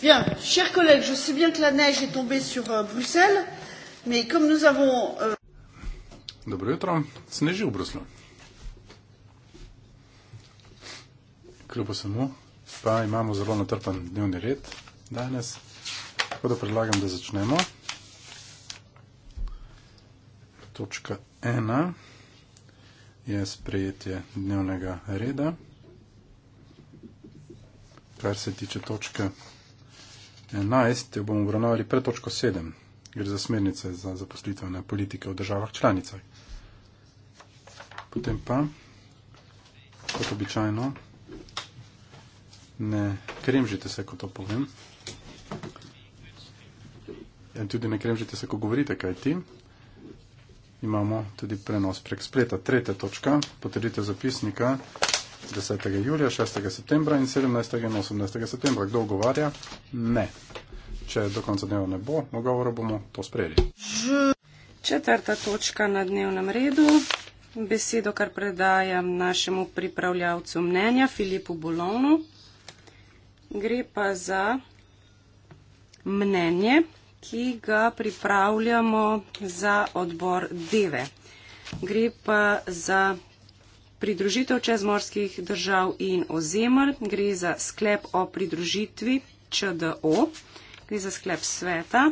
Bien, chers collègues, je sais bien que la neige est tombée sur euh, Bruxelles, mais comme nous avons. Доброе утро. Снежи в Брюсселе. Клюпа съм му. Па имамо зело натърпан дневни ред днес. Тако да предлагам да зачнемо. Точка 1 е сприятие дневнега реда. Кар се тича точка 1. 11 jo bomo obravnavali pred točko 7, gre za smernice za zaposlitevne politike v državah članicah. Potem pa, kot običajno, ne kremžite se, ko to povem. In tudi ne kremžite se, ko govorite, kaj ti. Imamo tudi prenos prek spleta. Tretja točka, potrditev zapisnika. 10. julija, 6. septembra in 17. in 18. septembra. Kdo govarja? Ne. Če do konca dneva ne bo, mogovoro bomo to sprejeli. Četrta točka na dnevnem redu. Besedo, kar predajam našemu pripravljavcu mnenja, Filipu Bolonu. Gre pa za mnenje, ki ga pripravljamo za odbor Deve. Gre pa za pridružitev čezmorskih držav in ozemer. Gre za sklep o pridružitvi ČDO, gre za sklep sveta.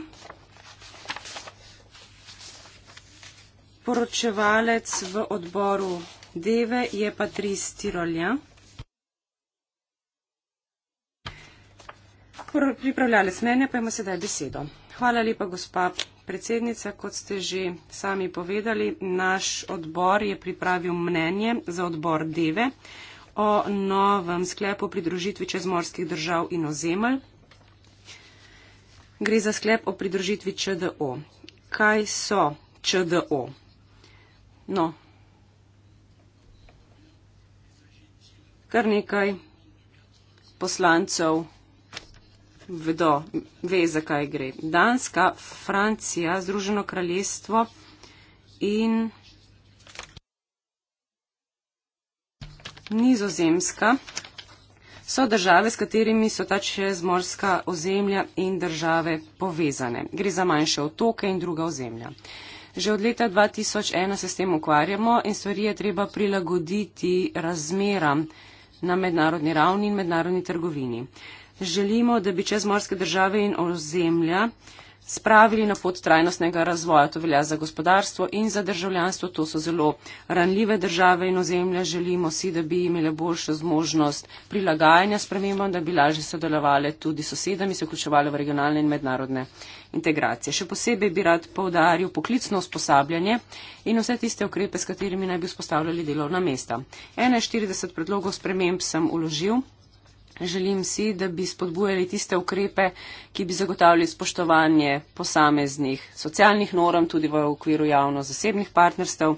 Poročevalec v odboru Deve je Patris Tirolja. Pripravljalec mnenja pa ima sedaj besedo. Hvala lepa, gospa Predsednica, kot ste že sami povedali, naš odbor je pripravil mnenje za odbor Deve o novem sklepu pridružitvi čezmorskih držav in ozemelj. Gre za sklep o pridružitvi ČDO. Kaj so ČDO? No, kar nekaj poslancev vedo, ve, zakaj gre. Danska, Francija, Združeno kraljestvo in Nizozemska so države, s katerimi so ta čezmorska ozemlja in države povezane. Gre za manjše otoke in druga ozemlja. Že od leta 2001 se s tem ukvarjamo in stvari je treba prilagoditi razmeram na mednarodni ravni in mednarodni trgovini želimo, da bi čez morske države in ozemlja spravili na pot trajnostnega razvoja. To velja za gospodarstvo in za državljanstvo. To so zelo ranljive države in ozemlja. Želimo si, da bi imele boljšo zmožnost prilagajanja spremembam, da bi lažje sodelovali tudi sosedami, se vključevali v regionalne in mednarodne integracije. Še posebej bi rad povdaril poklicno usposabljanje in vse tiste ukrepe, s katerimi naj bi vzpostavljali delovna mesta. 41 predlogov sprememb sem uložil. Želim si, da bi spodbujali tiste ukrepe, ki bi zagotavljali spoštovanje posameznih socialnih norm tudi v okviru javno-zasebnih partnerstv.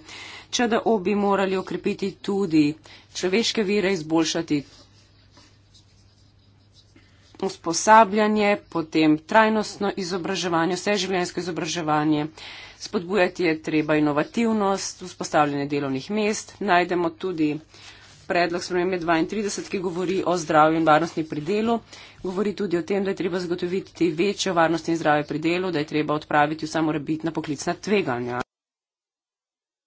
Če da obi morali okrepiti tudi človeške vire, izboljšati usposabljanje, potem trajnostno izobraževanje, vseživljenjsko izobraževanje, spodbujati je treba inovativnost, vzpostavljanje delovnih mest, najdemo tudi predlog spremembe 32, ki govori o zdravju in varnosti pri delu. Govori tudi o tem, da je treba zagotoviti večjo varnost in zdravje pri delu, da je treba odpraviti vsa morebitna poklicna tveganja.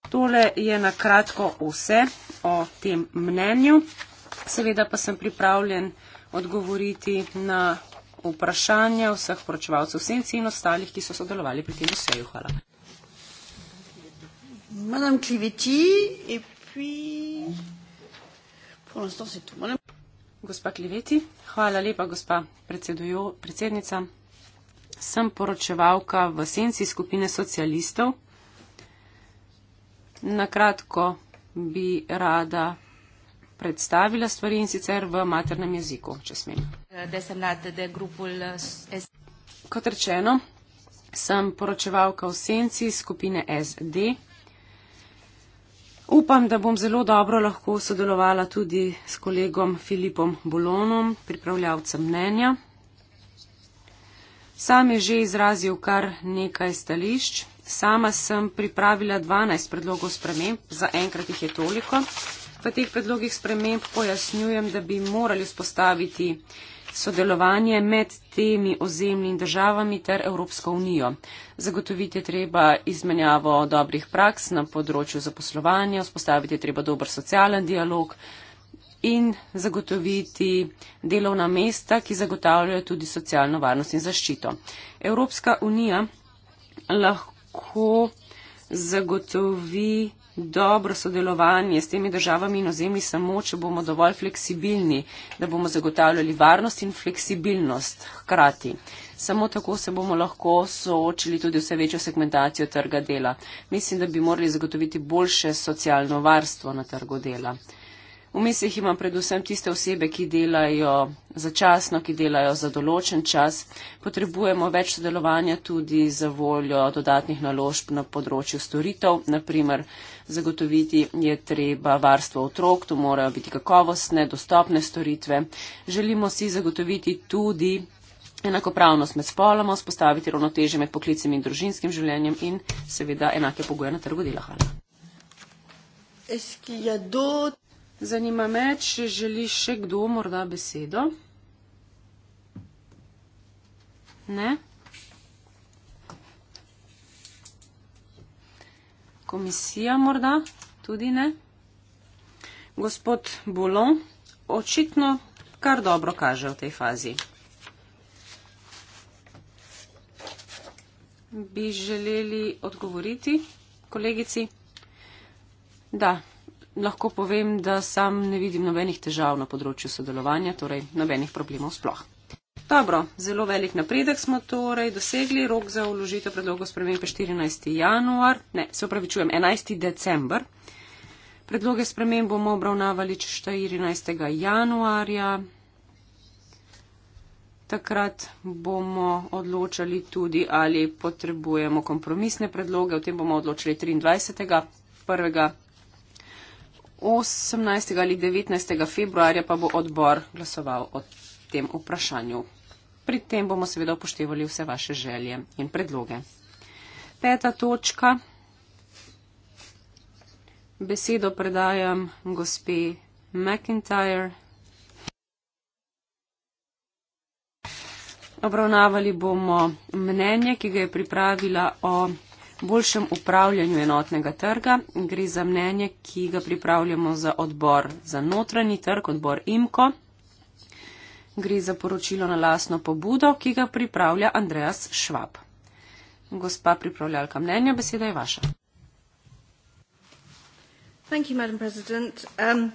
Tole je na kratko vse o tem mnenju. Seveda pa sem pripravljen odgovoriti na vprašanja vseh poročevalcev senci in ostalih, ki so sodelovali pri tem vseju. Hvala. Madame Cliveti, et puis... Pour l'instant, c'est tout. Madame. Gospa Kliveti, hvala lepa, gospa predsedujo, predsednica. Sem poročevalka v senci skupine socialistov. Nakratko bi rada predstavila stvari in sicer v maternem jeziku, če smem. Kot rečeno, sem poročevalka v senci skupine SD. Upam, da bom zelo dobro lahko sodelovala tudi s kolegom Filipom Bolonom, pripravljavcem mnenja. Sam je že izrazil kar nekaj stališč. Sama sem pripravila 12 predlogov sprememb, zaenkrat jih je toliko. V teh predlogih sprememb pojasnjujem, da bi morali vzpostaviti sodelovanje med temi ozemlji in državami ter Evropsko unijo. Zagotoviti je treba izmenjavo dobrih praks na področju zaposlovanja, vzpostaviti je treba dober socialen dialog in zagotoviti delovna mesta, ki zagotavljajo tudi socialno varnost in zaščito. Evropska unija lahko zagotovi dobro sodelovanje s temi državami in ozemlji samo, če bomo dovolj fleksibilni, da bomo zagotavljali varnost in fleksibilnost hkrati. Samo tako se bomo lahko soočili tudi vse večjo segmentacijo trga dela. Mislim, da bi morali zagotoviti boljše socialno varstvo na trgu dela. V mislih imam predvsem tiste osebe, ki delajo začasno, ki delajo za določen čas. Potrebujemo več sodelovanja tudi za voljo dodatnih naložb na področju storitev. Naprimer, zagotoviti je treba varstvo otrok, to morajo biti kakovostne, dostopne storitve. Želimo si zagotoviti tudi enakopravnost med spoloma, spostaviti ravnoteže med poklicem in družinskim življenjem in seveda enake pogoje na trgu dela. Hvala. Eskijadot. Zanima me, če želi še kdo morda besedo. Ne? Komisija morda? Tudi ne? Gospod Boulon, očitno kar dobro kaže v tej fazi. Bi želeli odgovoriti kolegici? Da lahko povem, da sam ne vidim nobenih težav na področju sodelovanja, torej nobenih problemov sploh. Dobro, zelo velik napredek smo torej dosegli, rok za uložitev predlogov sprememb je 14. januar, ne, se upravičujem, 11. december. Predloge sprememb bomo obravnavali 14. januarja. Takrat bomo odločali tudi, ali potrebujemo kompromisne predloge, o tem bomo odločili 23. 1. 18. ali 19. februarja pa bo odbor glasoval o tem vprašanju. Pri tem bomo seveda upoštevali vse vaše želje in predloge. Peta točka. Besedo predajam gospe McIntyre. Obravnavali bomo mnenje, ki ga je pripravila o boljšem upravljanju enotnega trga. Gre za mnenje, ki ga pripravljamo za odbor za notranji trg, odbor IMKO. Gre za poročilo na lasno pobudo, ki ga pripravlja Andreas Švab. Gospa pripravljalka mnenja, beseda je vaša. Um,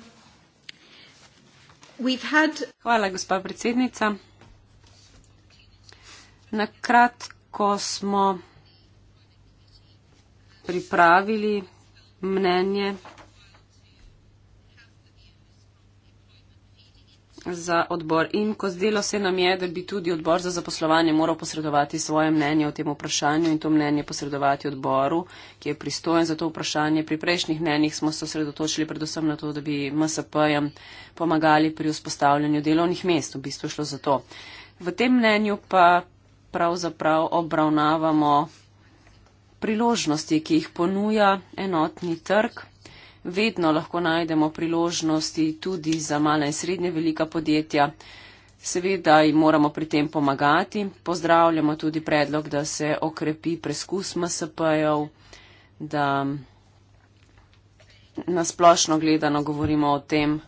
Hvala, gospa predsednica. Na kratko smo pripravili mnenje za odbor. In ko zdelo se nam je, da bi tudi odbor za zaposlovanje moral posredovati svoje mnenje o tem vprašanju in to mnenje posredovati odboru, ki je pristojen za to vprašanje. Pri prejšnjih mnenjih smo se osredotočili predvsem na to, da bi MSP-jem pomagali pri vzpostavljanju delovnih mest. V bistvu šlo za to. V tem mnenju pa pravzaprav obravnavamo priložnosti, ki jih ponuja enotni trg. Vedno lahko najdemo priložnosti tudi za mala in srednje velika podjetja. Seveda jim moramo pri tem pomagati. Pozdravljamo tudi predlog, da se okrepi preskus MSP-jev, da nasplošno gledano govorimo o tem,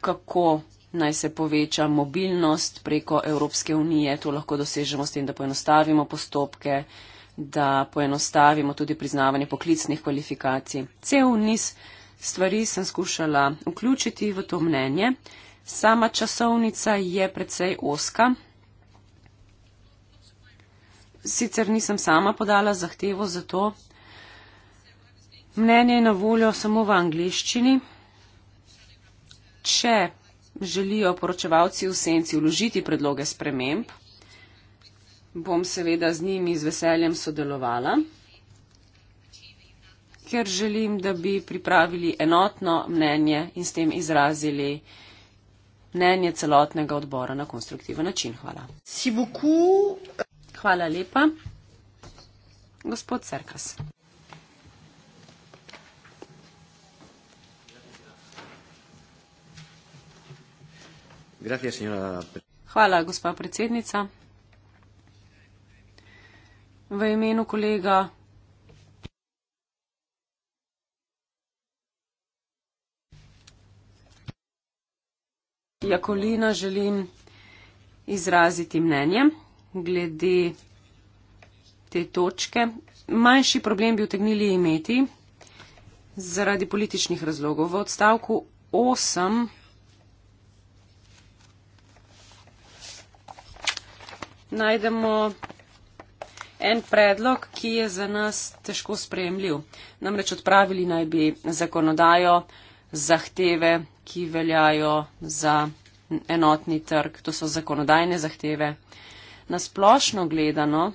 kako naj se poveča mobilnost preko Evropske unije. To lahko dosežemo s tem, da poenostavimo postopke, da poenostavimo tudi priznavanje poklicnih kvalifikacij. Cel niz stvari sem skušala vključiti v to mnenje. Sama časovnica je precej oska. Sicer nisem sama podala zahtevo za to. Mnenje je na voljo samo v angliščini. Če želijo poročevalci v senci vložiti predloge sprememb, bom seveda z njimi z veseljem sodelovala, ker želim, da bi pripravili enotno mnenje in s tem izrazili mnenje celotnega odbora na konstruktiven način. Hvala. Hvala lepa. Gospod Cerkas. Hvala, gospa predsednica v imenu kolega. Jakolina želim izraziti mnenje glede te točke. Manjši problem bi utegnili imeti zaradi političnih razlogov. V odstavku 8 najdemo en predlog, ki je za nas težko sprejemljiv. Namreč odpravili naj bi zakonodajo, zahteve, ki veljajo za enotni trg. To so zakonodajne zahteve. Nasplošno gledano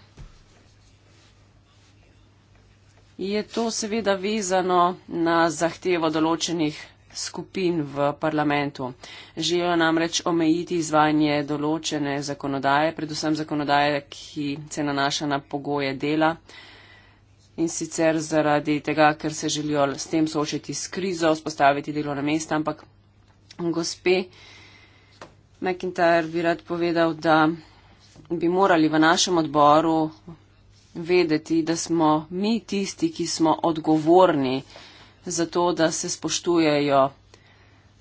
je to seveda vezano na zahtevo določenih skupin v parlamentu. Želijo namreč omejiti izvajanje določene zakonodaje, predvsem zakonodaje, ki se nanaša na pogoje dela in sicer zaradi tega, ker se želijo s tem soočiti s krizo, spostaviti delovna mesta, ampak gospe McIntyre bi rad povedal, da bi morali v našem odboru vedeti, da smo mi tisti, ki smo odgovorni zato da se spoštujejo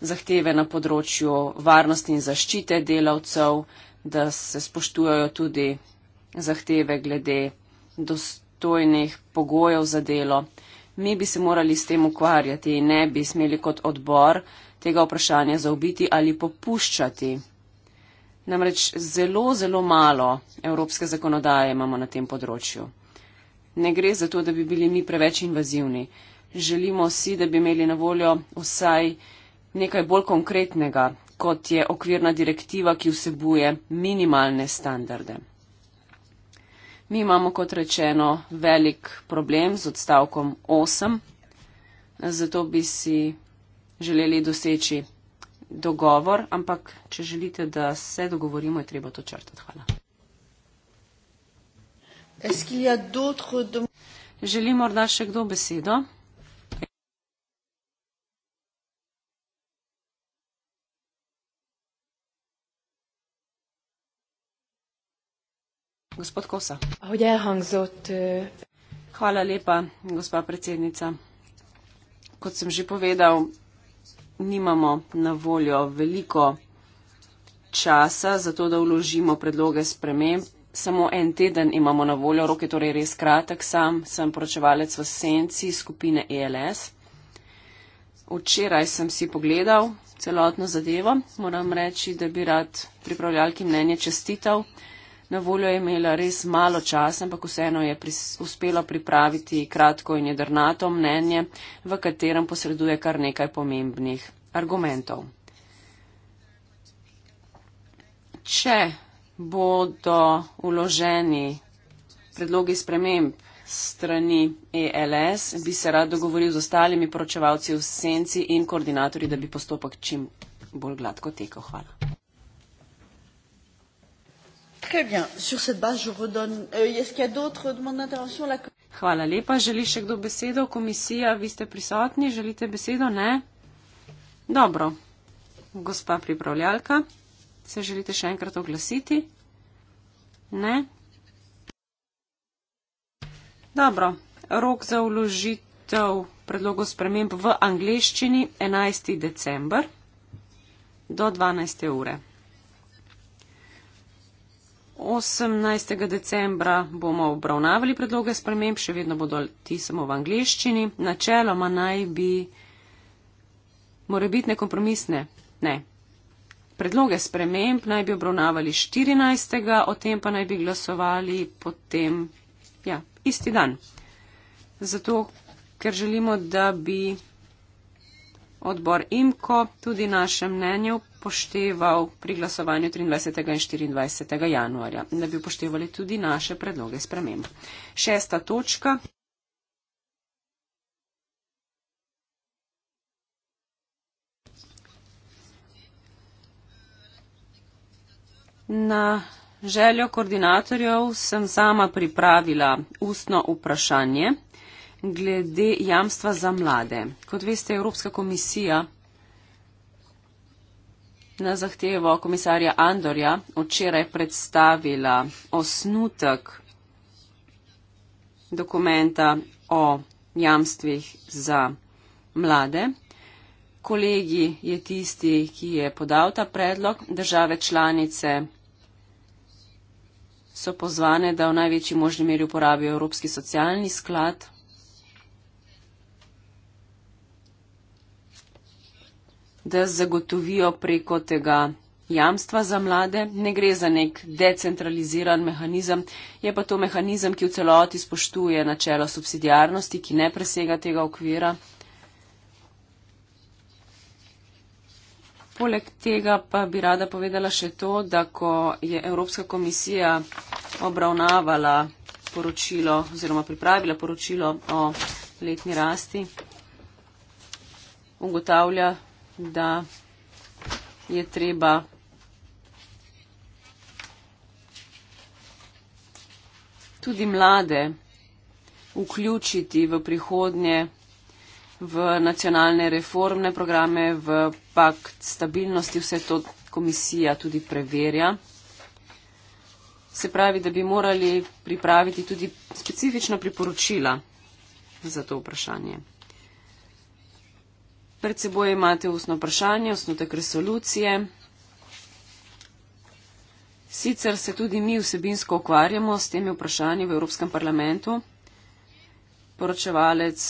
zahteve na področju varnosti in zaščite delavcev, da se spoštujejo tudi zahteve glede dostojnih pogojev za delo. Mi bi se morali s tem ukvarjati in ne bi smeli kot odbor tega vprašanja zaobiti ali popuščati. Namreč zelo, zelo malo evropske zakonodaje imamo na tem področju. Ne gre za to, da bi bili mi preveč invazivni. Želimo si, da bi imeli na voljo vsaj nekaj bolj konkretnega, kot je okvirna direktiva, ki vsebuje minimalne standarde. Mi imamo, kot rečeno, velik problem z odstavkom 8, zato bi si želeli doseči dogovor, ampak če želite, da se dogovorimo, je treba to črtati. Hvala. Želi morda še kdo besedo? Gospod Kosa. Ahogy elhangzott. Hvala lepa, gospa predsednica. Kot sem že povedal, nimamo na voljo veliko časa za to, da vložimo predloge sprememb. Samo en teden imamo na voljo, rok je torej res kratek, sam sem poročevalec v senci skupine ELS. Včeraj sem si pogledal celotno zadevo, moram reči, da bi rad pripravljalki mnenje čestitev. Na voljo je imela res malo časa, ampak vseeno je pris, uspela pripraviti kratko in jedrnato mnenje, v katerem posreduje kar nekaj pomembnih argumentov. Če bodo uloženi predlogi sprememb strani ELS, bi se rad dogovoril z ostalimi poročevalci v senci in koordinatorji, da bi postopek čim bolj gladko tekel. Hvala. Très bien. Sur cette base, je redonne. Euh, Est-ce qu'il y a d'autres demandes d'intervention la... Hvala lepa. Želi še kdo besedo? Komisija, vi ste prisotni, želite besedo? Ne? Dobro. Gospa pripravljalka, se želite še enkrat oglasiti? Ne? Dobro. Rok za vložitev predlogov sprememb v angleščini 11. december do 12. ure. 18. decembra bomo obravnavali predloge sprememb, še vedno bodo ti samo v angliščini. Načeloma naj bi morebitne kompromisne, ne. Predloge sprememb naj bi obravnavali 14. o tem pa naj bi glasovali potem, ja, isti dan. Zato, ker želimo, da bi odbor IMKO tudi naše mnenje upošteval pri glasovanju 23. in 24. januarja, da bi upoštevali tudi naše predloge sprememb. Šesta točka. Na željo koordinatorjev sem sama pripravila ustno vprašanje glede jamstva za mlade. Kot veste, Evropska komisija na zahtevo komisarja Andorja včeraj predstavila osnutek dokumenta o jamstvih za mlade. Kolegi je tisti, ki je podal ta predlog. Države članice so pozvane, da v največji možni meri uporabijo Evropski socialni sklad da zagotovijo preko tega jamstva za mlade. Ne gre za nek decentraliziran mehanizem, je pa to mehanizem, ki v celoti spoštuje načelo subsidijarnosti, ki ne presega tega okvira. Poleg tega pa bi rada povedala še to, da ko je Evropska komisija obravnavala poročilo oziroma pripravila poročilo o letni rasti, ugotavlja da je treba tudi mlade vključiti v prihodnje v nacionalne reformne programe, v pakt stabilnosti, vse to komisija tudi preverja. Se pravi, da bi morali pripraviti tudi specifično priporočila za to vprašanje. Pred seboj imate ustno vprašanje, osnutek resolucije. Sicer se tudi mi vsebinsko ukvarjamo s temi vprašanji v Evropskem parlamentu. Poročevalec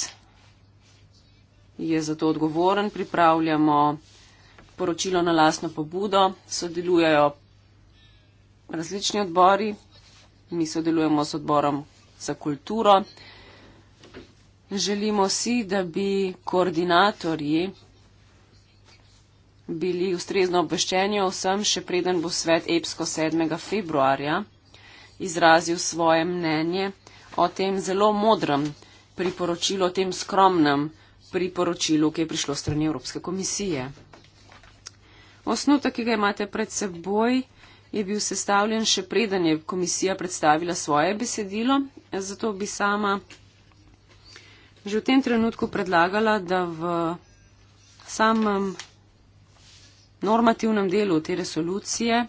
je za to odgovoren, pripravljamo poročilo na lasno pobudo, sodelujejo različni odbori, mi sodelujemo s odborom za kulturo. Želimo si, da bi koordinatorji bili ustrezno obveščeni vsem, še preden bo svet EPSKO 7. februarja izrazil svoje mnenje o tem zelo modrem priporočilu, o tem skromnem priporočilu, ki je prišlo strani Evropske komisije. Osnutek, ki ga imate pred seboj, je bil sestavljen še preden je komisija predstavila svoje besedilo, zato bi sama že v tem trenutku predlagala, da v samem normativnem delu te resolucije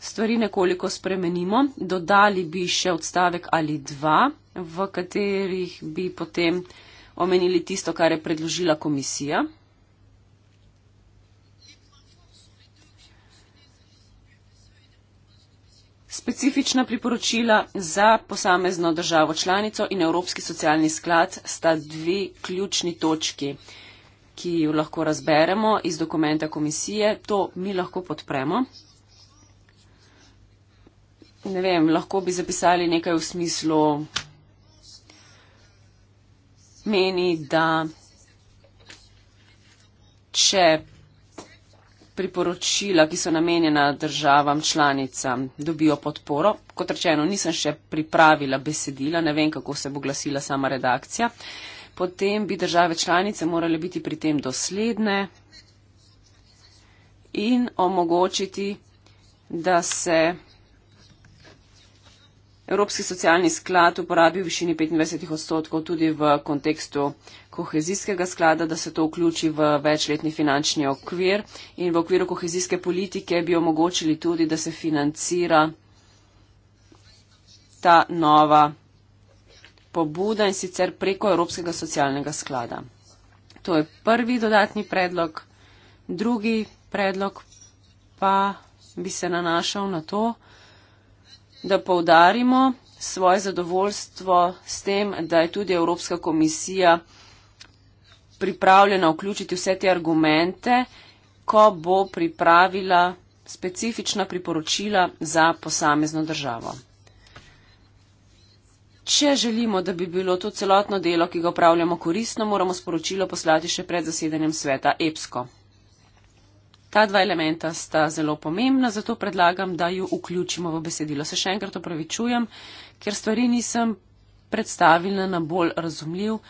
stvari nekoliko spremenimo. Dodali bi še odstavek ali dva, v katerih bi potem omenili tisto, kar je predložila komisija. Specifična priporočila za posamezno državo članico in Evropski socialni sklad sta dve ključni točki, ki jo lahko razberemo iz dokumenta komisije. To mi lahko podpremo. Ne vem, lahko bi zapisali nekaj v smislu meni, da če priporočila, ki so namenjena državam članicam, dobijo podporo. Kot rečeno, nisem še pripravila besedila, ne vem, kako se bo glasila sama redakcija. Potem bi države članice morale biti pri tem dosledne in omogočiti, da se Evropski socialni sklad uporabi v višini 25 odstotkov tudi v kontekstu kohezijskega sklada, da se to vključi v večletni finančni okvir in v okviru kohezijske politike bi omogočili tudi, da se financira ta nova pobuda in sicer preko Evropskega socialnega sklada. To je prvi dodatni predlog. Drugi predlog pa bi se nanašal na to, da povdarimo svoje zadovoljstvo s tem, da je tudi Evropska komisija pripravljena vključiti vse te argumente, ko bo pripravila specifična priporočila za posamezno državo. Če želimo, da bi bilo to celotno delo, ki ga upravljamo koristno, moramo sporočilo poslati še pred zasedanjem sveta EPSCO. Ta dva elementa sta zelo pomembna, zato predlagam, da ju vključimo v besedilo. Se še enkrat opravičujem, ker stvari nisem predstavila na bolj razumljiv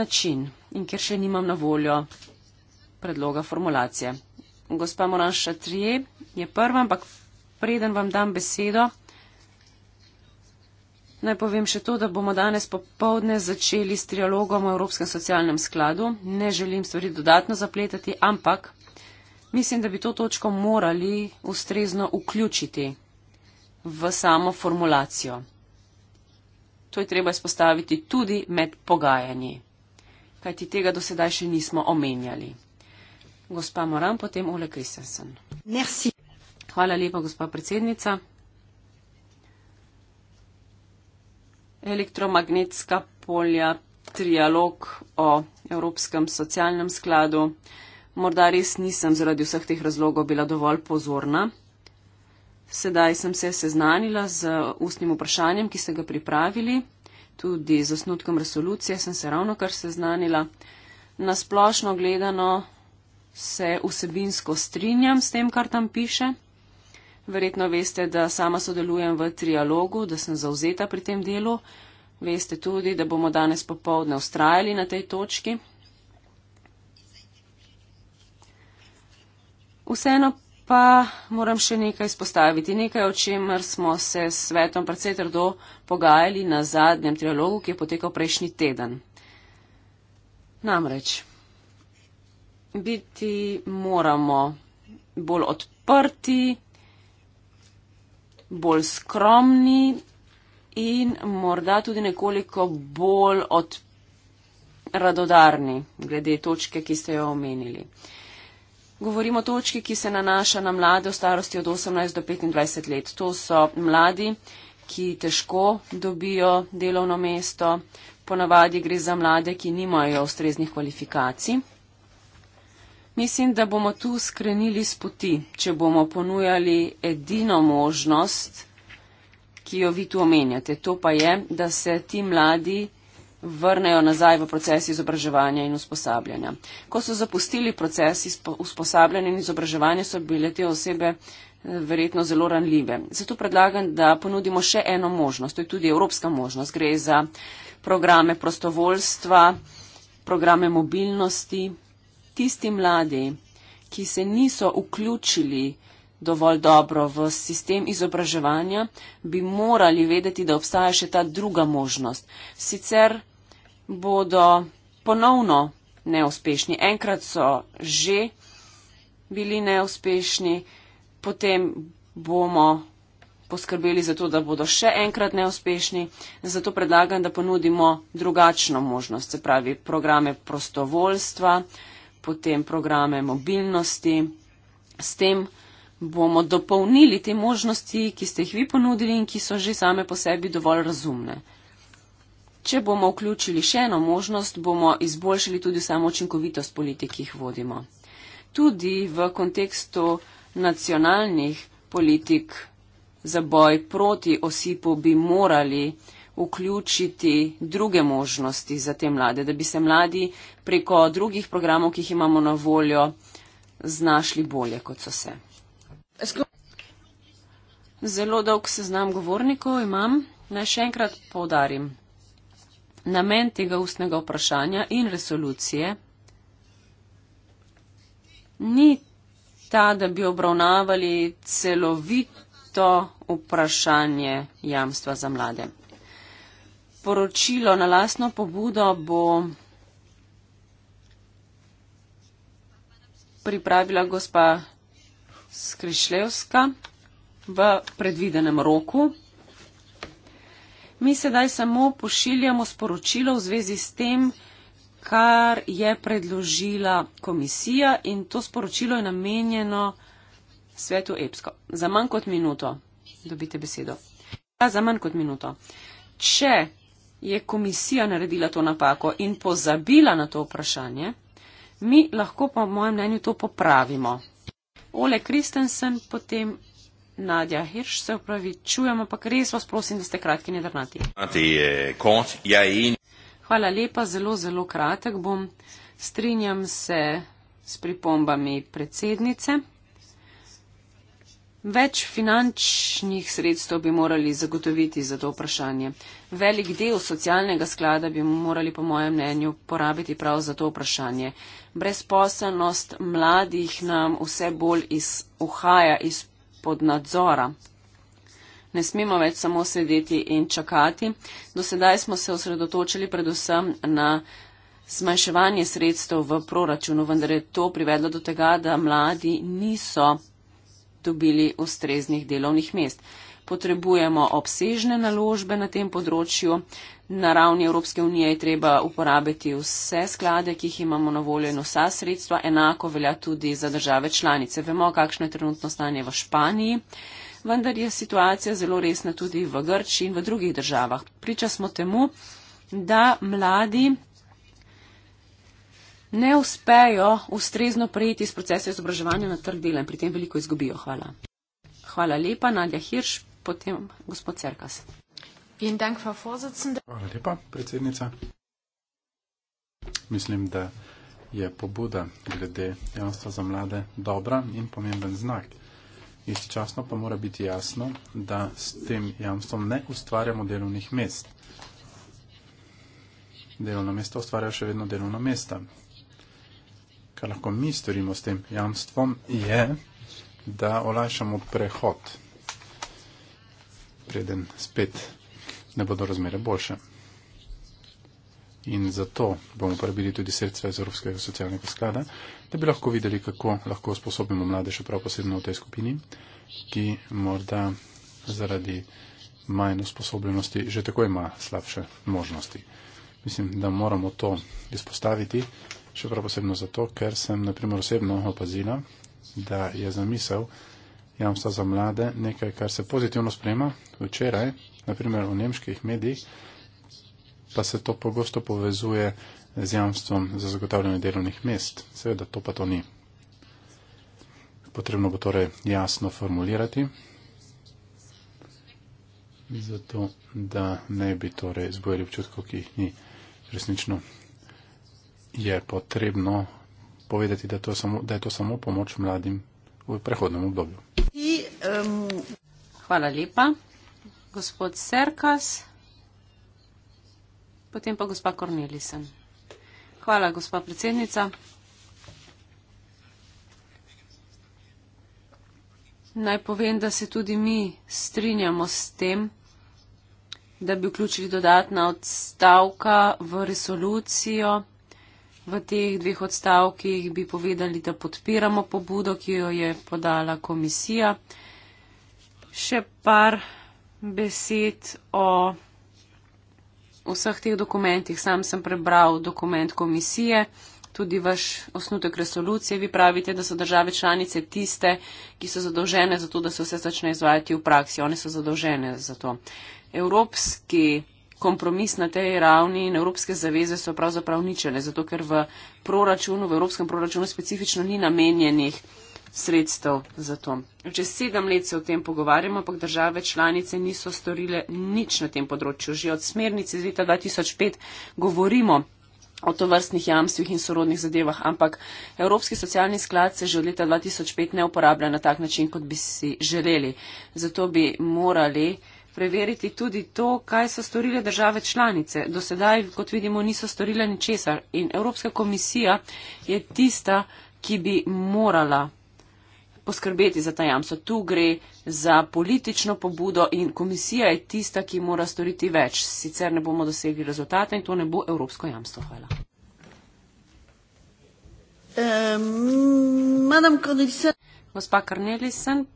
način in ker še nimam na voljo predloga formulacije. Gospa Moranša Trije je prva, ampak preden vam dam besedo, naj povem še to, da bomo danes popovdne začeli s trialogom o Evropskem socialnem skladu. Ne želim stvari dodatno zapletati, ampak. Mislim, da bi to točko morali ustrezno vključiti v samo formulacijo. To je treba izpostaviti tudi med pogajanji, kajti tega do sedaj še nismo omenjali. Gospa Moran, potem Ole Kristensen. Hvala lepa, gospa predsednica. Elektromagnetska polja, trialog o Evropskem socialnem skladu morda res nisem zaradi vseh teh razlogov bila dovolj pozorna. Sedaj sem se seznanila z ustnim vprašanjem, ki ste ga pripravili, tudi z osnutkom resolucije sem se ravno kar seznanila. Nasplošno gledano se vsebinsko strinjam s tem, kar tam piše. Verjetno veste, da sama sodelujem v trialogu, da sem zauzeta pri tem delu. Veste tudi, da bomo danes popovdne ustrajali na tej točki. Vseeno pa moram še nekaj spostaviti, nekaj o čemer smo se s svetom precej trdo pogajali na zadnjem trialogu, ki je potekal prejšnji teden. Namreč, biti moramo bolj odprti, bolj skromni in morda tudi nekoliko bolj odprti. Radodarni glede točke, ki ste jo omenili. Uh, Govorimo o točki, ki se nanaša na mlade v starosti od 18 do 25 let. To so mladi, ki težko dobijo delovno mesto. Ponavadi gre za mlade, ki nimajo ustreznih kvalifikacij. Mislim, da bomo tu skrenili z poti, če bomo ponujali edino možnost, ki jo vi tu omenjate. To pa je, da se ti mladi vrnejo nazaj v proces izobraževanja in usposabljanja. Ko so zapustili proces usposabljanja in izobraževanja, so bile te osebe eh, verjetno zelo ranljive. Zato predlagam, da ponudimo še eno možnost. To je tudi evropska možnost. Gre za programe prostovoljstva, programe mobilnosti. Tisti mladi, ki se niso vključili dovolj dobro v sistem izobraževanja, bi morali vedeti, da obstaja še ta druga možnost. Sicer bodo ponovno neuspešni. Enkrat so že bili neuspešni, potem bomo poskrbeli za to, da bodo še enkrat neuspešni. Zato predlagam, da ponudimo drugačno možnost, se pravi programe prostovoljstva, potem programe mobilnosti. S tem bomo dopolnili te možnosti, ki ste jih vi ponudili in ki so že same po sebi dovolj razumne. Če bomo vključili še eno možnost, bomo izboljšali tudi samo očinkovitost politik, ki jih vodimo. Tudi v kontekstu nacionalnih politik za boj proti osipu bi morali vključiti druge možnosti za te mlade, da bi se mladi preko drugih programov, ki jih imamo na voljo, znašli bolje, kot so se. Zelo dolg seznam govornikov imam. Naj še enkrat povdarim namen tega ustnega vprašanja in resolucije ni ta, da bi obravnavali celovito vprašanje jamstva za mlade. Poročilo na lastno pobudo bo pripravila gospa Skrišlevska v predvidenem roku mi sedaj samo pošiljamo sporočilo v zvezi s tem, kar je predložila komisija in to sporočilo je namenjeno svetu EPSKO. Za manj kot minuto dobite besedo. Ja, za manj kot minuto. Če je komisija naredila to napako in pozabila na to vprašanje, mi lahko po mojem mnenju to popravimo. Ole Kristensen potem Nadja Hirš, se upravičujem, ampak res vas prosim, da ste kratki eh, ja, in jedrnati. Hvala lepa, zelo, zelo kratek bom. Strinjam se s pripombami predsednice. Več finančnih sredstev bi morali zagotoviti za to vprašanje. Velik del socialnega sklada bi morali, po mojem mnenju, porabiti prav za to vprašanje. Brezposelnost mladih nam vse bolj iz, uhaja iz pod nadzora. Ne smemo več samo sedeti in čakati. Do sedaj smo se osredotočili predvsem na zmanjševanje sredstev v proračunu, vendar je to privedlo do tega, da mladi niso dobili ustreznih delovnih mest potrebujemo obsežne naložbe na tem področju. Na ravni Evropske unije je treba uporabiti vse sklade, ki jih imamo na voljo in vsa sredstva. Enako velja tudi za države članice. Vemo, kakšno je trenutno stanje v Španiji. Vendar je situacija zelo resna tudi v Grčiji in v drugih državah. Priča smo temu, da mladi ne uspejo ustrezno prejeti iz procesa izobraževanja na trg dela in pri tem veliko izgubijo. Hvala. Hvala lepa, Nadja Hirš, potem gospod Cerkas. In dank, Frau Vorsitzende. Hvala lepa, predsednica. Mislim, da je pobuda glede jamstva za mlade dobra in pomemben znak. Istočasno pa mora biti jasno, da s tem jamstvom ne ustvarjamo delovnih mest. Delovno mesto ustvarja še vedno delovno mesta. Kar lahko mi storimo s tem jamstvom je, da olajšamo prehod preden spet ne bodo razmere boljše. In zato bomo uporabili tudi sredstva iz Evropskega socialnega sklada, da bi lahko videli, kako lahko sposobimo mlade, še prav posebno v tej skupini, ki morda zaradi manj usposobljenosti že tako ima slabše možnosti. Mislim, da moramo to izpostaviti, še prav posebno zato, ker sem, naprimer, osebno opazila, da je zamisel, jamstva za mlade, nekaj, kar se pozitivno sprema včeraj, naprimer v nemških medijih, pa se to pogosto povezuje z jamstvom za zagotavljanje delovnih mest. Seveda to pa to ni. Potrebno bo torej jasno formulirati, zato da ne bi torej zbojili občutkov, ki jih ni resnično. Je potrebno povedati, da, to samo, da je to samo pomoč mladim v prehodnem obdobju. I, um, hvala lepa, gospod Serkas, potem pa gospa Kornelisen. Hvala, gospa predsednica. Naj povem, da se tudi mi strinjamo s tem, da bi vključili dodatna odstavka v resolucijo v teh dveh odstavkih bi povedali, da podpiramo pobudo, ki jo je podala komisija. Še par besed o vseh teh dokumentih. Sam sem prebral dokument komisije, tudi vaš osnutek resolucije. Vi pravite, da so države članice tiste, ki so zadolžene za to, da se vse začne izvajati v praksi. One so zadolžene za to. Evropski kompromis na tej ravni in evropske zaveze so pravzaprav ničene, zato ker v proračunu, v evropskem proračunu specifično ni namenjenih sredstev za to. Že sedem let se o tem pogovarjamo, ampak države članice niso storile nič na tem področju. Že od smernice iz leta 2005 govorimo o tovrstnih jamstvih in sorodnih zadevah, ampak Evropski socialni sklad se že od leta 2005 ne uporablja na tak način, kot bi si želeli. Zato bi morali preveriti tudi to, kaj so storile države članice. Do sedaj, kot vidimo, niso storile ničesar in Evropska komisija je tista, ki bi morala poskrbeti za ta jamstvo. Tu gre za politično pobudo in komisija je tista, ki mora storiti več. Sicer ne bomo dosegli rezultata in to ne bo evropsko jamstvo. Hvala. Um, Gospa Karnelisen,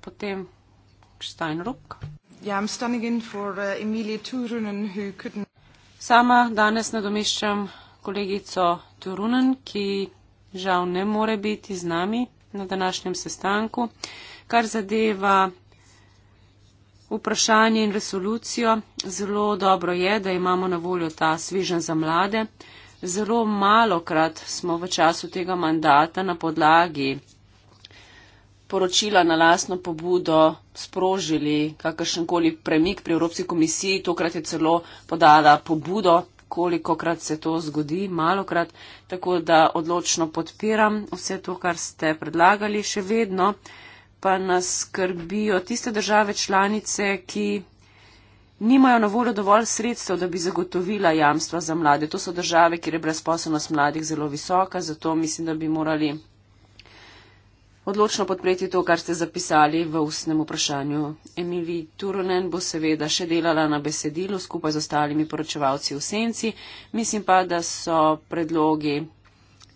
potem Steinruck. Yeah, ja, I'm standing in for uh, Emilia Turunen who couldn't. Sama danes nadomeščam kolegico Turunen, ki žal ne more biti z nami na današnjem sestanku, kar zadeva vprašanje in resolucijo. Zelo dobro je, da imamo na voljo ta svežen za mlade. Zelo malokrat smo v času tega mandata na podlagi poročila na lasno pobudo sprožili kakršen koli premik pri Evropski komisiji, tokrat je celo podala pobudo, kolikokrat se to zgodi, malokrat, tako da odločno podpiram vse to, kar ste predlagali še vedno, pa nas skrbijo tiste države članice, ki nimajo na voljo dovolj sredstev, da bi zagotovila jamstva za mlade. To so države, kjer je brezposobnost mladih zelo visoka, zato mislim, da bi morali odločno podpreti to, kar ste zapisali v ustnem vprašanju. Emilij Turunen bo seveda še delala na besedilu skupaj z ostalimi poročevalci v senci. Mislim pa, da so predlogi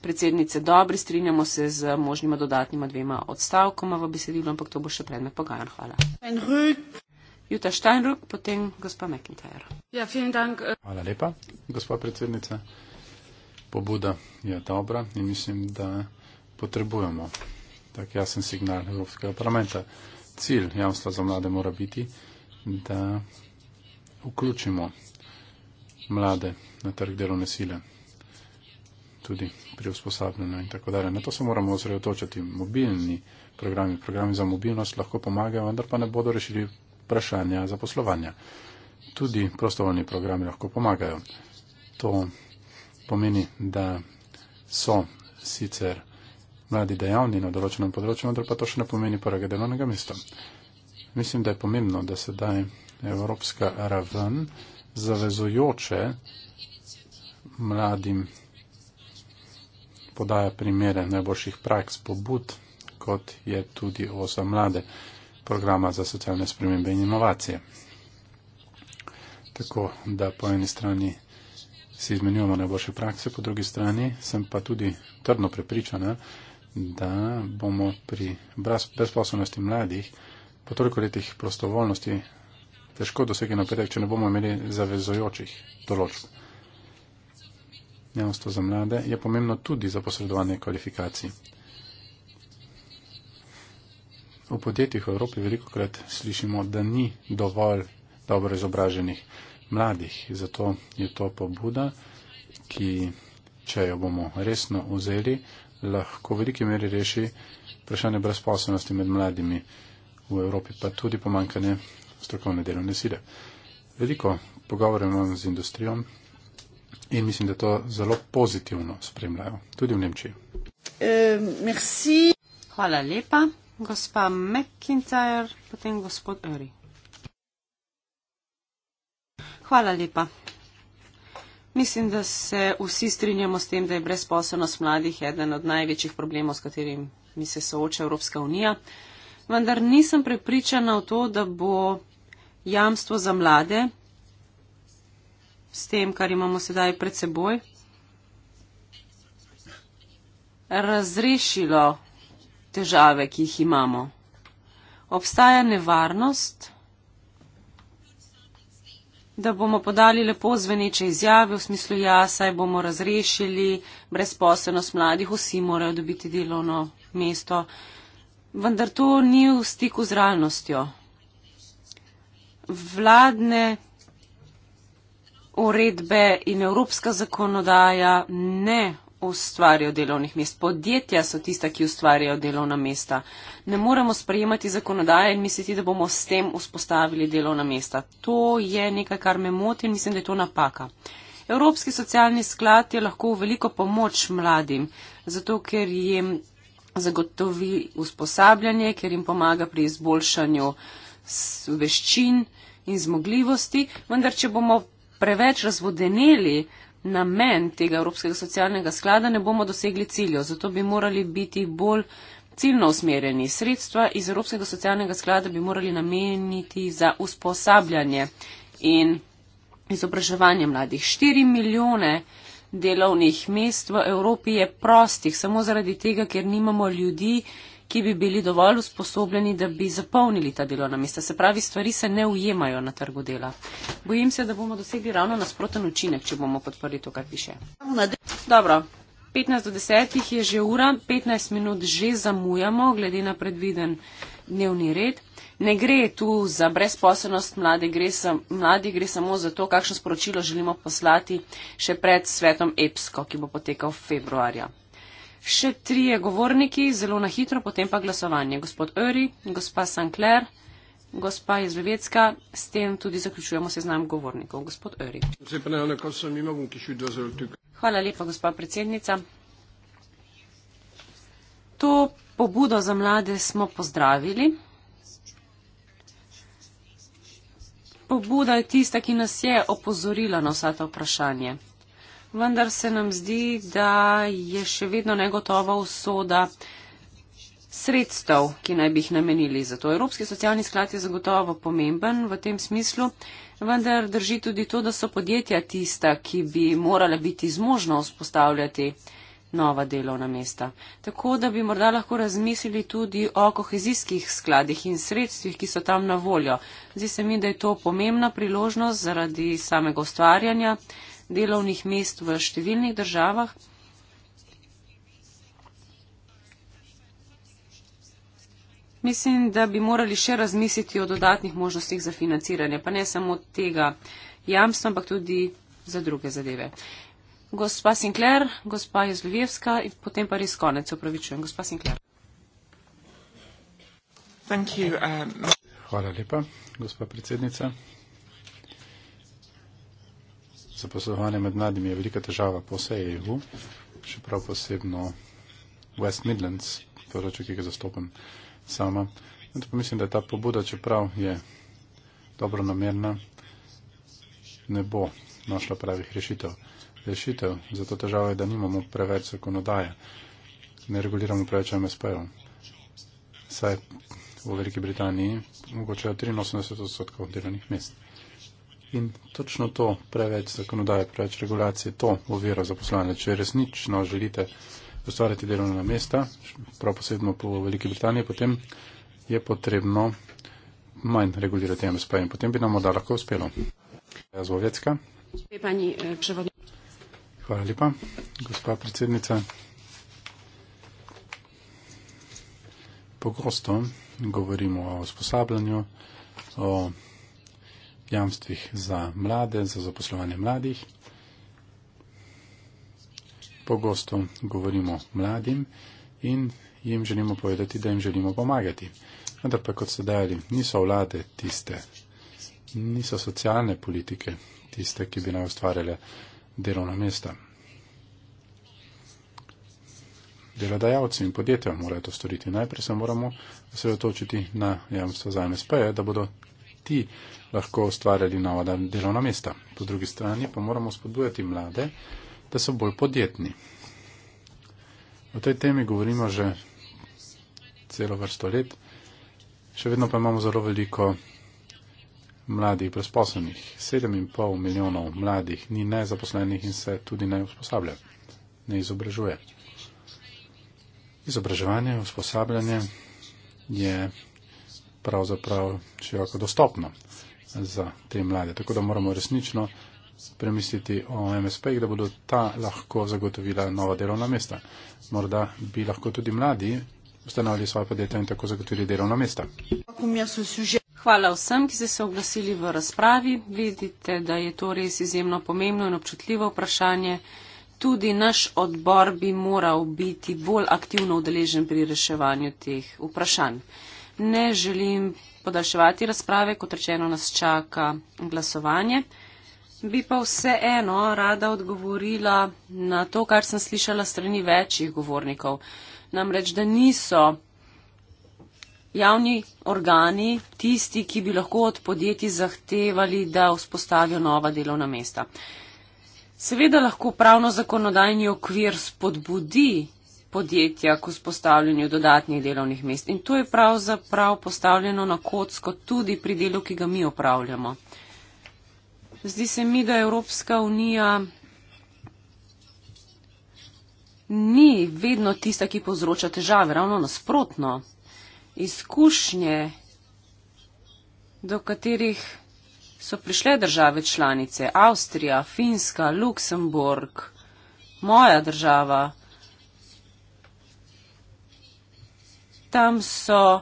predsednice dobri, strinjamo se z možnjima dodatnima dvema odstavkoma v besedilu, ampak to bo še predmet pogajan. Hvala. Juta Steinruck, potem gospa McIntyre. Ja, dank. Hvala lepa, gospa predsednica. Pobuda je dobra in mislim, da potrebujemo tak jasen signal Evropskega parlamenta. Cilj jamstva za mlade mora biti, da vključimo mlade na trg delovne sile, tudi pri usposabljanju in tako dalje. Na to se moramo osredotočiti. Mobilni programi, programi za mobilnost lahko pomagajo, vendar pa ne bodo rešili vprašanja zaposlovanja. Tudi prostovoljni programi lahko pomagajo. To pomeni, da so sicer mladi dejavni na določenem področju, vendar pa to še ne pomeni prvega delovnega mesta. Mislim, da je pomembno, da se daje evropska raven zavezujoče mladim podaja primere najboljših praks, pobud, kot je tudi osa mlade programa za socialne spremembe in inovacije. Tako da po eni strani si izmenjujemo najboljše prakse, po drugi strani sem pa tudi trdno prepričana, da bomo pri brezposobnosti mladih po toliko letih prostovoljnosti težko dosegli napredek, če ne bomo imeli zavezojočih določb. Jamstvo za mlade je pomembno tudi za posredovanje kvalifikacij. V podjetjih v Evropi veliko krat slišimo, da ni dovolj dobro izobraženih mladih. Zato je to pobuda, ki, če jo bomo resno vzeli, lahko v veliki meri reši vprašanje brezposobnosti med mladimi v Evropi, pa tudi pomankanje strokovne delovne sile. Veliko pogovorjem vam z industrijo in mislim, da to zelo pozitivno spremljajo, tudi v Nemčiji. E, Hvala lepa, gospa McIntyre, potem gospod Eri. Hvala lepa. Mislim, da se vsi strinjamo s tem, da je brezposobnost mladih eden od največjih problemov, s katerimi se sooča Evropska unija. Vendar nisem prepričana v to, da bo jamstvo za mlade s tem, kar imamo sedaj pred seboj, razrešilo težave, ki jih imamo. Obstaja nevarnost, da bomo podali lepo zveneče izjave v smislu jasaj bomo razrešili brezposelnost mladih, vsi morajo dobiti delovno mesto. Vendar to ni v stiku z realnostjo. Vladne uredbe in evropska zakonodaja ne ustvarjajo delovnih mest, podjetja so tista, ki ustvarjajo delovna mesta. Ne moremo sprejemati zakonodaje in misliti, da bomo s tem vzpostavili delovna mesta. To je nekaj, kar me moti in mislim, da je to napaka. Evropski socialni sklad je lahko veliko pomoč mladim, zato ker jim zagotovi usposabljanje, ker jim pomaga pri izboljšanju veščin in zmogljivosti, vendar če bomo preveč razvodeneli namen tega Evropskega socialnega sklada, ne bomo dosegli ciljev. Zato bi morali biti bolj ciljno usmerjeni. Sredstva iz Evropskega socialnega sklada bi morali nameniti za usposabljanje in izobraževanje mladih. 4 milijone delovnih mest v Evropi je prostih, samo zaradi tega, ker nimamo ljudi, ki bi bili dovolj usposobljeni, da bi zapolnili ta delovna mesta. Se pravi, stvari se ne ujemajo na trgu dela. Bojim se, da bomo dosegli ravno nasproten učinek, če bomo podprli to, kar piše. Dobro. 15 do 10 je že ura, 15 minut že zamujamo, glede na predviden dnevni red. Ne gre tu za brezposobnost mlade, gre, mlade gre samo za to, kakšno sporočilo želimo poslati še pred svetom EPSKO, ki bo potekal februarja. Še trije govorniki, zelo na hitro, potem pa glasovanje. Gospod Öri, gospa Sankler, gospa Jezlovecka, s tem tudi zaključujemo seznam govornikov. Gospod Öri. Hvala lepa, gospa predsednica. To pobudo za mlade smo pozdravili. Pobuda je tista, ki nas je opozorila na vsa ta vprašanja vendar se nam zdi, da je še vedno negotova usoda sredstev, ki naj bi jih namenili. Zato Evropski socialni sklad je zagotovo pomemben v tem smislu, vendar drži tudi to, da so podjetja tista, ki bi morala biti zmožna vzpostavljati nova delovna mesta. Tako da bi morda lahko razmislili tudi o kohezijskih skladih in sredstvih, ki so tam na voljo. Zdi se mi, da je to pomembna priložnost zaradi samega ustvarjanja delovnih mest v številnih državah. Mislim, da bi morali še razmisliti o dodatnih možnostih za financiranje, pa ne samo tega jamstva, ampak tudi za druge zadeve. Gospa Sinclair, gospa Jezlovjevska in potem pa res konec, opravičujem. Gospa Sinclair. Uh, Hvala lepa, gospa predsednica zaposlovanje med mladimi je velika težava po vsej EU, čeprav posebno West Midlands, področje, ki ga zastopam sama. In tako mislim, da je ta pobuda, čeprav je dobro namerna, ne bo našla pravih rešitev. Rešitev za to težavo je, da nimamo preveč zakonodaje, ne reguliramo preveč MSP-ov. Saj v Veliki Britaniji mogoče 83 odstotkov delovnih mest. In točno to, preveč zakonodaje, preveč regulacije, to ovira za poslane. Če resnično želite ustvarjati delovna mesta, prav posebno po Veliki Britaniji, potem je potrebno manj regulirati MSP in potem bi nam morda lahko uspelo. Zvovecka. Eh, Hvala lepa, gospa predsednica. Pogosto govorimo o usposabljanju, o jamstvih za mlade, za zaposlovanje mladih. Pogosto govorimo mladim in jim želimo povedati, da jim želimo pomagati. Vendar pa, kot ste dajali, niso vlade tiste, niso socialne politike tiste, ki bi naj ustvarjale delovna mesta. Delodajalci in podjetja morajo to storiti. Najprej se moramo osredotočiti na jamstvo za MSP, da bodo ti lahko ustvarjali nova delovna mesta. Po drugi strani pa moramo spodbujati mlade, da so bolj podjetni. O tej temi govorimo že celo vrsto let, še vedno pa imamo zelo veliko mladih brezposobnih. 7,5 milijonov mladih ni nezaposlenih in se tudi ne usposablja, ne izobražuje. Izobraževanje, usposabljanje je pravzaprav široko dostopno za te mlade. Tako da moramo resnično premisliti o MSP-jih, da bodo ta lahko zagotovila nova delovna mesta. Morda bi lahko tudi mladi ustanovili svoje podjetje in tako zagotovili delovna mesta. Hvala vsem, ki ste se oglasili v razpravi. Vidite, da je to res izjemno pomembno in občutljivo vprašanje. Tudi naš odbor bi moral biti bolj aktivno udeležen pri reševanju teh vprašanj ne želim podaljševati razprave, kot rečeno nas čaka glasovanje. Bi pa vse eno rada odgovorila na to, kar sem slišala strani večjih govornikov. Namreč, da niso javni organi tisti, ki bi lahko od podjetij zahtevali, da vzpostavijo nova delovna mesta. Seveda lahko pravno zakonodajni okvir spodbudi podjetja k vzpostavljanju dodatnih delovnih mest. In to je pravzaprav postavljeno na kocko tudi pri delu, ki ga mi opravljamo. Zdi se mi, da Evropska unija ni vedno tista, ki povzroča težave, ravno nasprotno. Izkušnje, do katerih so prišle države članice, Avstrija, Finska, Luksemburg, moja država, tam so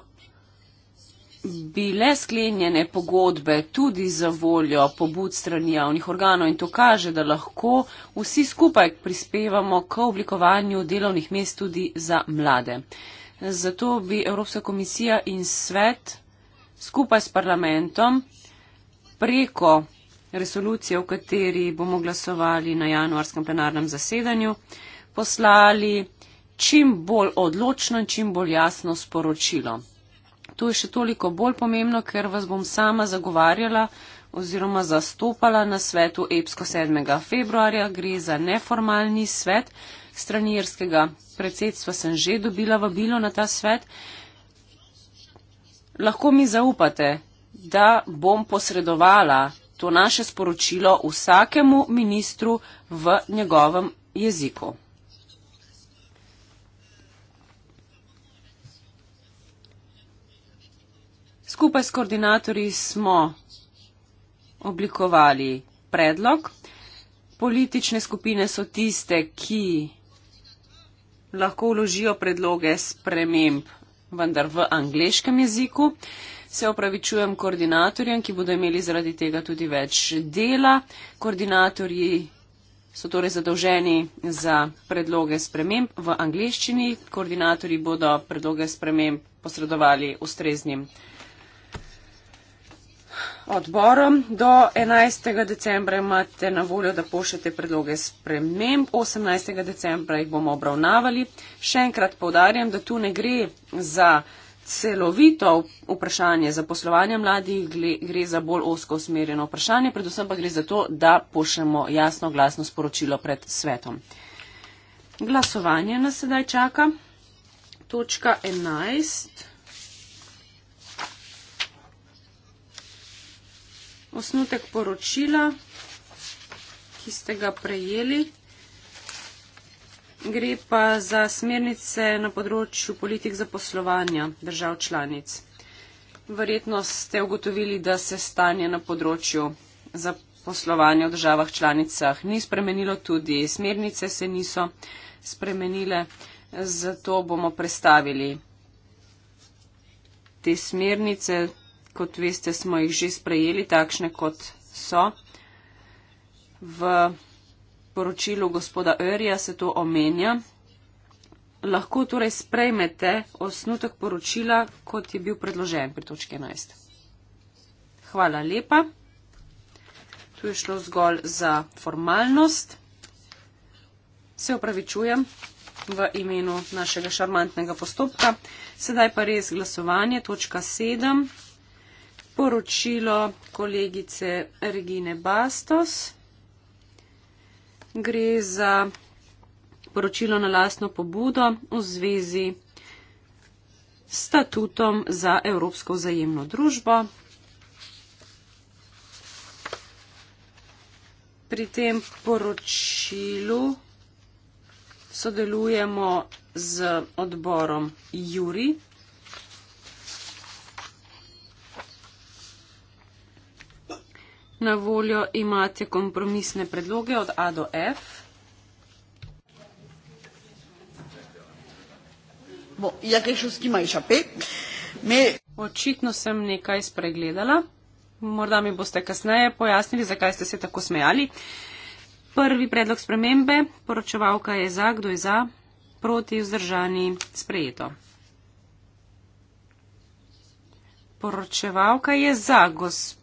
bile sklenjene pogodbe tudi za voljo pobud strani javnih organov in to kaže, da lahko vsi skupaj prispevamo k oblikovanju delovnih mest tudi za mlade. Zato bi Evropska komisija in svet skupaj s parlamentom preko resolucije, v kateri bomo glasovali na januarskem plenarnem zasedanju, poslali čim bolj odločno in čim bolj jasno sporočilo. To je še toliko bolj pomembno, ker vas bom sama zagovarjala oziroma zastopala na svetu EPSKO 7. februarja. Gre za neformalni svet stranjerskega predsedstva. Sem že dobila vabilo na ta svet. Lahko mi zaupate, da bom posredovala to naše sporočilo vsakemu ministru v njegovem jeziku. skupaj s koordinatorji smo oblikovali predlog. Politične skupine so tiste, ki lahko vložijo predloge sprememb, vendar v angliškem jeziku. Se opravičujem koordinatorjem, ki bodo imeli zaradi tega tudi več dela. Koordinatorji so torej zadolženi za predloge sprememb v angliščini. Koordinatorji bodo predloge sprememb posredovali ustreznim odborom. Do 11. decembra imate na voljo, da pošljete predloge sprememb. 18. decembra jih bomo obravnavali. Še enkrat povdarjam, da tu ne gre za celovito vprašanje za poslovanje mladih, gre za bolj osko usmerjeno vprašanje, predvsem pa gre za to, da pošljemo jasno, glasno sporočilo pred svetom. Glasovanje nas sedaj čaka. Točka 11. osnutek poročila, ki ste ga prejeli. Gre pa za smernice na področju politik zaposlovanja držav članic. Verjetno ste ugotovili, da se stanje na področju zaposlovanja v državah članicah ni spremenilo, tudi smernice se niso spremenile, zato bomo predstavili te smernice, kot veste, smo jih že sprejeli, takšne kot so. V poročilu gospoda Örja se to omenja. Lahko torej sprejmete osnutek poročila, kot je bil predložen pri točki 11. Hvala lepa. Tu je šlo zgolj za formalnost. Se upravičujem v imenu našega šarmantnega postopka. Sedaj pa res glasovanje, točka 7 sporočilo kolegice Regine Bastos. Gre za poročilo na lastno pobudo v zvezi s statutom za Evropsko vzajemno družbo. Pri tem poročilu sodelujemo z odborom Juri Na voljo imate kompromisne predloge od A do F. Bo, ja, Me... Očitno sem nekaj spregledala. Morda mi boste kasneje pojasnili, zakaj ste se tako smejali. Prvi predlog spremembe, poročevalka je za, kdo je za, proti vzdržani, sprejeto. Poročevalka je za, gospod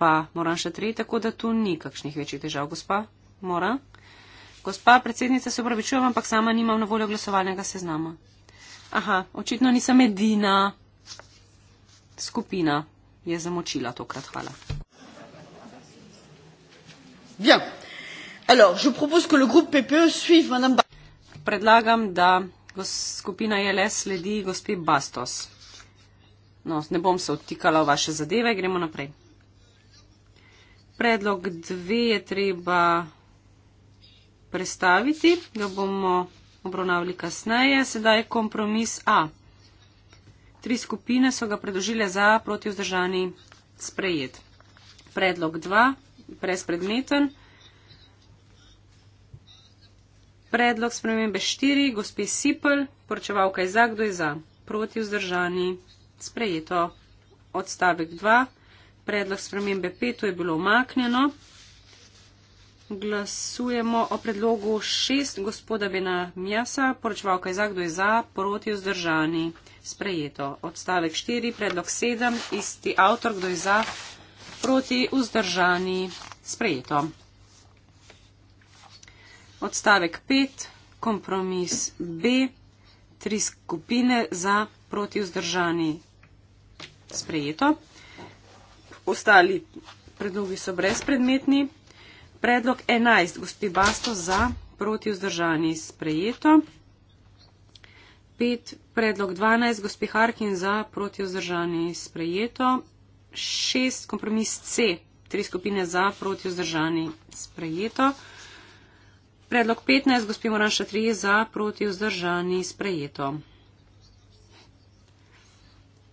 pa moram še tri, tako da tu ni kakšnih večjih težav, gospa. Mora. Gospa predsednica, se upravičujem, ampak sama nimam na voljo glasovalnega seznama. Aha, očitno nisem edina skupina, je zamočila tokrat. Hvala. Alors, e Predlagam, da skupina JLS sledi gospe Bastos. No, ne bom se odtikala v vaše zadeve, gremo naprej predlog dve je treba prestaviti, ga bomo obravnavali kasneje. Sedaj je kompromis A. Tri skupine so ga predložile za proti vzdržani sprejet. Predlog 2, prespredmeten. Predlog spremembe 4, gospe Sipel, poročevalka je za, kdo je za. Proti vzdržani sprejeto. Odstavek 2 predlog spremembe 5, to je bilo omaknjeno. Glasujemo o predlogu 6 gospoda Bena Mjasa, poročevalka je za, kdo je za, proti vzdržani, sprejeto. Odstavek 4, predlog 7, isti avtor, kdo je za, proti vzdržani, sprejeto. Odstavek 5, kompromis B, tri skupine za, proti vzdržani, sprejeto ostali predlogi so brezpredmetni. Predlog 11, gospi Basto, za proti vzdržani sprejeto. Pet, predlog 12, gospi Harkin, za proti vzdržani sprejeto. Šest, kompromis C, tri skupine za proti vzdržani sprejeto. Predlog 15, gospi Moranša 3, za proti vzdržani sprejeto.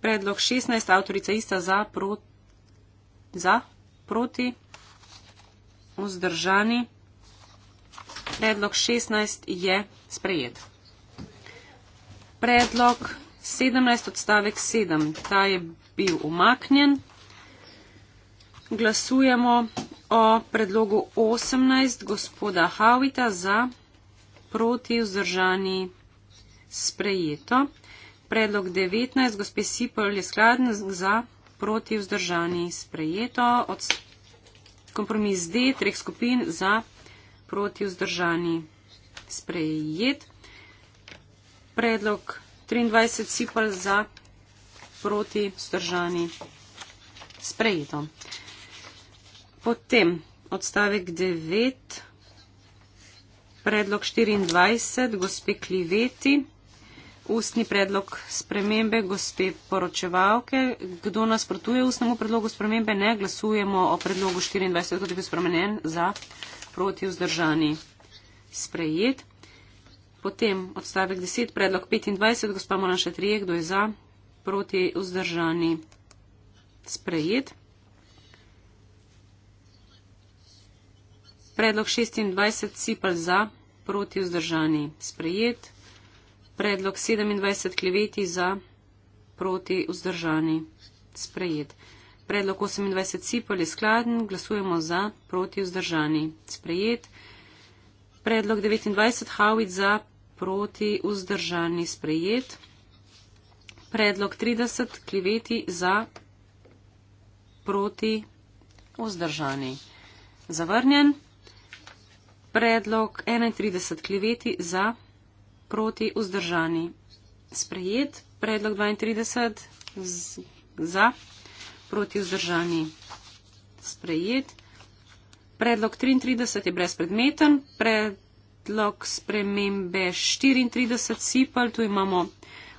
Predlog 16, avtorica ista za proti za, proti, vzdržani. Predlog 16 je sprejet. Predlog 17 odstavek 7, ta je bil umaknjen. Glasujemo o predlogu 18 gospoda Havita za, proti, vzdržani, sprejeto. Predlog 19 gospe Sipol je skladen za, proti, vzdržani proti vzdržani sprejeto. Od kompromis D treh skupin za proti vzdržani sprejet. Predlog 23 sipal za proti vzdržani sprejeto. Potem odstavek 9, predlog 24, gospe Kliveti ustni predlog spremembe gospe poročevalke. Kdo nasprotuje ustnemu predlogu spremembe? Ne. Glasujemo o predlogu 24, kot je bil spremenjen, za proti vzdržani sprejet. Potem odstavek 10, predlog 25, gospa Monaša Trije, kdo je za proti vzdržani sprejet. Predlog 26, Cipel za proti vzdržani sprejet predlog 27 kleveti za proti vzdržani sprejet. Predlog 28 cipol je skladen, glasujemo za proti vzdržani sprejet. Predlog 29 Howit za proti vzdržani sprejet. Predlog 30 kliveti za proti vzdržani zavrnjen. Predlog 31 kliveti za proti vzdržani sprejet proti vzdržani. Sprejet predlog 32 z, za proti vzdržani. Sprejet. Predlog 33 je brezpredmeten. Predlog spremembe 34 sipal. Tu imamo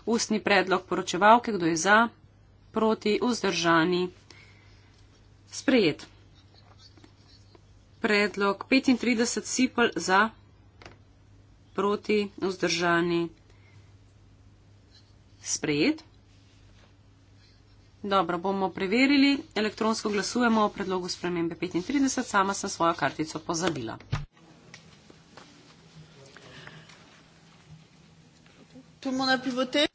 ustni predlog poročevalke, kdo je za proti vzdržani. Sprejet. Predlog 35 sipal za proti, vzdržani, sprejet. Dobro, bomo preverili. Elektronsko glasujemo o predlogu spremembe 35. Sama sem svojo kartico pozabila.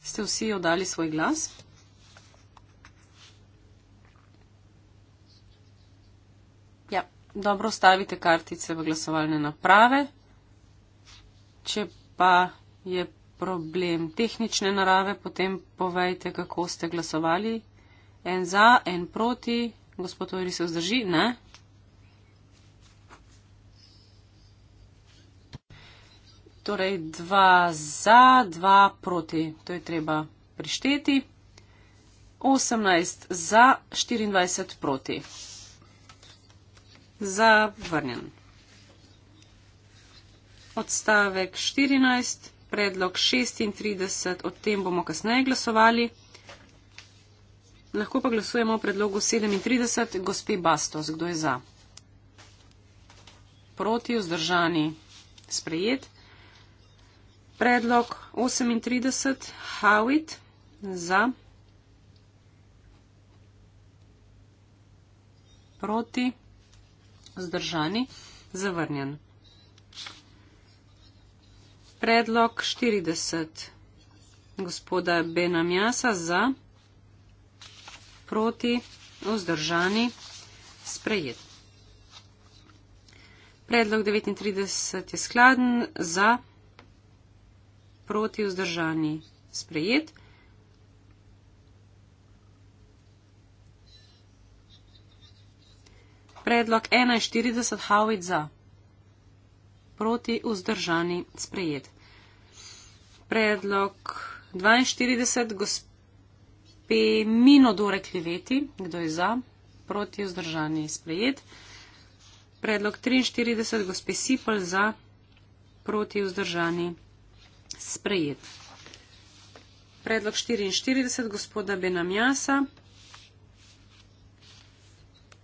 Ste vsi oddali svoj glas? Ja. Dobro, stavite kartice v glasovalne naprave. Če pa je problem tehnične narave, potem povejte, kako ste glasovali. En za, en proti. Gospod Ori se vzdrži, ne? Torej dva za, dva proti. To je treba prišteti. 18 za, 24 proti. Zavrnjen odstavek 14, predlog 36, o tem bomo kasneje glasovali. Lahko pa glasujemo o predlogu 37, gospe Bastos, kdo je za? Proti, vzdržani, sprejet. Predlog 38, Howit, za. Proti, vzdržani, zavrnjen predlog 40. Gospoda Benamjasa za, proti, vzdržani, sprejet. Predlog 39 je skladen za, proti, vzdržani, sprejet. Predlog 41, Howit za, proti, vzdržani, sprejet predlog 42, gospe Minodore Kliveti, kdo je za, proti vzdržanje sprejet. Predlog 43, gospe Sipol za, proti vzdržanje sprejet. Predlog 44, gospoda Benamjasa.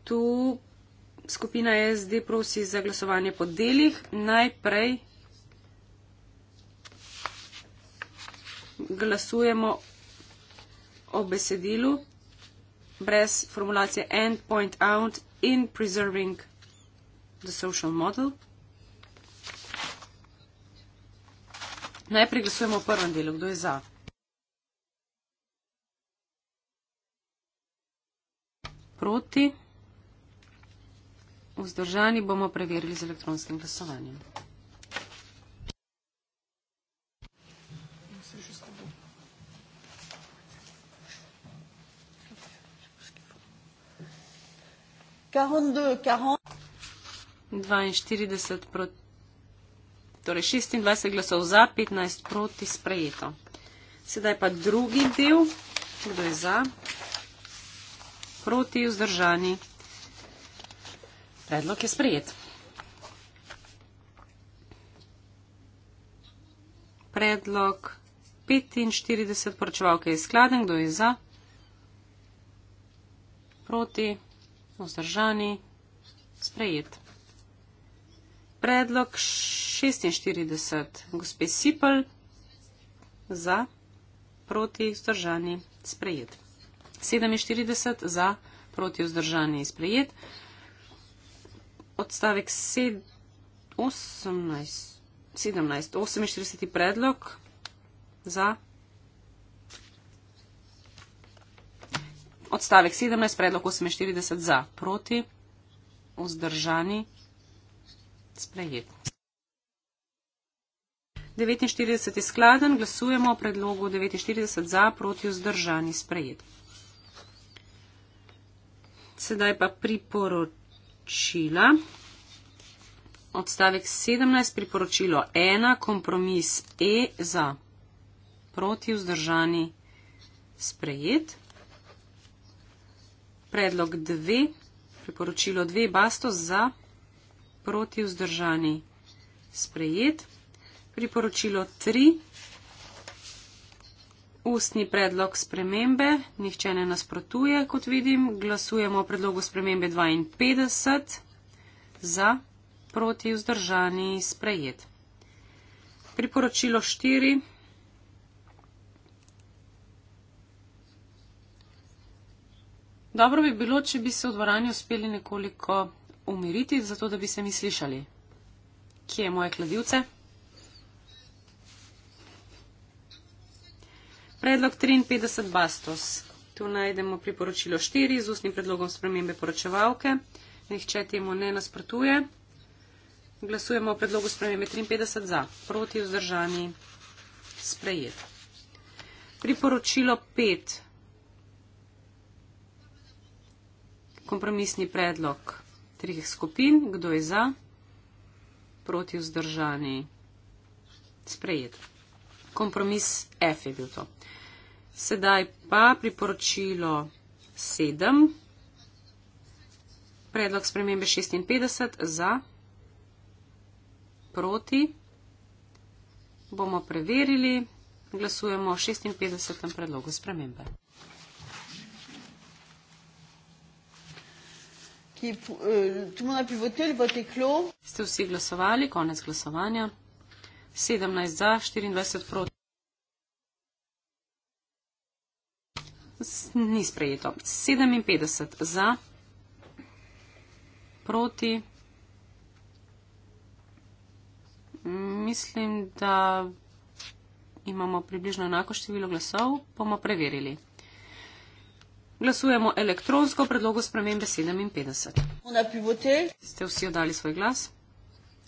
Tu skupina SD prosi za glasovanje po delih. Najprej glasujemo o besedilu brez formulacije end point out in preserving the social model. Najprej glasujemo o prvem delu, kdo je za. Proti. Vzdržani bomo preverili z elektronskim glasovanjem. 42 proti, torej 26 glasov za, 15 proti sprejeto. Sedaj pa drugi del, kdo je za, proti vzdržani. Predlog je sprejet. Predlog 45 poročevalke je skladen, kdo je za, proti vzdržani, sprejet. Predlog 46. Gospe Sipel za, proti, vzdržani, sprejet. 47 za, proti, vzdržani, sprejet. Odstavek 18, 17. 48. predlog za, Odstavek 17, predlog 48 za, proti, vzdržani, sprejet. 49 je skladen, glasujemo o predlogu 49 za, proti, vzdržani, sprejet. Sedaj pa priporočila. Odstavek 17, priporočilo 1, kompromis E za, proti, vzdržani, sprejet predlog 2, priporočilo 2, Bastos za, proti vzdržani sprejet. Priporočilo 3, ustni predlog spremembe, nihče ne nasprotuje, kot vidim, glasujemo o predlogu spremembe 52 za, proti vzdržani sprejet. Priporočilo 4. Dobro bi bilo, če bi se v dvorani uspeli nekoliko umiriti, zato da bi se mi slišali. Kje je moje kladivce? Predlog 53 Bastos. Tu najdemo priporočilo 4 z ustnim predlogom spremembe poročevalke. Nihče temu ne nasprotuje. Glasujemo o predlogu spremembe 53 za. Proti vzdržani sprejet. Priporočilo 5. kompromisni predlog trih skupin. Kdo je za? Proti vzdržani. Sprejet. Kompromis F je bil to. Sedaj pa priporočilo 7. Predlog spremembe 56 za. Proti. Bomo preverili. Glasujemo o 56. predlogu spremembe. ki mu naj bi votili, vote je klop. Ste vsi glasovali, konec glasovanja. 17 za, 24 proti. Ni sprejeto. 57 za, proti. Mislim, da imamo približno enako število glasov, bomo preverili. Glasujemo elektronsko predlogu spremembe 57. Ste vsi oddali svoj glas?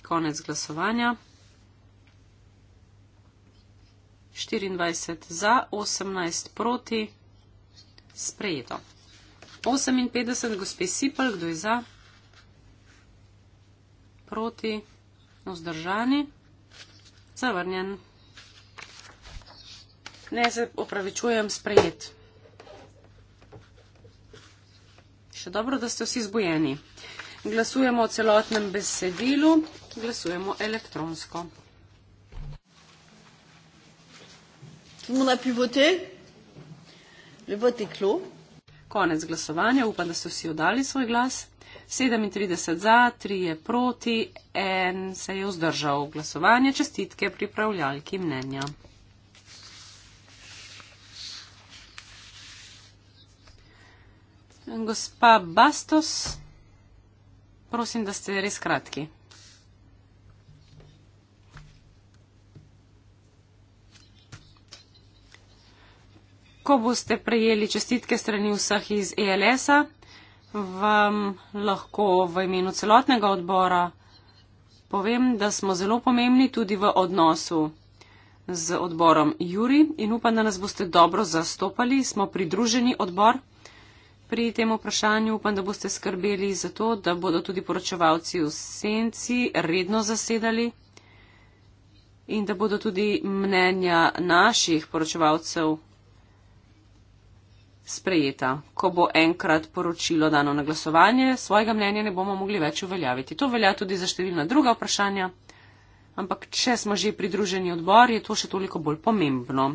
Konec glasovanja. 24 za, 18 proti. Sprejeto. 58, gospe Sipel, kdo je za? Proti. Vzdržani. Zavrnjen. Ne se opravičujem, sprejet. Še dobro, da ste vsi zbujeni. Glasujemo o celotnem besedilu, glasujemo elektronsko. Tu mu na pivote, levote klo. Konec glasovanja, upam, da ste vsi oddali svoj glas. 37 za, 3 je proti, en se je vzdržal glasovanje, čestitke pripravljalki mnenja. Gospa Bastos, prosim, da ste res kratki. Ko boste prejeli čestitke strani vseh iz ELS-a, vam lahko v imenu celotnega odbora povem, da smo zelo pomembni tudi v odnosu z odborom Juri in upam, da nas boste dobro zastopali. Smo pridruženi odbor pri tem vprašanju. Upam, da boste skrbeli za to, da bodo tudi poročevalci v senci redno zasedali in da bodo tudi mnenja naših poročevalcev sprejeta. Ko bo enkrat poročilo dano na glasovanje, svojega mnenja ne bomo mogli več uveljaviti. To velja tudi za številna druga vprašanja. Ampak, če smo že pridruženi odbor, je to še toliko bolj pomembno.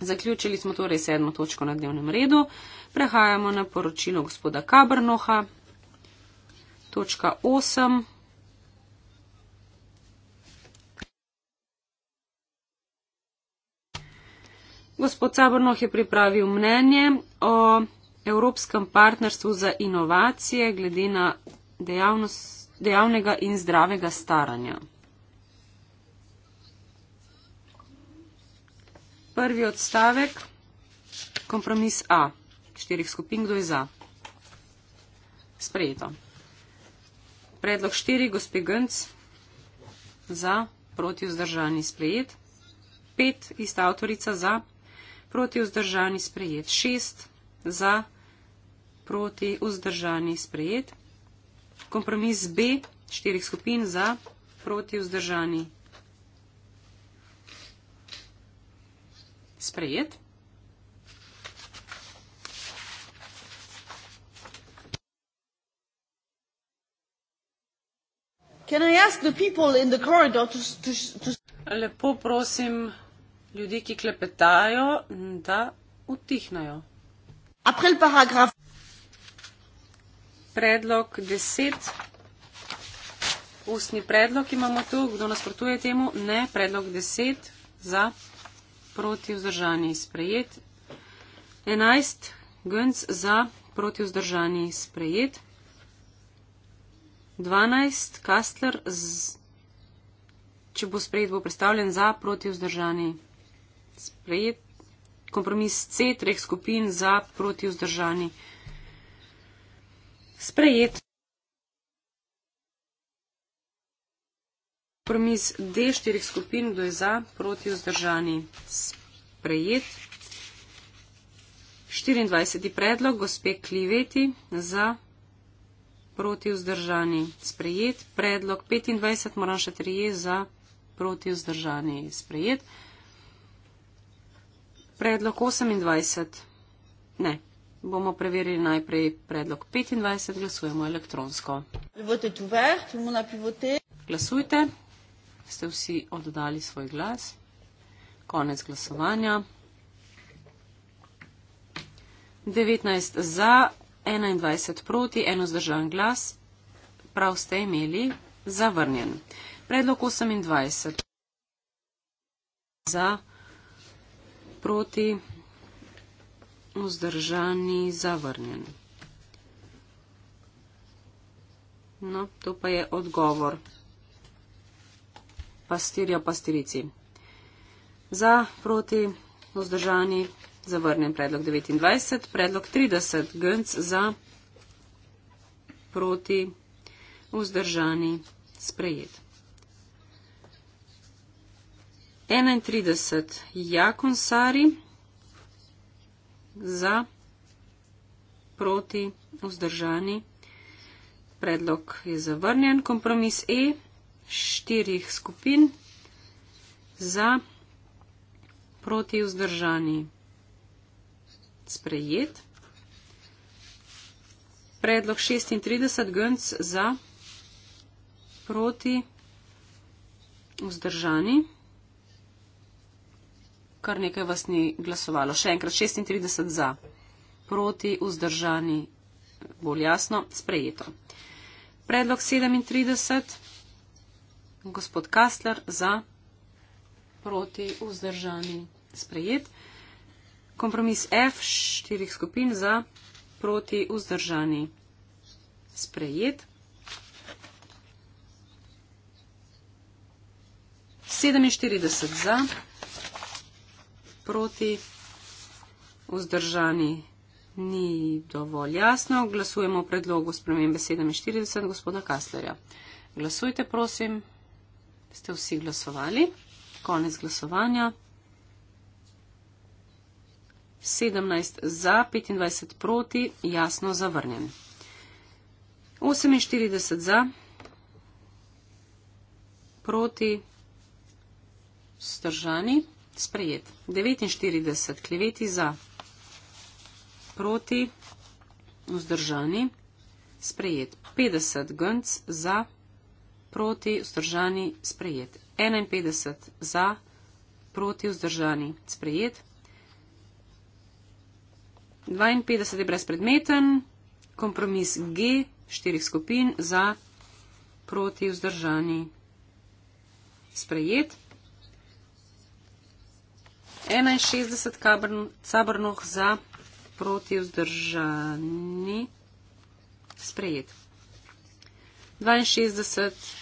Zaključili smo torej sedmo točko na dnevnem redu. Prehajamo na poročilo gospoda Kabrnoha. Točka 8. Gospod Sabrnoh je pripravil mnenje o Evropskem partnerstvu za inovacije glede na dejavnost, dejavnega in zdravega staranja. prvi odstavek, kompromis A, štirih skupin, kdo je za. Sprejeto. Predlog štiri, gospe Gönc, za, proti vzdržani sprejet. Pet, ista avtorica, za, proti vzdržani sprejet. Šest, za, proti vzdržani sprejet. Kompromis B, štirih skupin, za, proti vzdržani sprejet. sprejet. Corridor, to, to, to... Lepo prosim ljudi, ki klepetajo, da utihnajo. Paragraf... Predlog deset. Ustni predlog imamo tu. Kdo nasprotuje temu? Ne. Predlog deset za proti vzdržani sprejet. 11 gunc za proti vzdržani sprejet. 12 kastler, z, če bo sprejet, bo predstavljen za proti vzdržani sprejet. Kompromis C treh skupin za proti vzdržani sprejet. Kompromis D štirih skupin, kdo je za, proti vzdržani, sprejet. 24. predlog, gospe Kliveti, za, proti vzdržani, sprejet. Predlog 25, moram še trije, za, proti vzdržani, sprejet. Predlog 28, ne. Bomo preverili najprej predlog 25, glasujemo elektronsko. Glasujte ste vsi oddali svoj glas. Konec glasovanja. 19 za, 21 proti, eno zdržan glas. Prav ste imeli zavrnjen. Predlog 28 za, proti, vzdržani, zavrnjen. No, to pa je odgovor pastirja pastirici. Za, proti, vzdržani, zavrnjen predlog 29, predlog 30, gönc za, proti, vzdržani, sprejet. 31, Jakon Sari, za, proti, vzdržani, predlog je zavrnjen, kompromis E štirih skupin za proti vzdržani sprejet. Predlog 36 gönc za proti vzdržani. Kar nekaj vas ni glasovalo. Še enkrat 36 za proti vzdržani. Bolj jasno, sprejeto. Predlog 37. Gospod Kastler za, proti, vzdržani, sprejet. Kompromis F štirih skupin za, proti, vzdržani, sprejet. 47 za, proti, vzdržani, ni dovolj jasno. Glasujemo o predlogu spremembe 47 gospoda Kastlerja. Glasujte, prosim ste vsi glasovali. Konec glasovanja. 17 za, 25 proti, jasno zavrnjen. 48 za, proti, stržani, sprejet. 49 kleveti za, proti, vzdržani, sprejet. 50 gunc za, proti proti vzdržani sprejet. 51 za, proti vzdržani sprejet. 52 je brezpredmeten, kompromis G štirih skupin za, proti vzdržani sprejet. 61 cabrnoh za, proti vzdržani sprejet. 62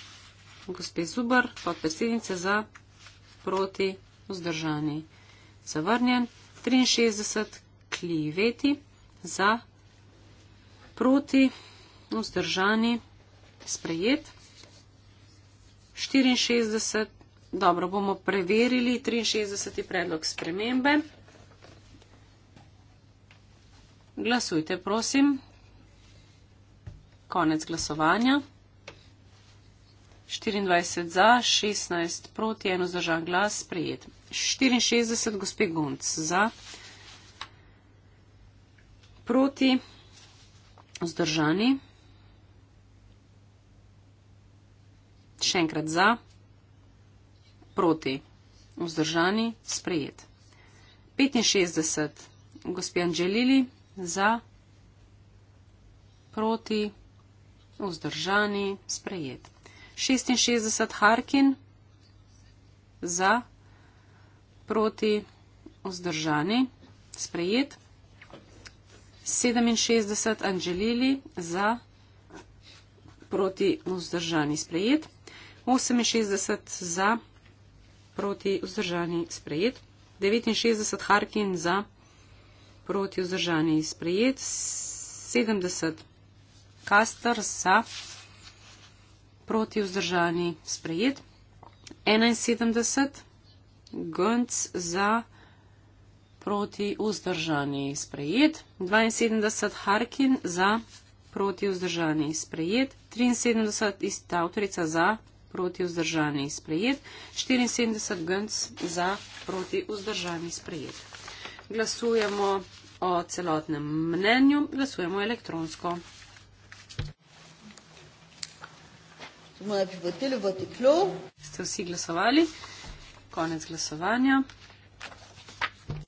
gospe Zubr, podpredsednice za proti vzdržani. Zavrnjen. 63 kliveti za proti vzdržani sprejet. 64, dobro, bomo preverili, 63 je predlog spremembe. Glasujte, prosim. Konec glasovanja. 24 za, 16 proti, 1 zdržan glas, sprejet. 64 gospe Gonc za, proti, vzdržani. Še enkrat za, proti, vzdržani, sprejet. 65 gospe Anželili za, proti, vzdržani, sprejet. 66 Harkin za, proti vzdržani, sprejet. 67 Angelili za, proti vzdržani, sprejet. 68 za, proti vzdržani, sprejet. 69 Harkin za, proti vzdržani, sprejet. 70 Kastr za, proti vzdržani, sprejet proti vzdržani sprejet. 71, gunc za proti vzdržani sprejet. 72, harkin za proti vzdržani sprejet. 73, ista avtorica za proti vzdržani sprejet. 74, gunc za proti vzdržani sprejet. Glasujemo o celotnem mnenju, glasujemo elektronsko. Bomo najprej votili, voti klo. Ste vsi glasovali? Konec glasovanja.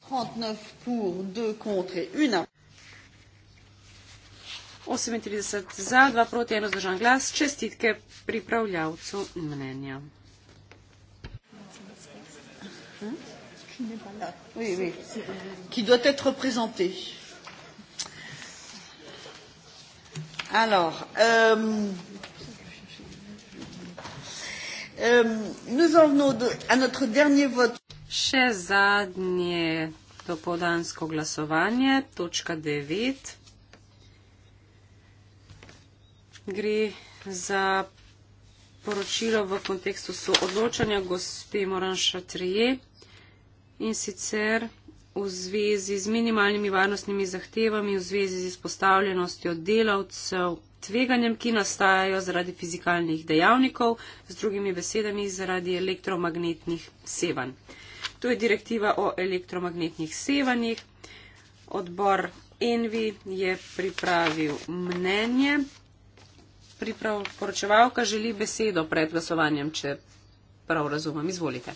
39 pour, 2 contre, 1. 38 za, 2 proti, 1 zdržan glas. Čestitke pripravljavcu mnenja. Ki doit être reprezenté. Alors, euh, Euh, Še zadnje dopodansko glasovanje, točka 9, gre za poročilo v kontekstu soodločanja gospe Moran Šatrije in sicer v zvezi z minimalnimi varnostnimi zahtevami, v zvezi z izpostavljenostjo delavcev tveganjem, ki nastajajo zaradi fizikalnih dejavnikov, z drugimi besedami zaradi elektromagnetnih sevanj. To je direktiva o elektromagnetnih sevanjih. Odbor Envi je pripravil mnenje. Poročevalka želi besedo pred glasovanjem, če prav razumem. Izvolite.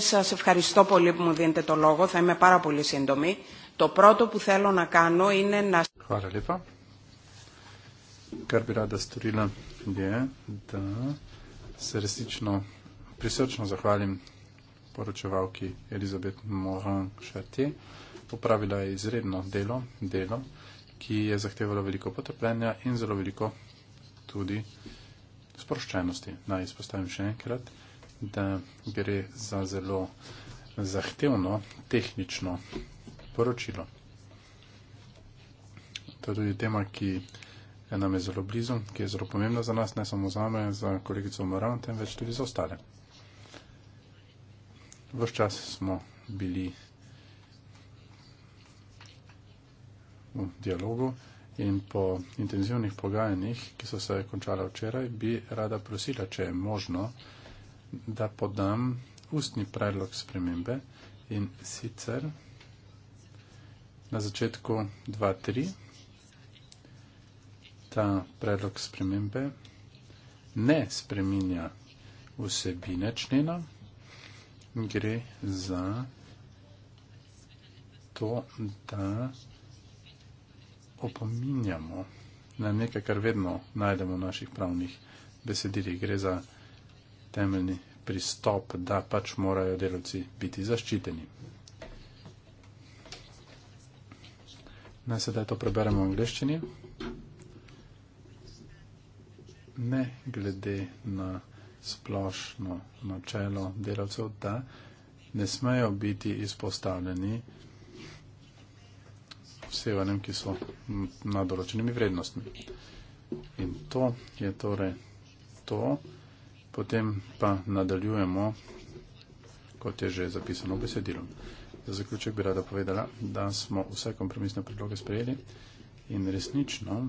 Σας ευχαριστώ πολύ που μου δίνετε το λόγο. Θα είμαι πάρα πολύ σύντομη. Το πρώτο που θέλω να κάνω είναι να... Ευχαριστώ kar bi rada storila, je, da se resnično prisrčno zahvalim poročevalki Elizabet Moran Šati. Popravila je izredno delo, delo, ki je zahtevalo veliko potrpljenja in zelo veliko tudi sproščenosti. Naj izpostavim še enkrat, da gre za zelo zahtevno tehnično poročilo. To je tudi tema, ki Ena je zelo blizu, ki je zelo pomembna za nas, ne samo za me, za kolegico Moran, temveč tudi za ostale. Vš čas smo bili v dialogu in po intenzivnih pogajanjih, ki so se končala včeraj, bi rada prosila, če je možno, da podam ustni predlog spremembe in sicer na začetku 2.3 ta predlog spremembe ne spreminja vsebine člena, gre za to, da opominjamo na nekaj, kar vedno najdemo v naših pravnih besedilih. Gre za temeljni pristop, da pač morajo delavci biti zaščiteni. Naj sedaj to preberemo v angliščini ne glede na splošno načelo delavcev, da ne smejo biti izpostavljeni vsevanjem, ki so nad določenimi vrednostmi. In to je torej to. Potem pa nadaljujemo, kot je že zapisano v besedilu. Za zaključek bi rada povedala, da smo vse kompromisne predloge sprejeli in resnično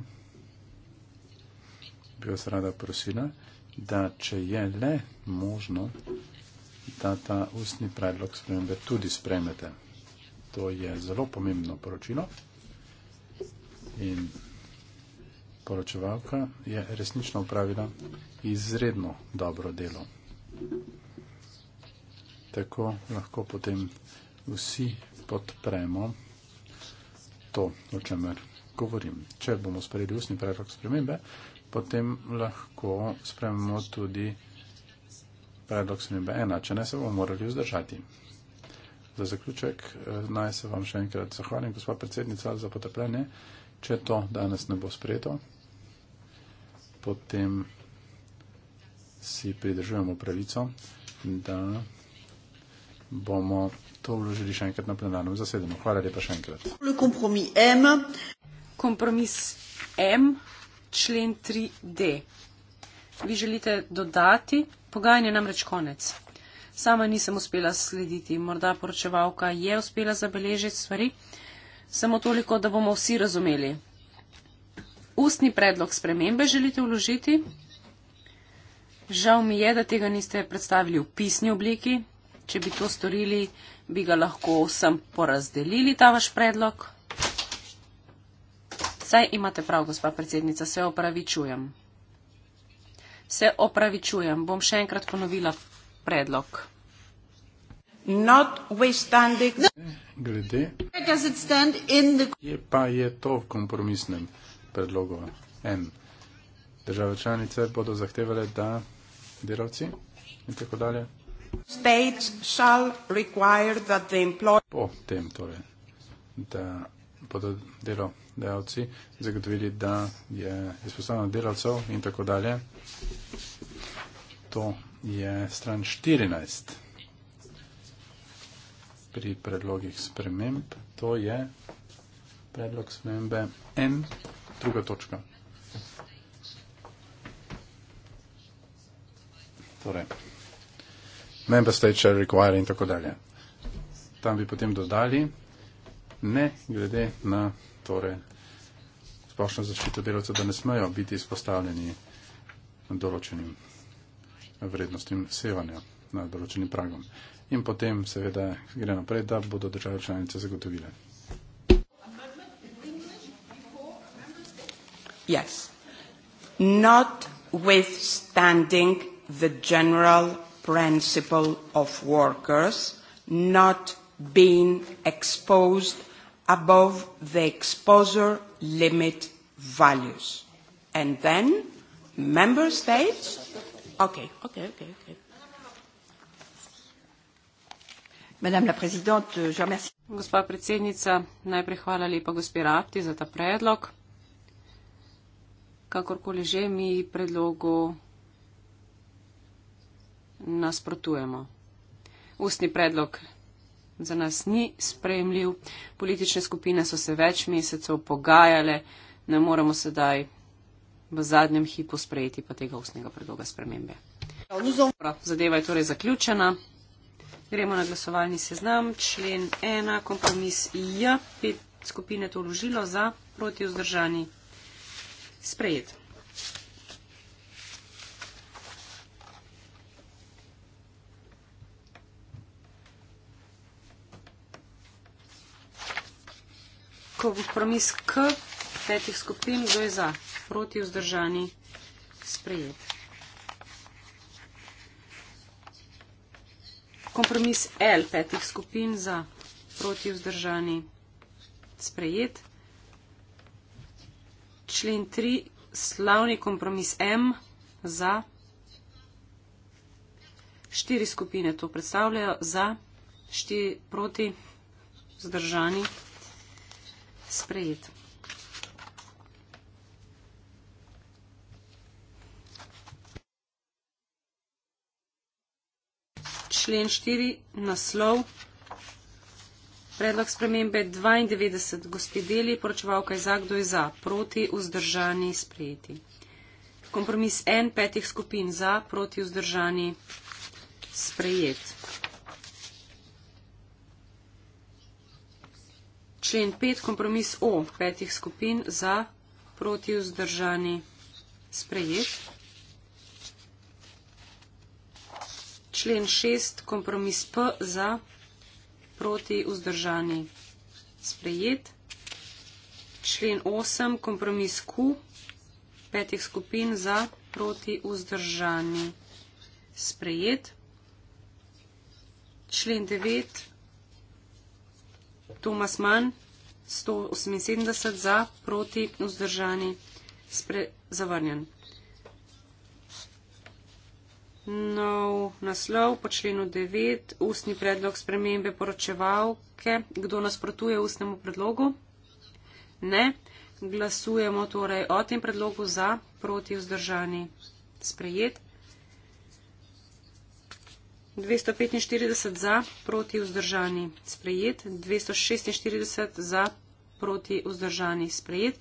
bi vas rada prosila, da če je le možno, da ta ustni predlog spremembe tudi spremete. To je zelo pomembno poročilo in poročevalka je resnično upravila izredno dobro delo. Tako lahko potem vsi podpremo to, o čemer govorim. Če bomo sprejeli ustni predlog spremembe, potem lahko spremimo tudi predlog snembe ena, če ne se bomo morali vzdržati. Za zaključek eh, naj se vam še enkrat zahvalim, gospod predsednica, za potrpljenje. Če to danes ne bo sprejeto, potem si pridržujemo pravico, da bomo to vložili še enkrat na plenarnem zasedanju. Hvala lepa še enkrat. Kompromis M člen 3D. Vi želite dodati, pogajanje je namreč konec. Sama nisem uspela slediti, morda poročevalka je uspela zabeležiti stvari, samo toliko, da bomo vsi razumeli. Ustni predlog spremembe želite vložiti. Žal mi je, da tega niste predstavili v pisni obliki. Če bi to storili, bi ga lahko vsem porazdelili ta vaš predlog. Saj imate prav, gospa predsednica, se opravičujem. Se opravičujem, bom še enkrat ponovila predlog. Glede, je pa je to v kompromisnem predlogu. En. Države članice bodo zahtevali, da delavci in tako dalje. States shall require that the employer. Potem torej, da bodo delodajalci zagotovili, da je izpostavljeno delavcev in tako dalje. To je stran 14 pri predlogih sprememb. To je predlog spremembe N, druga točka. Torej, member state shall require in tako dalje. Tam bi potem dodali, ne glede na torej, splošno zaščito delavcev, da ne smejo biti izpostavljeni določenim vrednostim sevanja na določenim pragom. In potem seveda gre naprej, da bodo države članice zagotovile. Yes. Notwithstanding the general principle of workers, not being exposed above the exposure limit values. And then member states? Okay, okay, okay, okay. Madame la Presidente, euh, je remercie. Gospa predsednica, najprej hvala lepa gospe Rapti za ta predlog. Kakorkoli že mi predlogu nasprotujemo. Ustni predlog za nas ni sprejemljiv. Politične skupine so se več mesecev pogajale, ne moremo sedaj v zadnjem hipu sprejeti pa tega ustnega predloga spremembe. Zadeva je torej zaključena. Gremo na glasovalni seznam. Člen 1, kompromis J, pet skupine to vložilo za proti vzdržani. Sprejet. kompromis k petih skupin, kdo je za, proti vzdržani sprejet. Kompromis L petih skupin za, proti vzdržani sprejet. Člen 3, slavni kompromis M za. Štiri skupine to predstavljajo za, štiri proti, zdržani sprejet. Člen 4, naslov, predlog spremembe 92, gospedeli, poročevalka je za, kdo je za, proti, vzdržani, sprejeti. Kompromis en petih skupin za, proti, vzdržani, sprejeti. Člen 5, kompromis O, petih skupin za proti vzdržani sprejet. Člen 6, kompromis P za proti vzdržani sprejet. Člen 8, kompromis Q, petih skupin za proti vzdržani sprejet. Člen 9, kompromis P. Tomas Mann 178 za, proti vzdržani, spre, zavrnjen. Nov naslov po členu 9, ustni predlog spremembe poročevalke. Kdo nasprotuje ustnemu predlogu? Ne. Glasujemo torej o tem predlogu za, proti vzdržani, sprejet. 245 za, proti vzdržani sprejet, 246 za, proti vzdržani sprejet,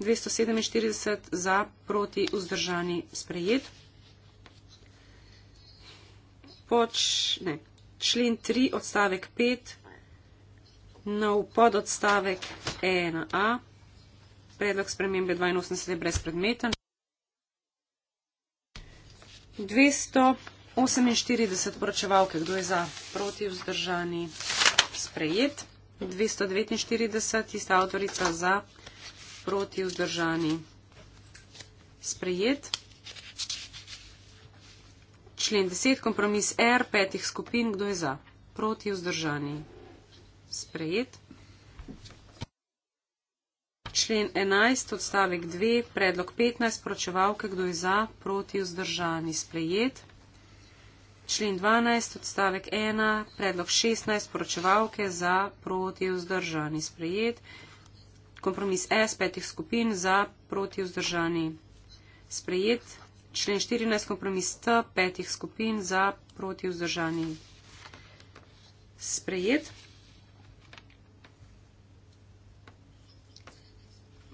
247 za, proti vzdržani sprejet. Poč, ne, člen 3, odstavek 5, nov pododstavek 1a, predlog spremembe 82 je brezpredmeten. 200. 48 poročevalke, kdo je za proti vzdržani sprejet, 249, tista avtorica za proti vzdržani sprejet. Člen 10, kompromis R, petih skupin, kdo je za proti vzdržani sprejet. Člen 11, odstavek 2, predlog 15, poročevalke, kdo je za proti vzdržani sprejet člen 12, odstavek 1, predlog 16, poročevalke za proti vzdržani sprejet, kompromis S petih skupin za proti vzdržani sprejet, člen 14, kompromis T petih skupin za proti vzdržani sprejet.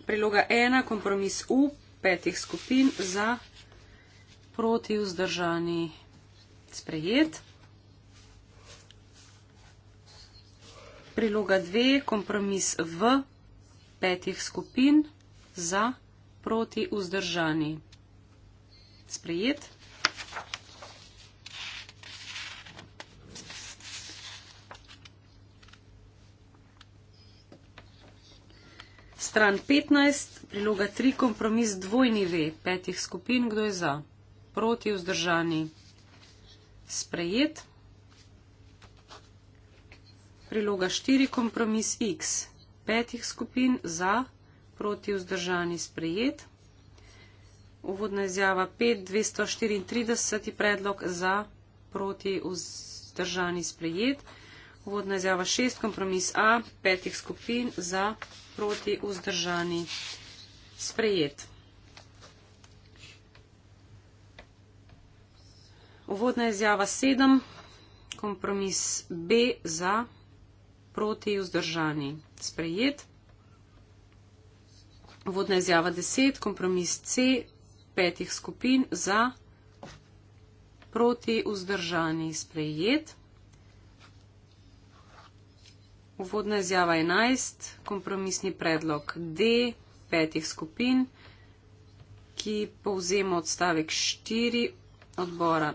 Priloga 1, kompromis U petih skupin za proti vzdržani sprejet sprejet. Priloga 2, kompromis v petih skupin za proti vzdržani. Sprejet. Stran 15, priloga 3, kompromis dvojni ve petih skupin, kdo je za proti vzdržani sprejet. Priloga 4, kompromis X. Petih skupin za, proti vzdržani sprejet. Uvodna izjava 5, 234 predlog za, proti vzdržani sprejet. Uvodna izjava 6, kompromis A, petih skupin za, proti vzdržani sprejet. Uvodna izjava 7, kompromis B za, proti vzdržani, sprejet. Uvodna izjava 10, kompromis C petih skupin za, proti vzdržani, sprejet. Uvodna izjava 11, kompromisni predlog D petih skupin, ki povzema odstavek 4 odbora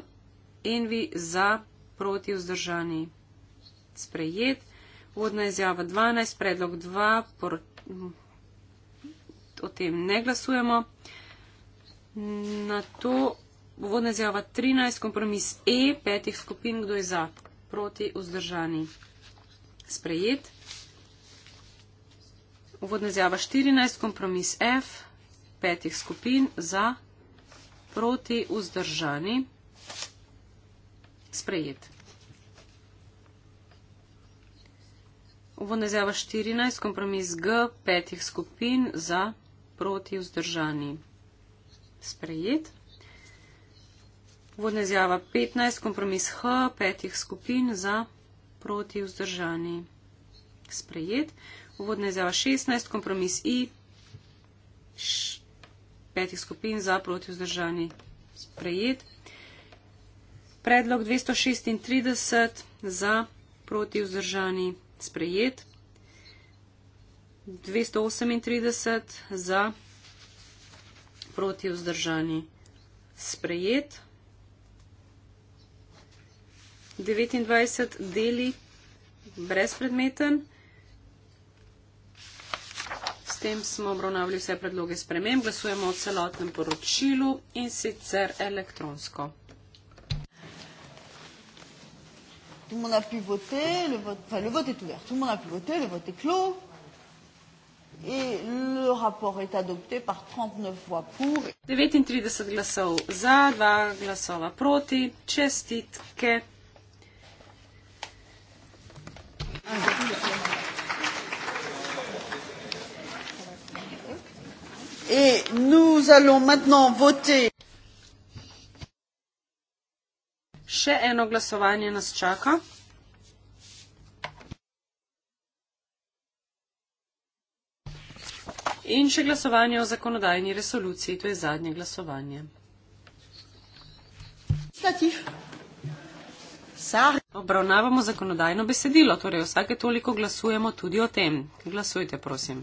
in vi za proti vzdržani. Sprejet. Vodna izjava 12, predlog 2, por... o tem ne glasujemo. Na to vodna izjava 13, kompromis E, petih skupin, kdo je za proti vzdržani. Sprejet. Uvodna izjava 14, kompromis F, petih skupin za proti vzdržani sprejet. Uvodnezjava 14, kompromis G, petih skupin za proti vzdržani. Sprejet. Uvodnezjava 15, kompromis H, petih skupin za proti vzdržani. Sprejet. Uvodnezjava 16, kompromis I, š, petih skupin za proti vzdržani. Sprejet. Predlog 236 za proti vzdržani sprejet. 238 za proti vzdržani sprejet. 29 deli brezpredmeten. S tem smo obravnavali vse predloge sprememb. Glasujemo o celotnem poročilu in sicer elektronsko. Tout le monde a pu voter, le vote, enfin le vote est ouvert, tout le monde a pu voter, le vote est clos. In le rapport je adopté par 39 voix pour. 39 glasov za, 2 glasova proti, čestitke. In nous allons maintenant voter. Še eno glasovanje nas čaka. In še glasovanje o zakonodajni resoluciji, to je zadnje glasovanje. Obravnavamo zakonodajno besedilo, torej vsake toliko glasujemo tudi o tem. Glasujte, prosim.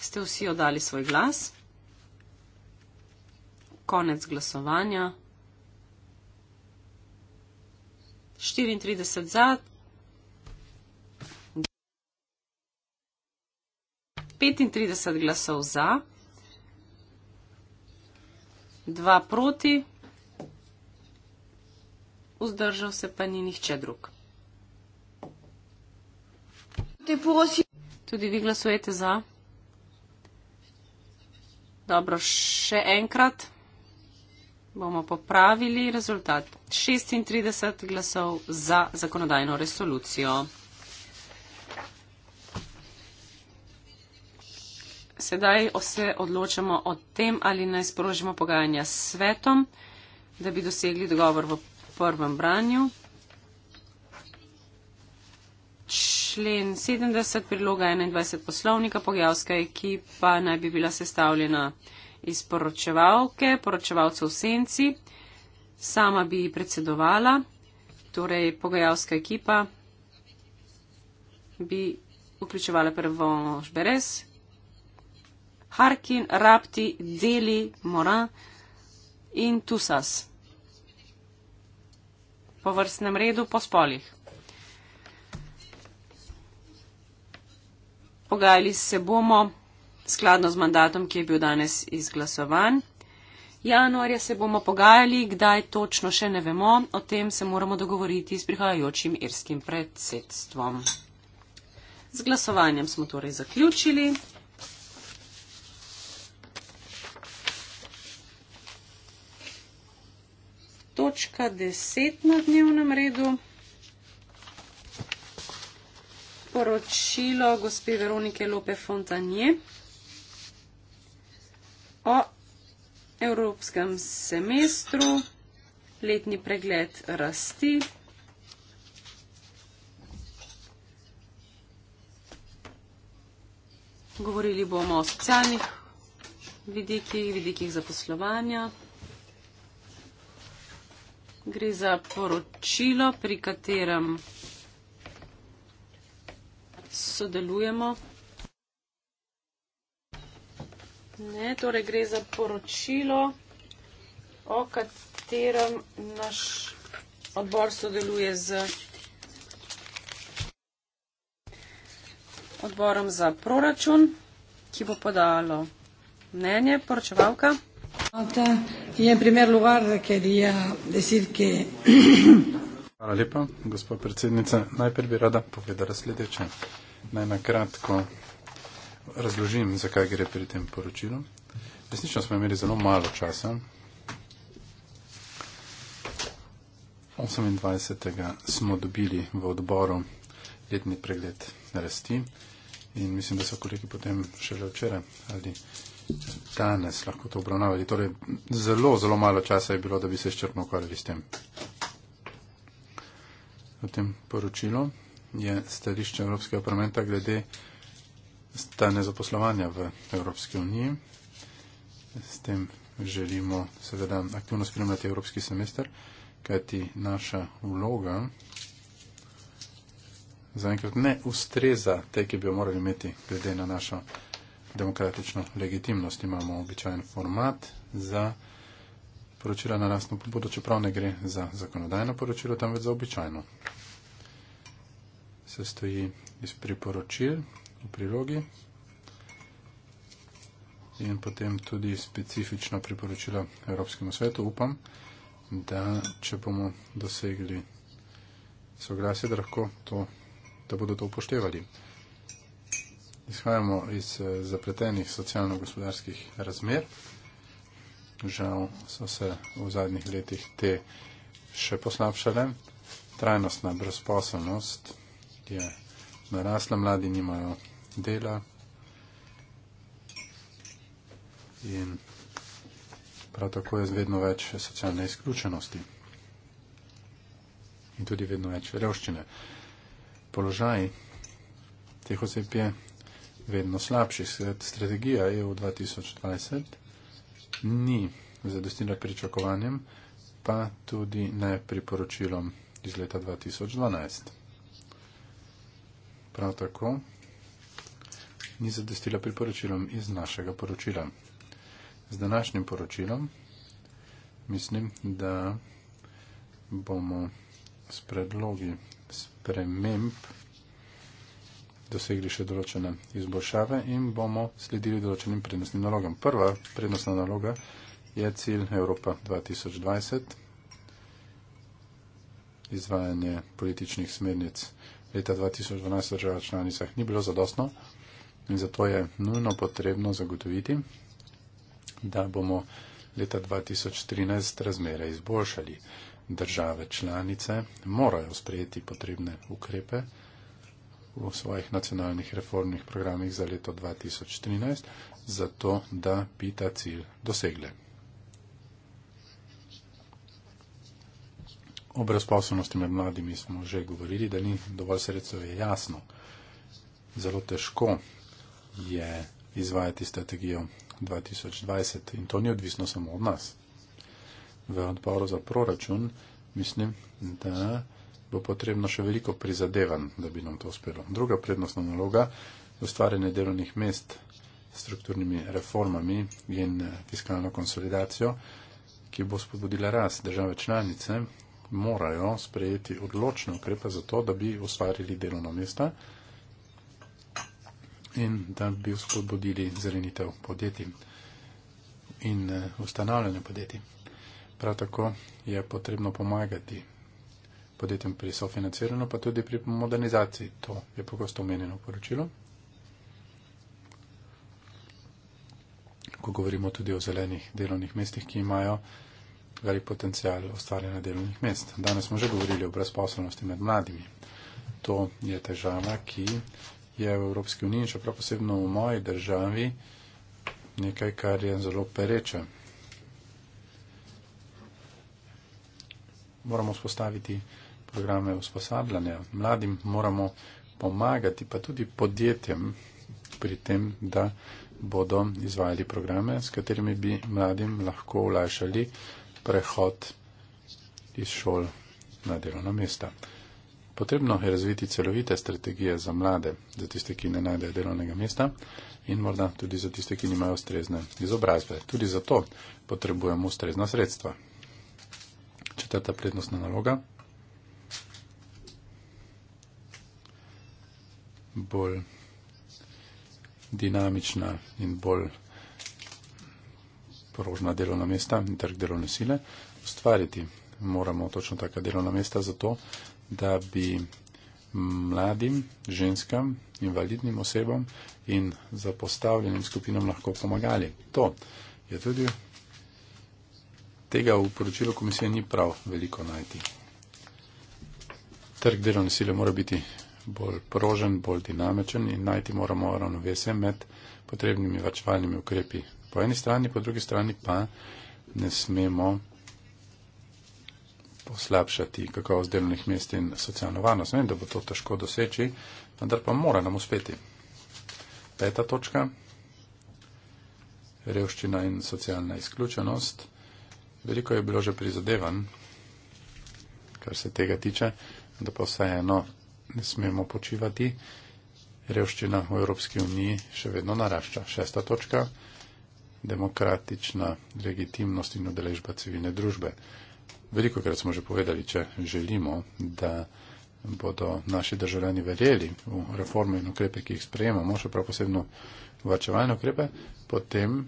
Ste vsi oddali svoj glas? Konec glasovanja. 34 za, 35 glasov za, 2 proti, vzdržal se pa ni nihče drug. Tudi vi glasujete za. Dobro, še enkrat bomo popravili rezultat. 36 glasov za zakonodajno resolucijo. Sedaj se odločamo o tem, ali naj sprožimo pogajanja s svetom, da bi dosegli dogovor v prvem branju. Člen 70 priloga 21 poslovnika pogajalske ekipa naj bi bila sestavljena izporočevalke, poročevalcev v senci, sama bi predsedovala, torej pogajalska ekipa bi vključevala prvo žberes, Harkin, Rapti, Deli, Moran in Tusas. Po vrstnem redu, po spolih. Pogajali se bomo skladno z mandatom, ki je bil danes izglasovan. Januarja se bomo pogajali, kdaj točno še ne vemo, o tem se moramo dogovoriti s prihajajočim irskim predsedstvom. Z glasovanjem smo torej zaključili. Točka 10 na dnevnem redu. Poročilo gospe Veronike Lope Fontanje o evropskem semestru, letni pregled rasti. Govorili bomo o socialnih vidikih, vidikih zaposlovanja. Gre za poročilo, pri katerem sodelujemo. Ne, torej gre za poročilo, o katerem naš odbor sodeluje z odborom za proračun, ki bo podalo mnenje poročevalka. Hvala lepa, gospod predsednica. Najprej bi rada povedala sledeče. Naj na kratko razložim, zakaj gre pri tem poročilu. Resnično smo imeli zelo malo časa. 28. smo dobili v odboru letni pregled rasti in mislim, da so kolegi potem šele včeraj ali danes lahko to obravnavali. Torej, zelo, zelo malo časa je bilo, da bi se izčrpno ukvarjali s tem. V tem poročilu je stališče Evropskega parlamenta glede stane zaposlovanja v Evropski uniji. S tem želimo seveda aktivno spremljati Evropski semester, kajti naša vloga zaenkrat ne ustreza te, ki bi jo morali imeti glede na našo demokratično legitimnost. Imamo običajen format za poročila na lastno pobudo, čeprav ne gre za zakonodajno poročilo, temveč za običajno. Sestoji iz priporočil, v prilogi in potem tudi specifično priporočila Evropskemu svetu. Upam, da če bomo dosegli soglasje, da, lahko to, da bodo to upoštevali. Izhajamo iz eh, zapletenih socialno-gospodarskih razmer. Žal so se v zadnjih letih te še poslabšale. Trajnostna brezposobnost je narasla, mladi nimajo dela in prav tako je vedno več socialne izključenosti in tudi vedno več revščine. Položaj teh oseb je vedno slabši. Strategija EU 2020 ni zadostila pričakovanjem, pa tudi ne priporočilom iz leta 2012. Prav tako ni zadostila priporočilom iz našega poročila. Z današnjim poročilom mislim, da bomo s predlogi sprememb dosegli še določene izboljšave in bomo sledili določenim prednostnim nalogam. Prva prednostna naloga je cilj Evropa 2020, izvajanje političnih smernic leta 2012 v državah članicah ni bilo zadostno, In zato je nujno potrebno zagotoviti, da bomo leta 2013 razmere izboljšali. Države članice morajo sprejeti potrebne ukrepe v svojih nacionalnih reformnih programih za leto 2013, zato da bi ta cilj dosegle. O brezposobnosti med mladimi smo že govorili, da ni dovolj sredstev, je jasno. Zelo težko je izvajati strategijo 2020 in to ni odvisno samo od nas. V odboru za proračun mislim, da bo potrebno še veliko prizadevanj, da bi nam to uspelo. Druga prednostna naloga je ustvarjanje delovnih mest s strukturnimi reformami in eh, fiskalno konsolidacijo, ki bo spodbudila rast. Države članice morajo sprejeti odločno ukrepe za to, da bi ustvarili delovno mesto in da bi vzpodbudili zelenitev podjetij in eh, ustanavljanje podjetij. Prav tako je potrebno pomagati podjetjem pri sofinanciranju, pa tudi pri modernizaciji. To je pogosto omenjeno poročilo. Ko govorimo tudi o zelenih delovnih mestih, ki imajo velik potencial ustvarjanja delovnih mest. Danes smo že govorili o brezposobnosti med mladimi. To je težava, ki je v Evropski uniji, čeprav posebno v moji državi, nekaj, kar je zelo pereče. Moramo spostaviti programe usposabljanja. Mladim moramo pomagati, pa tudi podjetjem pri tem, da bodo izvajali programe, s katerimi bi mladim lahko ulajšali prehod iz šol na delovna mesta. Potrebno je razviti celovite strategije za mlade, za tiste, ki ne najdejo delovnega mesta in morda tudi za tiste, ki nimajo ustrezne izobrazbe. Tudi zato potrebujemo ustrezna sredstva. Četrta prednostna naloga. Bolj dinamična in bolj porožna delovna mesta in trg delovne sile. Ustvariti moramo točno taka delovna mesta za to, da bi mladim, ženskam, invalidnim osebam in zapostavljenim skupinam lahko pomagali. To je tudi tega v poročilu komisije ni prav veliko najti. Trg delovne sile mora biti bolj prožen, bolj dinamičen in najti moramo ravnovesje med potrebnimi vačvalnimi ukrepi. Po eni strani, po drugi strani pa ne smemo poslabšati kakovost delovnih mest in socialno varnost. Vem, da bo to težko doseči, vendar pa mora nam uspeti. Peta točka. Revščina in socialna izključenost. Veliko je bilo že prizadevan, kar se tega tiče, da pa vseeno ne smemo počivati. Revščina v Evropski uniji še vedno narašča. Šesta točka. Demokratična legitimnost in udeležba civilne družbe. Veliko krat smo že povedali, če želimo, da bodo naši državljani verjeli v reforme in ukrepe, ki jih sprejemamo, še prav posebno vrčevalne ukrepe, potem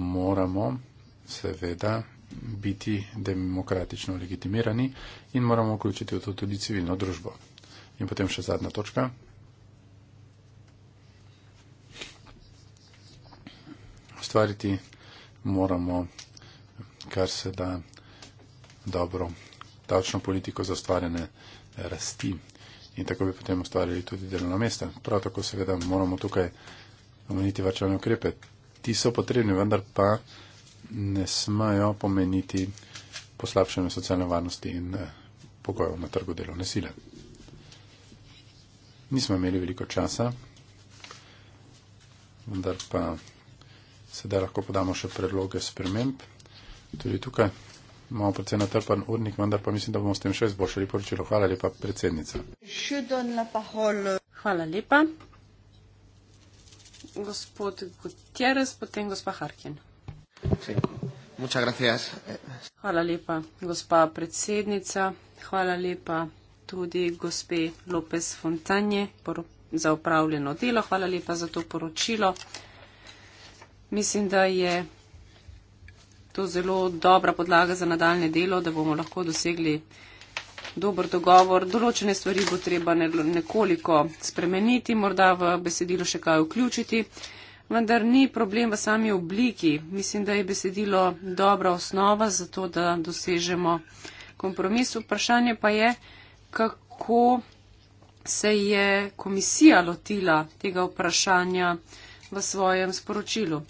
moramo seveda biti demokratično legitimirani in moramo vključiti v to tudi civilno družbo. In potem še zadnja točka. Ustvariti moramo kar se da dobro davčno politiko za ustvarjanje eh, rasti in tako bi potem ustvarjali tudi delovna mesta. Prav tako seveda moramo tukaj omeniti varčevalne ukrepe. Ti so potrebni, vendar pa ne smajo pomeniti poslabšanje socialne varnosti in eh, pokojev na trgu delovne sile. Nismo imeli veliko časa, vendar pa sedaj lahko podamo še predloge sprememb. Tudi tukaj imamo predvsej natrpan urnik, vendar pa mislim, da bomo s tem še izboljšali poročilo. Hvala lepa, predsednica. Hvala lepa. Gospod Gutierrez, potem gospa Harkin. Hvala lepa, gospa predsednica. Hvala lepa tudi gospe Lopez Fontanje za upravljeno delo. Hvala lepa za to poročilo. Mislim, da je to zelo dobra podlaga za nadaljne delo, da bomo lahko dosegli dober dogovor. Določene stvari bo treba nekoliko spremeniti, morda v besedilo še kaj vključiti, vendar ni problem v sami obliki. Mislim, da je besedilo dobra osnova za to, da dosežemo kompromis. Vprašanje pa je, kako se je komisija lotila tega vprašanja v svojem sporočilu.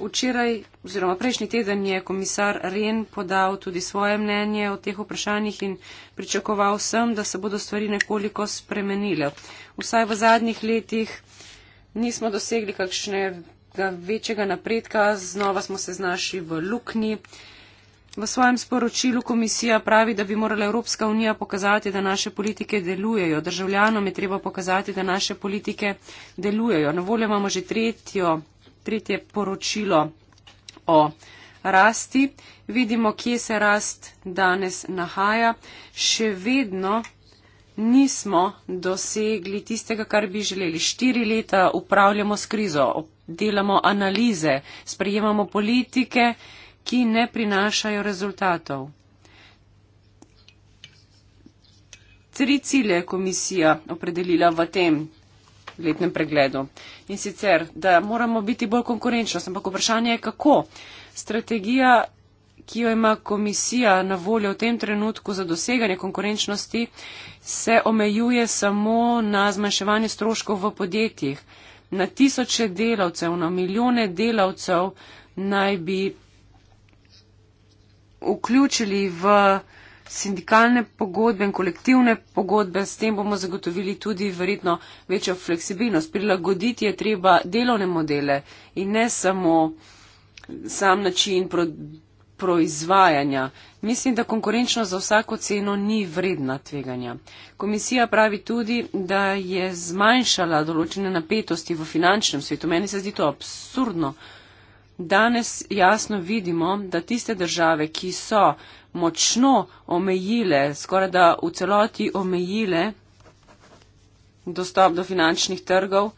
Včeraj oziroma prejšnji teden je komisar Ren podal tudi svoje mnenje o teh vprašanjih in pričakoval sem, da se bodo stvari nekoliko spremenile. Vsaj v zadnjih letih nismo dosegli kakšnega večjega napredka, znova smo se znašli v luknji. V svojem sporočilu komisija pravi, da bi morala Evropska unija pokazati, da naše politike delujejo. Državljanom je treba pokazati, da naše politike delujejo. Na voljo imamo že tretjo tretje poročilo o rasti. Vidimo, kje se rast danes nahaja. Še vedno nismo dosegli tistega, kar bi želeli. Štiri leta upravljamo s krizo, delamo analize, sprejemamo politike, ki ne prinašajo rezultatov. Tri cilje je komisija opredelila v tem letnem pregledu. In sicer, da moramo biti bolj konkurenčni, ampak vprašanje je kako. Strategija, ki jo ima komisija na voljo v tem trenutku za doseganje konkurenčnosti, se omejuje samo na zmanjševanje stroškov v podjetjih. Na tisoče delavcev, na milijone delavcev naj bi vključili v sindikalne pogodbe in kolektivne pogodbe, s tem bomo zagotovili tudi verjetno večjo fleksibilnost. Prilagoditi je treba delovne modele in ne samo sam način pro, proizvajanja. Mislim, da konkurenčnost za vsako ceno ni vredna tveganja. Komisija pravi tudi, da je zmanjšala določene napetosti v finančnem svetu. Meni se zdi to absurdno. Danes jasno vidimo, da tiste države, ki so močno omejile, skoraj da v celoti omejile dostop do finančnih trgov,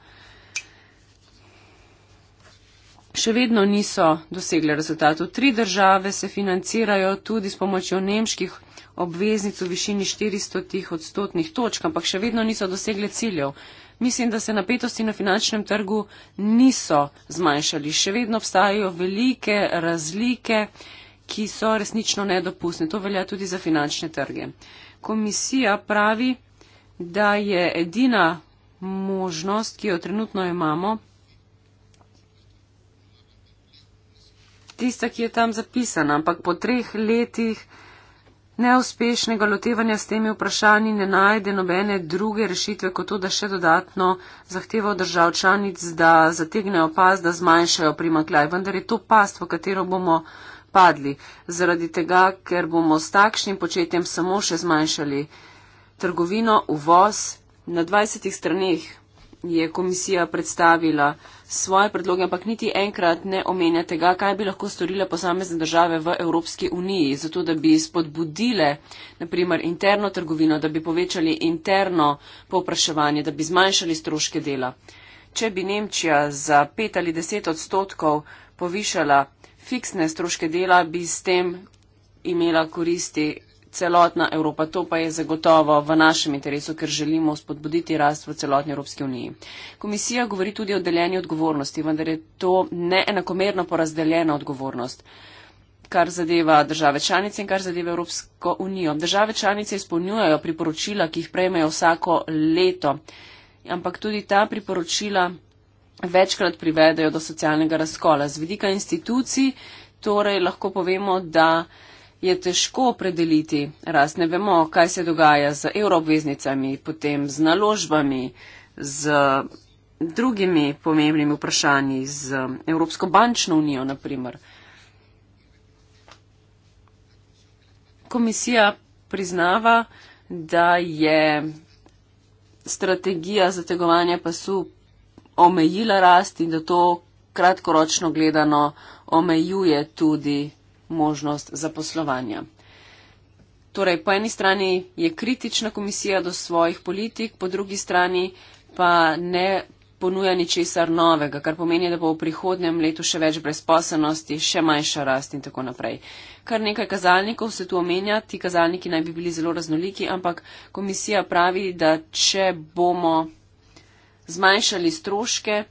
še vedno niso dosegle rezultatov. Tri države se financirajo tudi s pomočjo nemških obveznic v višini 400 odstotnih točk, ampak še vedno niso dosegle ciljev. Mislim, da se napetosti na finančnem trgu niso zmanjšali. Še vedno obstajajo velike razlike ki so resnično nedopustne. To velja tudi za finančne trge. Komisija pravi, da je edina možnost, ki jo trenutno imamo, tista, ki je tam zapisana, ampak po treh letih neuspešnega lotevanja s temi vprašanji ne najde nobene druge rešitve, kot to, da še dodatno zahteva od držav članic, da zategnejo pas, da zmanjšajo primaklaj. Vendar je to past, v katero bomo padli, zaradi tega, ker bomo s takšnim početjem samo še zmanjšali trgovino, uvoz. Na 20 straneh je komisija predstavila svoje predloge, ampak niti enkrat ne omenja tega, kaj bi lahko storile posamezne države v Evropski uniji, zato da bi spodbudile naprimer interno trgovino, da bi povečali interno popraševanje, da bi zmanjšali stroške dela. Če bi Nemčija za 5 ali 10 odstotkov povišala fiksne stroške dela, bi s tem imela koristi celotna Evropa. To pa je zagotovo v našem interesu, ker želimo spodbuditi rast v celotni Evropski uniji. Komisija govori tudi o deljeni odgovornosti, vendar je to neenakomerno porazdeljena odgovornost kar zadeva države članice in kar zadeva Evropsko unijo. Države članice izpolnjujejo priporočila, ki jih prejmejo vsako leto, ampak tudi ta priporočila večkrat privedejo do socialnega razkola. Z vidika institucij torej lahko povemo, da je težko opredeliti, raz ne vemo, kaj se dogaja z euroobveznicami, potem z naložbami, z drugimi pomembnimi vprašanji, z Evropsko bančno unijo naprimer. Komisija priznava, da je strategija zategovanja pasu omejila rast in da to kratkoročno gledano omejuje tudi možnost zaposlovanja. Torej, po eni strani je kritična komisija do svojih politik, po drugi strani pa ne ponuja ničesar novega, kar pomeni, da bo v prihodnjem letu še več brezposobnosti, še manjša rast in tako naprej. Kar nekaj kazalnikov se tu omenja, ti kazalniki naj bi bili zelo raznoliki, ampak komisija pravi, da če bomo zmanjšali stroške,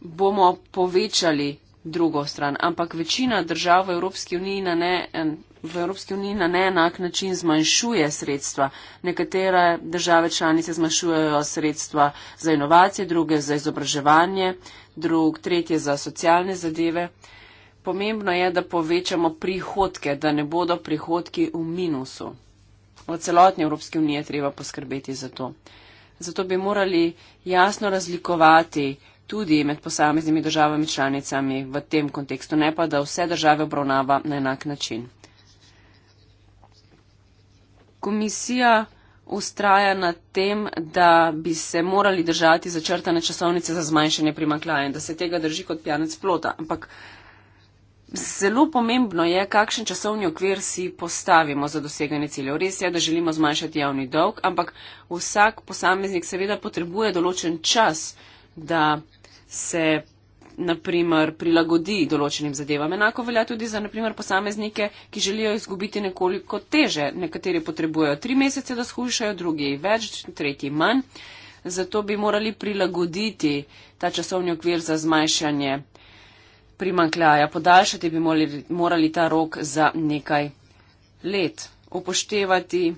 bomo povečali drugo stran. Ampak večina držav v Evropski uniji na ne. En, V Evropski uniji na neenak način zmanjšuje sredstva. Nekatere države članice zmanjšujejo sredstva za inovacije, druge za izobraževanje, drug, tretje za socialne zadeve. Pomembno je, da povečamo prihodke, da ne bodo prihodki v minusu. V celotni Evropski uniji je treba poskrbeti za to zato bi morali jasno razlikovati tudi med posameznimi državami članicami v tem kontekstu, ne pa da vse države obravnava na enak način. Komisija ustraja na tem, da bi se morali držati začrtane časovnice za zmanjšanje primakla in da se tega drži kot pijanec plota, ampak uh, Zelo pomembno je, kakšen časovni okvir si postavimo za doseganje ciljev. Res je, da želimo zmanjšati javni dolg, ampak vsak posameznik seveda potrebuje določen čas, da se naprimer prilagodi določenim zadevam. Enako velja tudi za naprimer posameznike, ki želijo izgubiti nekoliko teže. Nekateri potrebujejo tri mesece, da skušajo, drugi več, tretji manj. Zato bi morali prilagoditi ta časovni okvir za zmanjšanje primankljaja. Podaljšati bi morali ta rok za nekaj let. Upoštevati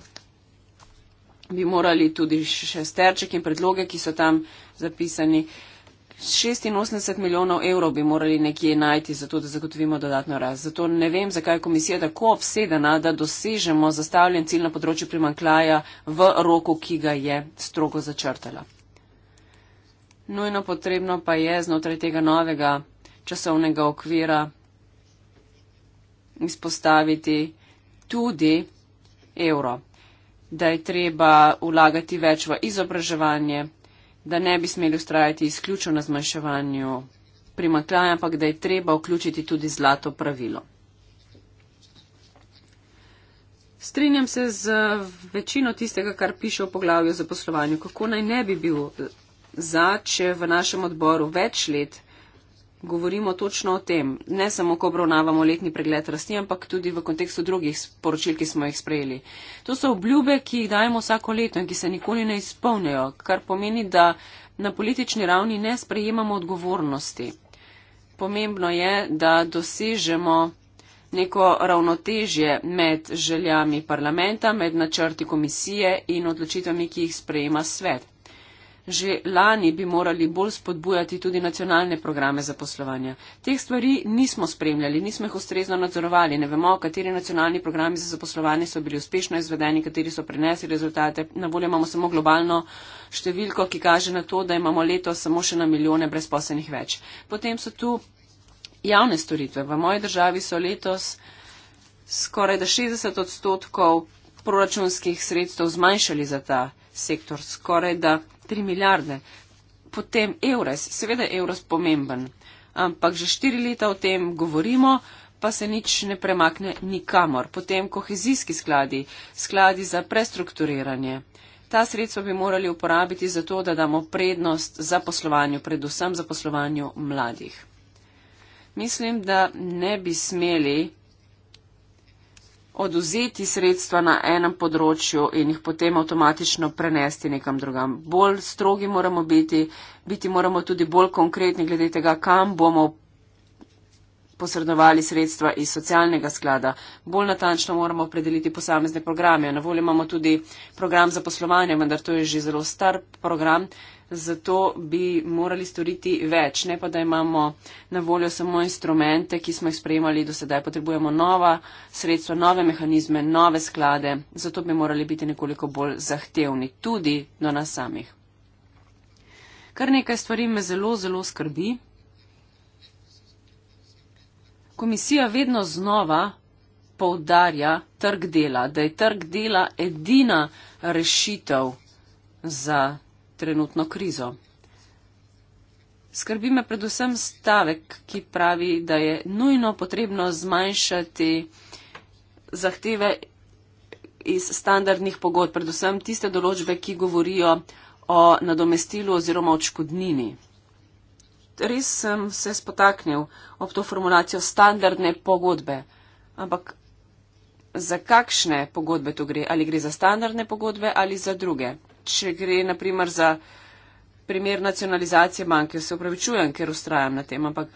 bi morali tudi šesterček in predloge, ki so tam zapisani. 86 milijonov evrov bi morali nekje najti, zato da zagotovimo dodatno rast. Zato ne vem, zakaj je komisija tako obsedena, da dosežemo zastavljen cilj na področju primankljaja v roku, ki ga je strogo začrtala. Nujno potrebno pa je znotraj tega novega časovnega okvira izpostaviti tudi evro, da je treba vlagati več v izobraževanje, da ne bi smeli ustrajati izključno na zmanjševanju primakljaja, ampak da je treba vključiti tudi zlato pravilo. Strinjam se z večino tistega, kar piše v poglavju o zaposlovanju. Kako naj ne bi bil za, če v našem odboru več let govorimo točno o tem, ne samo, ko obravnavamo letni pregled rasti, ampak tudi v kontekstu drugih sporočil, ki smo jih sprejeli. To so obljube, ki jih dajemo vsako leto in ki se nikoli ne izpolnijo, kar pomeni, da na politični ravni ne sprejemamo odgovornosti. Pomembno je, da dosežemo neko ravnotežje med željami parlamenta, med načrti komisije in odločitvami, ki jih sprejema svet. Že lani bi morali bolj spodbujati tudi nacionalne programe zaposlovanja. Teh stvari nismo spremljali, nismo jih ustrezno nadzorovali, ne vemo, kateri nacionalni programi za zaposlovanje so bili uspešno izvedeni, kateri so prenesli rezultate. Na voljo imamo samo globalno številko, ki kaže na to, da imamo leto samo še na milijone brezposlenih več. Potem so tu javne storitve. V moji državi so letos skoraj da 60 odstotkov proračunskih sredstev zmanjšali za ta sektor. Skoraj da 3 milijarde. Potem Eures, seveda je Eures pomemben, ampak že 4 leta o tem govorimo, pa se nič ne premakne nikamor. Potem kohezijski skladi, skladi za prestrukturiranje. Ta sredstva bi morali uporabiti za to, da damo prednost za poslovanju, predvsem za poslovanju mladih. Mislim, da ne bi smeli oduzeti sredstva na enem področju in jih potem avtomatično prenesti nekam drugam. Bolj strogi moramo biti, biti moramo tudi bolj konkretni glede tega, kam bomo posredovali sredstva iz socialnega sklada. Bolj natančno moramo predeliti posamezne programe. Na voljo imamo tudi program za poslovanje, vendar to je že zelo star program, zato bi morali storiti več, ne pa da imamo na voljo samo instrumente, ki smo jih sprejemali do sedaj. Potrebujemo nova sredstva, nove mehanizme, nove sklade, zato bi morali biti nekoliko bolj zahtevni tudi do nas samih. Kar nekaj stvari me zelo, zelo skrbi. Komisija vedno znova poudarja trg dela, da je trg dela edina rešitev za trenutno krizo. Skrbi me predvsem stavek, ki pravi, da je nujno potrebno zmanjšati zahteve iz standardnih pogod, predvsem tiste določbe, ki govorijo o nadomestilu oziroma očkodnini. Res sem se spotaknil ob to formulacijo standardne pogodbe, ampak za kakšne pogodbe tu gre? Ali gre za standardne pogodbe ali za druge? če gre naprimer za primer nacionalizacije banke, se upravičujem, ker ustrajam na tem, ampak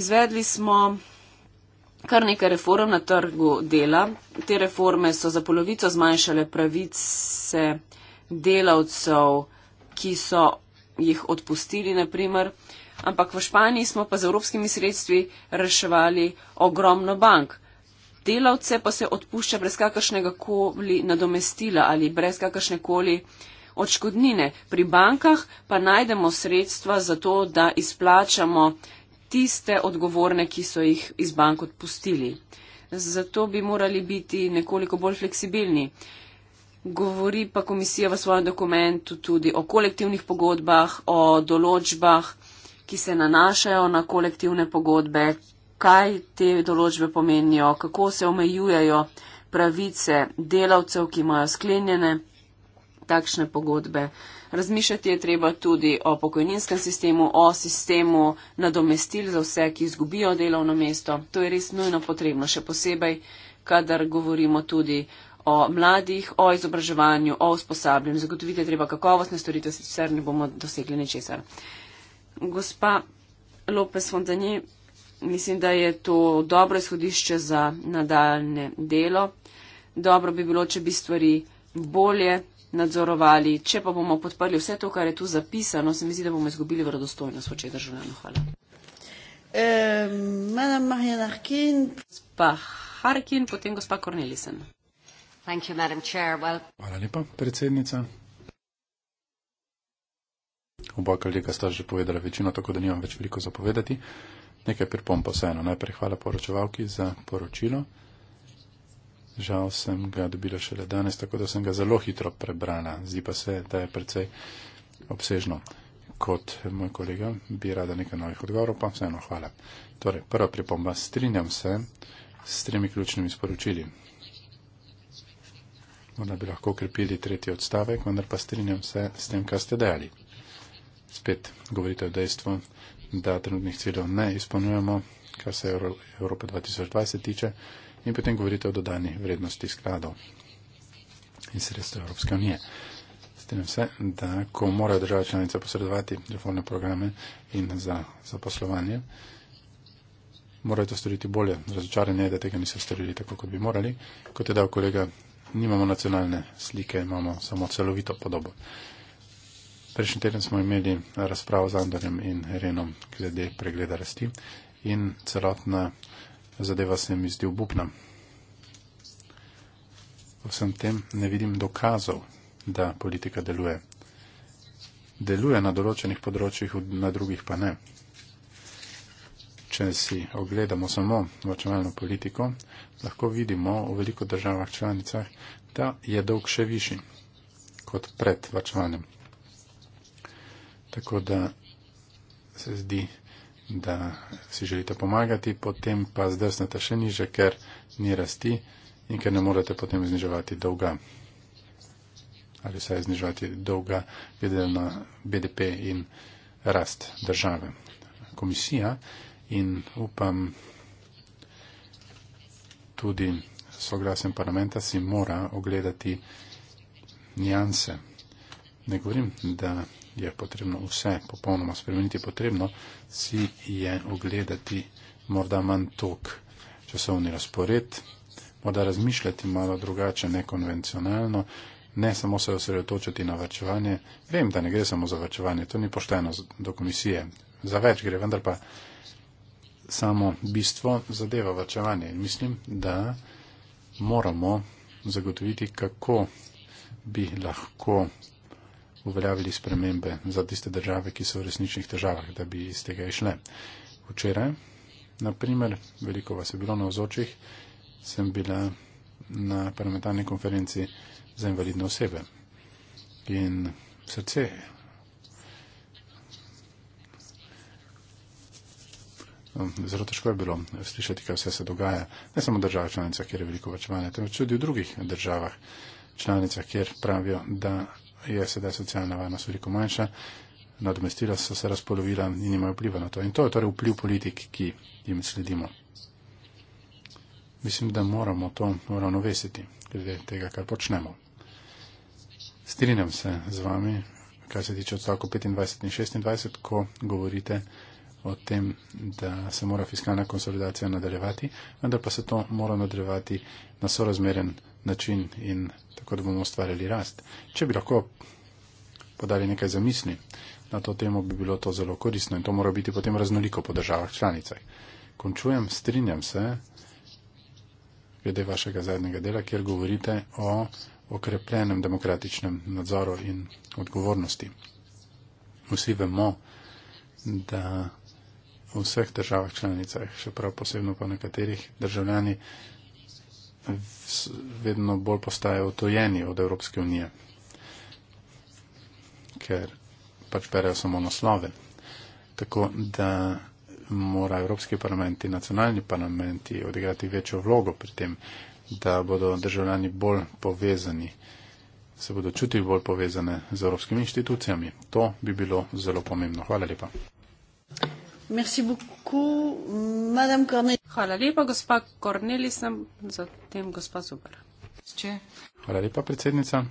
izvedli smo kar nekaj reform na trgu dela. Te reforme so za polovico zmanjšale pravice delavcev, ki so jih odpustili, naprimer. ampak v Španiji smo pa z evropskimi sredstvi reševali ogromno bank delavce pa se odpušča brez kakršnega koli nadomestila ali brez kakršne koli odškodnine. Pri bankah pa najdemo sredstva za to, da izplačamo tiste odgovorne, ki so jih iz bank odpustili. Zato bi morali biti nekoliko bolj fleksibilni. Govori pa komisija v svojem dokumentu tudi o kolektivnih pogodbah, o določbah, ki se nanašajo na kolektivne pogodbe, kaj te določbe pomenijo, kako se omejujejo pravice delavcev, ki imajo sklenjene takšne pogodbe. Razmišljati je treba tudi o pokojninskem sistemu, o sistemu nadomestil za vse, ki izgubijo delovno mesto. To je res nujno potrebno, še posebej, kadar govorimo tudi o mladih, o izobraževanju, o usposabljanju. Zagotoviti je treba kakovostne storitve, sicer ne bomo dosegli ničesar. Gospa Lopez Fontanje, mislim, da je to dobro izhodišče za nadaljne delo. Dobro bi bilo, če bi stvari bolje nadzorovali. Če pa bomo podprli vse to, kar je tu zapisano, se mi zdi, da bomo izgubili vredostojnost oče državljanov. Hvala. Eh, gospa uh, Harkin, potem gospa Cornelisen. You, well... Hvala lepa, predsednica. Oba kolega sta že povedala večino, tako da nimam več veliko zapovedati. Nekaj pripom pa vseeno. Najprej hvala poročevalki za poročilo. Žal sem ga dobila šele danes, tako da sem ga zelo hitro prebrala. Zdi pa se, da je precej obsežno. Kot moj kolega bi rada nekaj novih odgovorov, pa vseeno hvala. Torej, prva pripomba. Strinjam se s tremi ključnimi sporočili. Morda bi lahko ukrepili tretji odstavek, vendar pa strinjam se s tem, kar ste dejali. Spet govorite o dejstvu, da trenutnih ciljev ne izpolnjujemo, kar se Euro, Evrope 2020 tiče, in potem govorite o dodani vrednosti skladov in sredstev Evropske unije. Strenem se, da ko morajo države članice posredovati reformne programe in za zaposlovanje, morajo to storiti bolje. Razočaranje je, da tega niso storili tako, kot bi morali. Kot je dal kolega, nimamo nacionalne slike, imamo samo celovito podobo. Prejšnji teden smo imeli razpravo z Andorjem in Renom glede pregleda rasti in celotna zadeva se mi zdi obupna. Vsem tem ne vidim dokazov, da politika deluje. Deluje na določenih področjih, na drugih pa ne. Če si ogledamo samo vračevalno politiko, lahko vidimo v veliko državah članicah, da je dolg še višji kot pred vračevanjem. Tako da se zdi, da si želite pomagati, potem pa zdrsnete še niže, ker ni rasti in ker ne morete potem zniževati dolga. Ali saj zniževati dolga, glede na BDP in rast države. Komisija in upam tudi soglasen parlamenta si mora ogledati nijanse. Ne govorim, da je potrebno vse popolnoma spremeniti, potrebno si je ogledati morda manj tok časovni razpored, morda razmišljati malo drugače, nekonvencionalno, ne samo se osredotočiti na vrčevanje. Vem, da ne gre samo za vrčevanje, to ni pošteno do komisije. Za več gre, vendar pa samo bistvo zadeva vrčevanje. Mislim, da moramo zagotoviti, kako bi lahko uveljavili spremembe za tiste države, ki so v resničnih težavah, da bi iz tega išle. Včeraj, naprimer, veliko vas je bilo na ozočih, sem bila na parlamentarni konferenci za invalidne osebe. In srce no, Zelo težko je bilo slišati, kaj vse se dogaja, ne samo v državah članicah, kjer je veliko več vanja, temveč tudi v drugih državah članicah, kjer pravijo, da je sedaj socialna varnost veliko manjša, nadomestila so se razpolovila in imajo vpliva na to. In to je torej vpliv politik, ki jim sledimo. Mislim, da moramo to uravnovesiti, glede tega, kar počnemo. Strinjam se z vami, kar se tiče odstavkov 25 in 26, ko govorite o tem, da se mora fiskalna konsolidacija nadaljevati, vendar pa se to mora nadaljevati na sorazmeren način in kot bomo ustvarjali rast. Če bi lahko podali nekaj zamisli na to temo, bi bilo to zelo korisno in to mora biti potem raznoliko po državah članicah. Končujem, strinjam se glede vašega zadnjega dela, kjer govorite o okrepljenem demokratičnem nadzoru in odgovornosti. Vsi vemo, da v vseh državah članicah, še prav posebno pa nekaterih državljani, vedno bolj postajajo otojeni od Evropske unije, ker pač berejo samo naslove. Tako da mora Evropski parlament in nacionalni parlamenti odigrati večjo vlogo pri tem, da bodo državljani bolj povezani, se bodo čutili bolj povezane z evropskimi inštitucijami. To bi bilo zelo pomembno. Hvala lepa. Merci beaucoup, Madame Cornelis. Hvala lepa, gospa Cornelis, zatem gospa Zubar. Če. Hvala lepa, predsednica.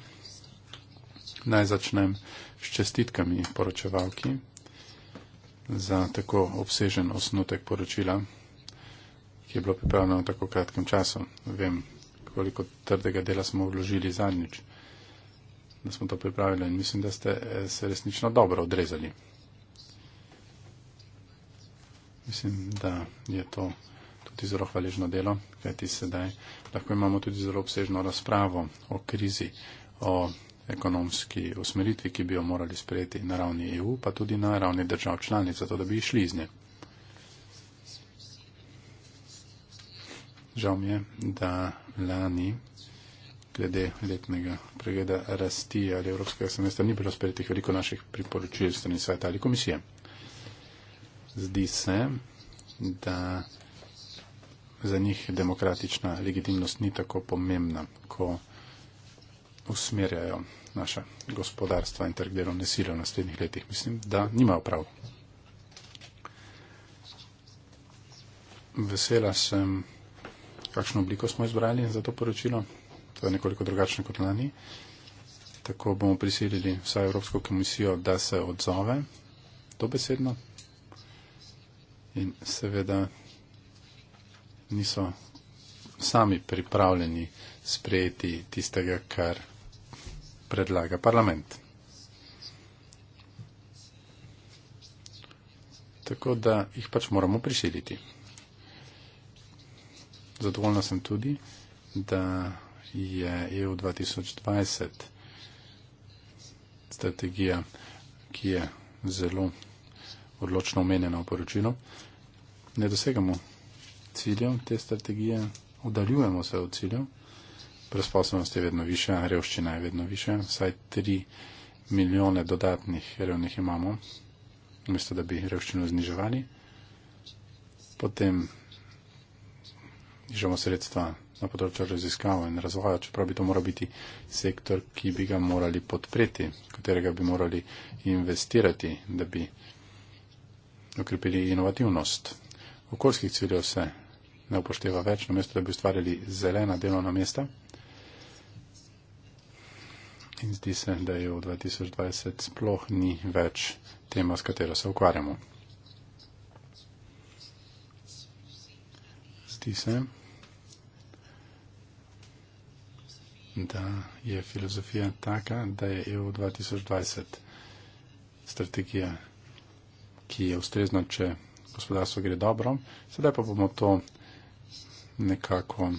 Naj začnem s čestitkami poročevalki za tako obsežen osnutek poročila, ki je bilo pripravljeno v tako kratkem času. Vem, koliko trdega dela smo vložili zadnjič, da smo to pripravili in mislim, da ste eh, se resnično dobro odrezali. Mislim, da je to tudi zelo hvaležno delo, kajti sedaj lahko imamo tudi zelo obsežno razpravo o krizi, o ekonomski usmeritvi, ki bi jo morali sprejeti na ravni EU, pa tudi na ravni držav članic, zato da bi išli iz nje. Žal mi je, da lani glede letnega pregleda rasti ali evropskega semestra ni bilo sprejetih veliko naših priporočil strani sveta ali komisije zdi se, da za njih demokratična legitimnost ni tako pomembna, ko usmerjajo naša gospodarstva in trg delovne sile v naslednjih letih. Mislim, da nimajo prav. Vesela sem, kakšno obliko smo izbrali za to poročilo. To je nekoliko drugačno kot lani. Tako bomo prisilili vsa Evropsko komisijo, da se odzove dobesedno in seveda niso sami pripravljeni sprejeti tistega, kar predlaga parlament. Tako da jih pač moramo prisiliti. Zadovoljna sem tudi, da je EU 2020 strategija, ki je zelo odločno omenjeno v poročilu. Ne dosegamo ciljev te strategije, oddaljujemo se od ciljev, brezposobnost je vedno višja, revščina je vedno višja, vsaj tri milijone dodatnih revnih imamo, mesto da bi revščino zniževali. Potem nižamo sredstva na področju raziskav in razvoja, čeprav bi to moral biti sektor, ki bi ga morali podpreti, katerega bi morali investirati, da bi okrepili inovativnost. Okoljskih ciljev se ne upošteva več, namesto da bi ustvarjali zelena delovna mesta. In zdi se, da je v 2020 sploh ni več tema, s katero se ukvarjamo. Zdi se, da je filozofija taka, da je EU 2020 strategija ki je ustrezna, če gospodarstvo gre dobro. Sedaj pa bomo to nekako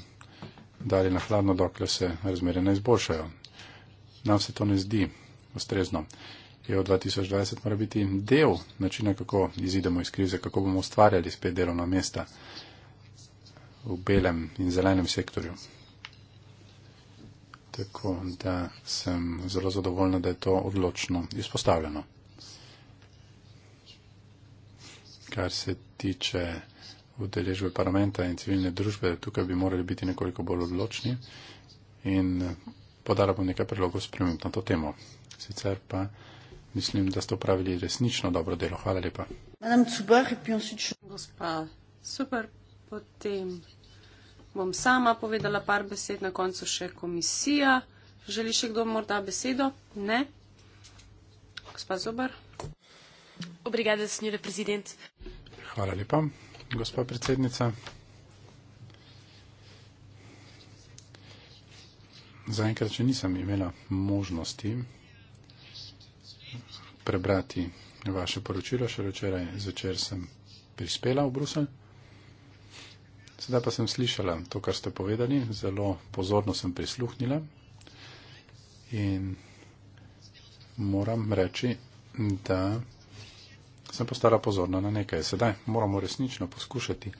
dali na hladno, dokler se razmere ne izboljšajo. Nam se to ne zdi ustrezno. EU 2020 mora biti del načina, kako izidemo iz krize, kako bomo ustvarjali spet delovna mesta v belem in zelenem sektorju. Tako da sem zelo zadovoljna, da je to odločno izpostavljeno. kar se tiče udeležbe parlamenta in civilne družbe, tukaj bi morali biti nekoliko bolj odločni in podala bom nekaj predlogov sprememb na to temo. Sicer pa mislim, da ste upravili resnično dobro delo. Hvala lepa. Super, potem bom sama povedala par besed, na koncu še komisija. Želi še kdo morda besedo? Ne. Gospa Zobar. Obrigada, senhora presidente. Hvala lepa, gospa predsednica. Zaenkrat, če nisem imela možnosti prebrati vaše poročilo, še včeraj zvečer sem prispela v Bruselj. Sedaj pa sem slišala to, kar ste povedali, zelo pozorno sem prisluhnila in moram reči, da sem postala pozorna na nekaj. Sedaj moramo resnično poskušati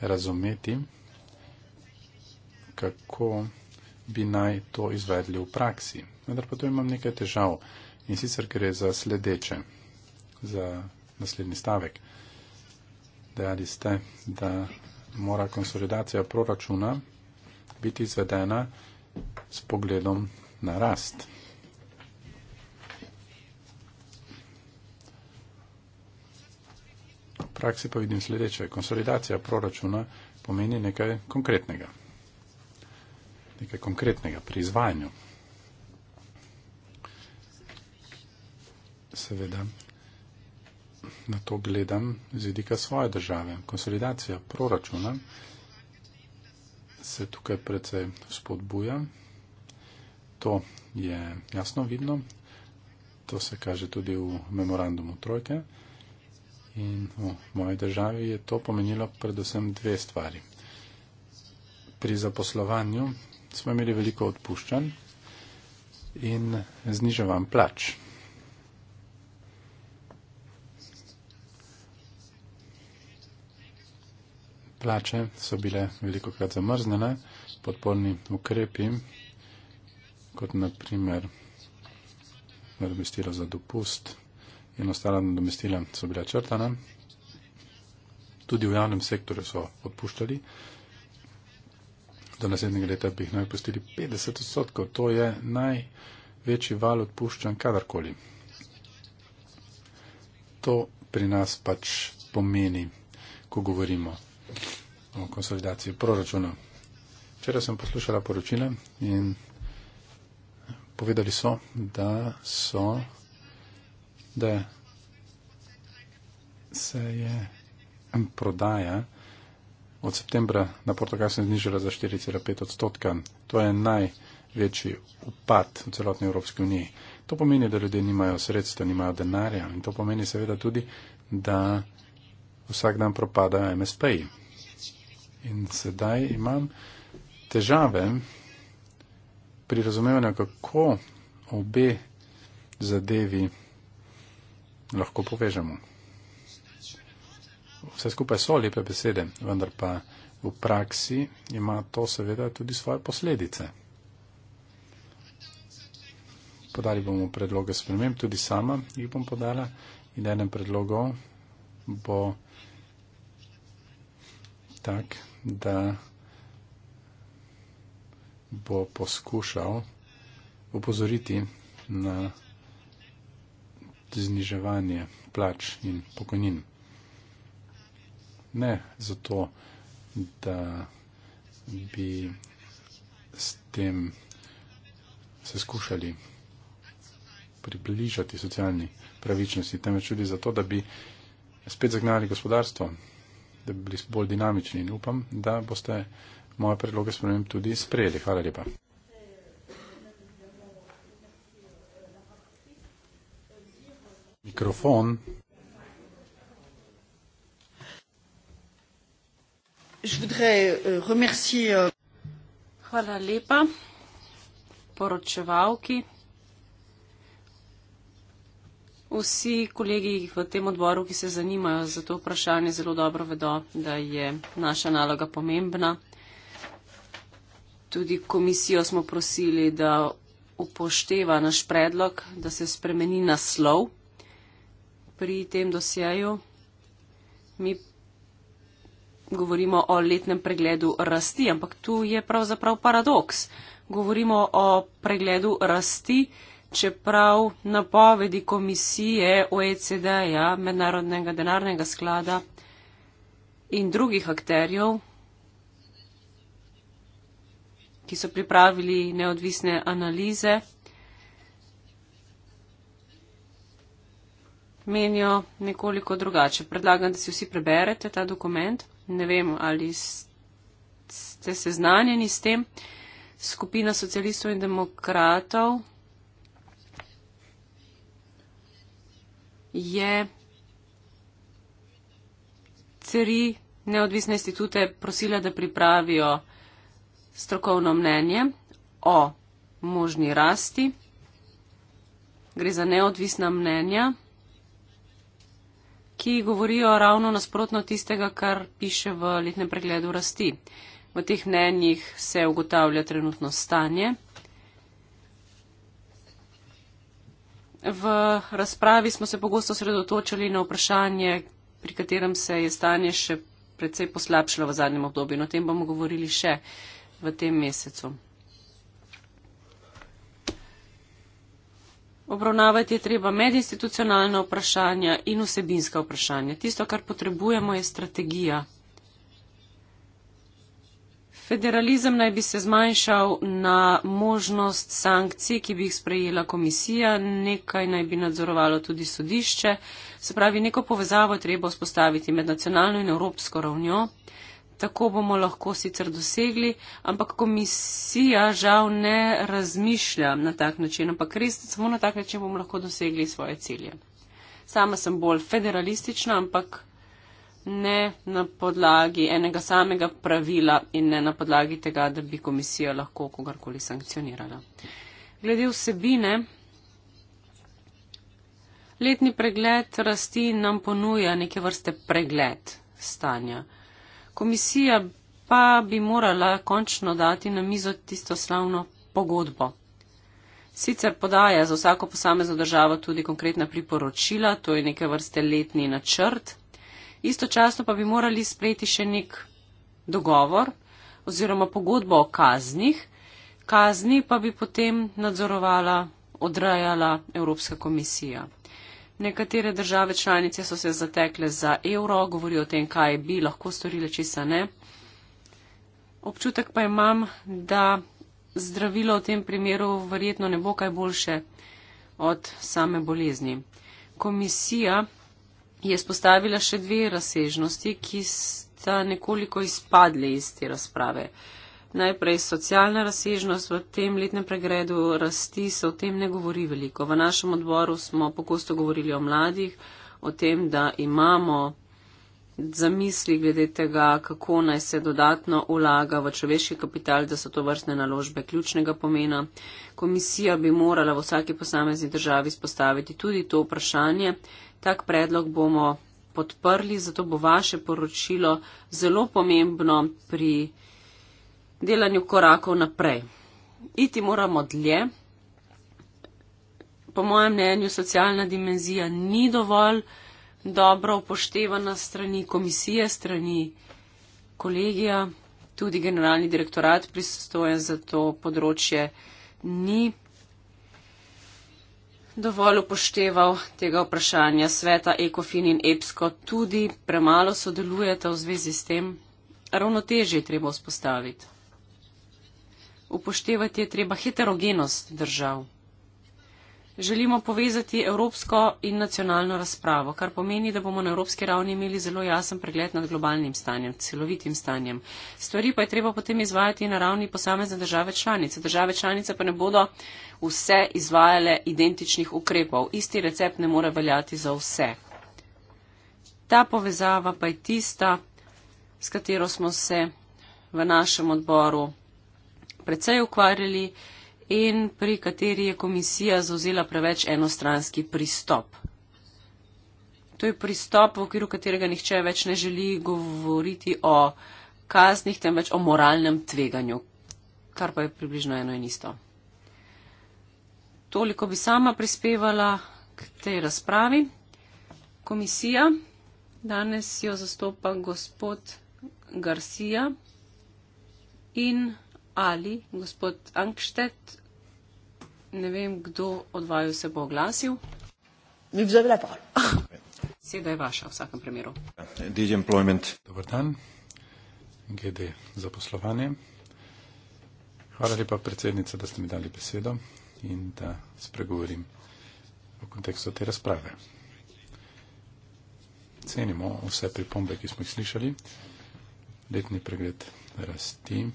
razumeti, kako bi naj to izvedli v praksi. Vendar pa tu imam nekaj težav in sicer gre za sledeče, za naslednji stavek. Dejali ste, da mora konsolidacija proračuna biti izvedena s pogledom na rast. praksi pa vidim sledeče. Konsolidacija proračuna pomeni nekaj konkretnega. Nekaj konkretnega pri izvajanju. Seveda, na to gledam z vidika svoje države. Konsolidacija proračuna se tukaj precej spodbuja. To je jasno vidno. To se kaže tudi v memorandumu trojke. In v moji državi je to pomenilo predvsem dve stvari. Pri zaposlovanju smo imeli veliko odpuščanj in zniževan plač. Plače so bile veliko krat zamrznene, podporni ukrepi, kot naprimer nadomestilo za dopust, in ostala nadomestila so bila črtana. Tudi v javnem sektorju so odpuščali. Do naslednjega leta bi jih naj opustili 50 odstotkov. To je največji val odpuščan kadarkoli. To pri nas pač pomeni, ko govorimo o konsolidaciji proračuna. Včeraj sem poslušala poročile in povedali so, da so da se je prodaja od septembra na Portugalskem znižala za 4,5 odstotka. To je največji upad v celotni Evropski uniji. To pomeni, da ljudje nimajo sredstva, nimajo denarja in to pomeni seveda tudi, da vsak dan propadajo MSP-ji. In sedaj imam težave pri razumevanju, kako obe zadevi lahko povežemo. Vse skupaj so lepe besede, vendar pa v praksi ima to seveda tudi svoje posledice. Podali bomo predloge spremem, tudi sama jih bom podala in enem predlogov bo tak, da bo poskušal upozoriti na zniževanje plač in pokojnin. Ne zato, da bi s tem se skušali približati socialni pravičnosti, temveč tudi zato, da bi spet zagnali gospodarstvo, da bi bili bolj dinamični in upam, da boste moje predloge spremem tudi sprejeli. Hvala lepa. Mikrofon. Euh, euh, Hvala lepa poročevalki, vsi kolegi v tem odboru, ki se zanimajo za to vprašanje, zelo dobro vedo, da je naša naloga pomembna. Tudi komisijo smo prosili, da upošteva naš predlog, da se spremeni naslov pri tem dosjeju. Mi govorimo o letnem pregledu rasti, ampak tu je pravzaprav paradoks. Govorimo o pregledu rasti, čeprav napovedi komisije OECD-ja, Mednarodnega denarnega sklada in drugih akterjev, ki so pripravili neodvisne analize, menijo nekoliko drugače. Predlagam, da si vsi preberete ta dokument. Ne vem, ali ste seznanjeni s tem. Skupina socialistov in demokratov je tri neodvisne institute prosila, da pripravijo strokovno mnenje o možni rasti. Gre za neodvisna mnenja ki govorijo ravno nasprotno tistega, kar piše v letnem pregledu rasti. V teh mnenjih se ugotavlja trenutno stanje. V razpravi smo se pogosto sredotočili na vprašanje, pri katerem se je stanje še precej poslabšalo v zadnjem obdobju. No, o tem bomo govorili še v tem mesecu. obravnavati je treba medinstitucionalna vprašanja in vsebinska vprašanja. Tisto, kar potrebujemo, je strategija. Federalizem naj bi se zmanjšal na možnost sankcij, ki bi jih sprejela komisija, nekaj naj bi nadzorovalo tudi sodišče. Se pravi, neko povezavo treba vzpostaviti med nacionalno in evropsko ravnjo tako bomo lahko sicer dosegli, ampak komisija žal ne razmišlja na tak način, ampak res samo na tak način bomo lahko dosegli svoje cilje. Sama sem bolj federalistična, ampak ne na podlagi enega samega pravila in ne na podlagi tega, da bi komisija lahko kogarkoli sankcionirala. Glede vsebine. Letni pregled rasti nam ponuja neke vrste pregled stanja komisija pa bi morala končno dati na mizo tisto slavno pogodbo. Sicer podaja za vsako posamezno državo tudi konkretna priporočila, to je neke vrste letni načrt, istočasno pa bi morali sprejeti še nek dogovor oziroma pogodbo o kaznih, kazni pa bi potem nadzorovala, odrajala Evropska komisija. Nekatere države članice so se zatekle za evro, govorijo o tem, kaj bi lahko storile, če se ne. Občutek pa imam, da zdravilo v tem primeru verjetno ne bo kaj boljše od same bolezni. Komisija je spostavila še dve razsežnosti, ki sta nekoliko izpadli iz te razprave. Uh, Najprej socialna razsežnost v tem letnem pregledu rasti se o tem ne govori veliko. V našem odboru smo pogosto govorili o mladih, o tem, da imamo zamisli glede tega, kako naj se dodatno vlaga v človeški kapital, da so to vrstne naložbe ključnega pomena. Komisija bi morala v vsaki posamezni državi spostaviti tudi to vprašanje. Tak predlog bomo podprli, zato bo vaše poročilo zelo pomembno pri delanju korakov naprej. Iti moramo dlje. Po mojem mnenju socialna dimenzija ni dovolj dobro upoštevana strani komisije, strani kolegija, tudi generalni direktorat pristojen za to področje ni dovolj upošteval tega vprašanja. Sveta Ekofin in EPSKO tudi premalo sodelujeta v zvezi s tem. Ravnotežje treba vzpostaviti upoštevati je treba heterogenost držav. Želimo povezati evropsko in nacionalno razpravo, kar pomeni, da bomo na evropski ravni imeli zelo jasen pregled nad globalnim stanjem, celovitim stanjem. Stvari pa je treba potem izvajati na ravni posamezne države članice. Države članice pa ne bodo vse izvajale identičnih ukrepov. Isti recept ne more veljati za vse. Ta povezava pa je tista, s katero smo se v našem odboru precej ukvarjali in pri kateri je komisija zauzela preveč enostranski pristop. To je pristop, v okviru katerega nihče več ne želi govoriti o kaznih, temveč o moralnem tveganju, kar pa je približno eno in isto. Toliko bi sama prispevala k tej razpravi. Komisija, danes jo zastopa gospod Garcia in ali gospod Ankštet, ne vem, kdo od vaju se bo oglasil. Mi vzeli lepo. Seda je vaša v vsakem primeru. DG Employment. Dobar dan, GD za poslovanje. Hvala lepa, predsednica, da ste mi dali besedo in da spregovorim v kontekstu te razprave. Cenimo vse pripombe, ki smo jih slišali. Letni pregled rasti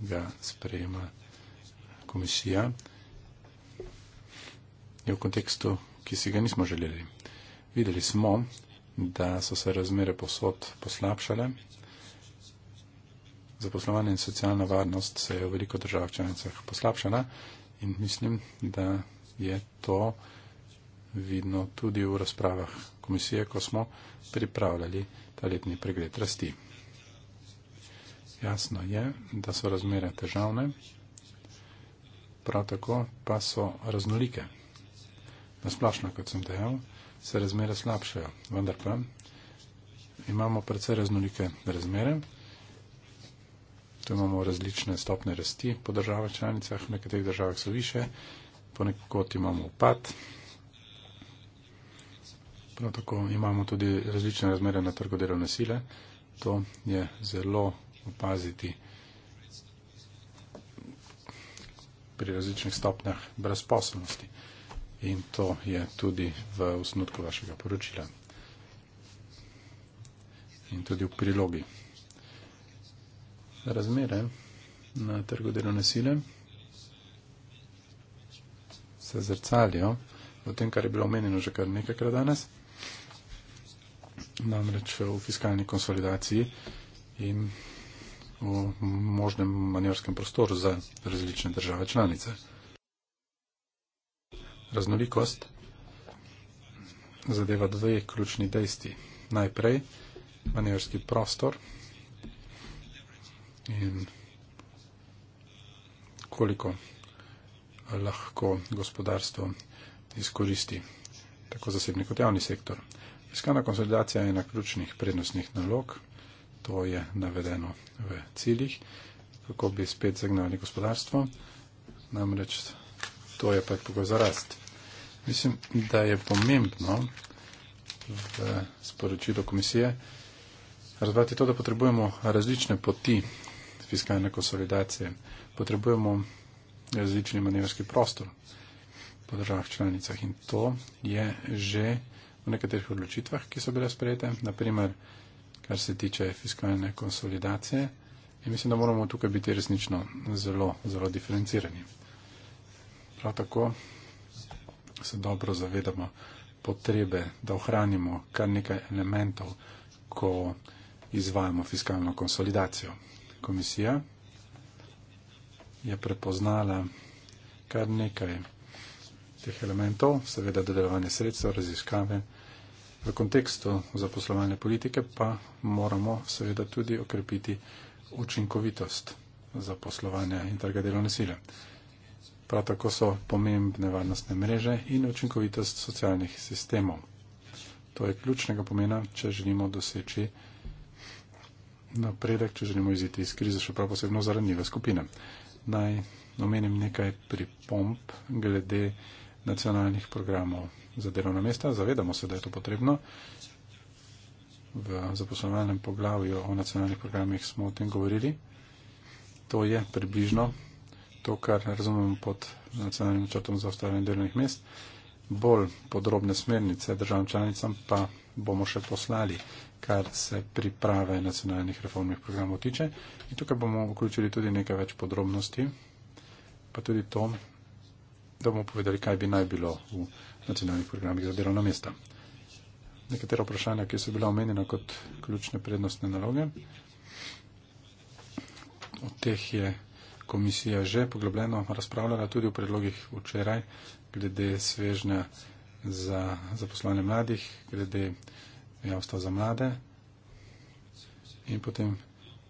ga sprejema komisija je v kontekstu, ki si ga nismo želeli. Videli smo, da so se razmere posod poslabšale. Zaposlovanje in socialna varnost se je v veliko državah članicah poslabšala in mislim, da je to vidno tudi v razpravah komisije, ko smo pripravljali ta letni pregled rasti. Jasno je, da so razmere težavne, prav tako pa so raznolike. Nasplašno, kot sem dejal, se razmere slabšajo, vendar pa imamo predvsej raznolike razmere. Tu imamo različne stopne rasti po državah članicah, v nekaterih državah so više, ponekod imamo upad. Prav tako imamo tudi različne razmere na trgu delovne sile. To je zelo opaziti pri različnih stopnjah brezposobnosti. In to je tudi v osnutku vašega poročila. In tudi v prilogi. Razmere na trgu delovne sile se zrcalijo v tem, kar je bilo omenjeno že kar nekajkrat danes, namreč v fiskalni konsolidaciji in v možnem manjerskem prostoru za različne države članice. Raznolikost zadeva dve ključni dejsti. Najprej manjerski prostor in koliko lahko gospodarstvo izkoristi tako zasebni kot javni sektor. Fiskalna konsolidacija je ena ključnih prednostnih nalog to je navedeno v ciljih, kako bi spet zagnali gospodarstvo, namreč to je pač pogoj za rast. Mislim, da je pomembno v sporočilu komisije razvati to, da potrebujemo različne poti fiskalne konsolidacije, potrebujemo različni manevrski prostor po državah članicah in to je že v nekaterih odločitvah, ki so bile sprejete, naprimer, kar se tiče fiskalne konsolidacije. In mislim, da moramo tukaj biti resnično zelo, zelo diferencirani. Prav tako se dobro zavedamo potrebe, da ohranimo kar nekaj elementov, ko izvajamo fiskalno konsolidacijo. Komisija je prepoznala kar nekaj teh elementov, seveda dodelovanje sredstev, raziskave. V kontekstu zaposlovalne politike pa moramo seveda tudi okrepiti učinkovitost zaposlovanja in trga delovne sile. Prav tako so pomembne varnostne mreže in učinkovitost socialnih sistemov. To je ključnega pomena, če želimo doseči napredek, če želimo iziti iz krize, še prav posebno za ranjive skupine. Naj omenim nekaj pripomp glede nacionalnih programov za delovna mesta. Zavedamo se, da je to potrebno. V zaposlovalnem poglavju o nacionalnih programih smo o tem govorili. To je približno to, kar razumemo pod nacionalnim načrtom za ustvarjanje delovnih mest. Bolj podrobne smernice državam članicam pa bomo še poslali, kar se priprave nacionalnih reformnih programov tiče. In tukaj bomo vključili tudi nekaj več podrobnosti, pa tudi to, da bomo povedali, kaj bi naj bilo v nacionalnih programih za delovna mesta. Nekatera vprašanja, ki so bila omenjena kot ključne prednostne naloge, od teh je komisija že poglobljeno razpravljala tudi v predlogih včeraj, glede svežnja za zaposlovanje mladih, glede javstva za mlade in potem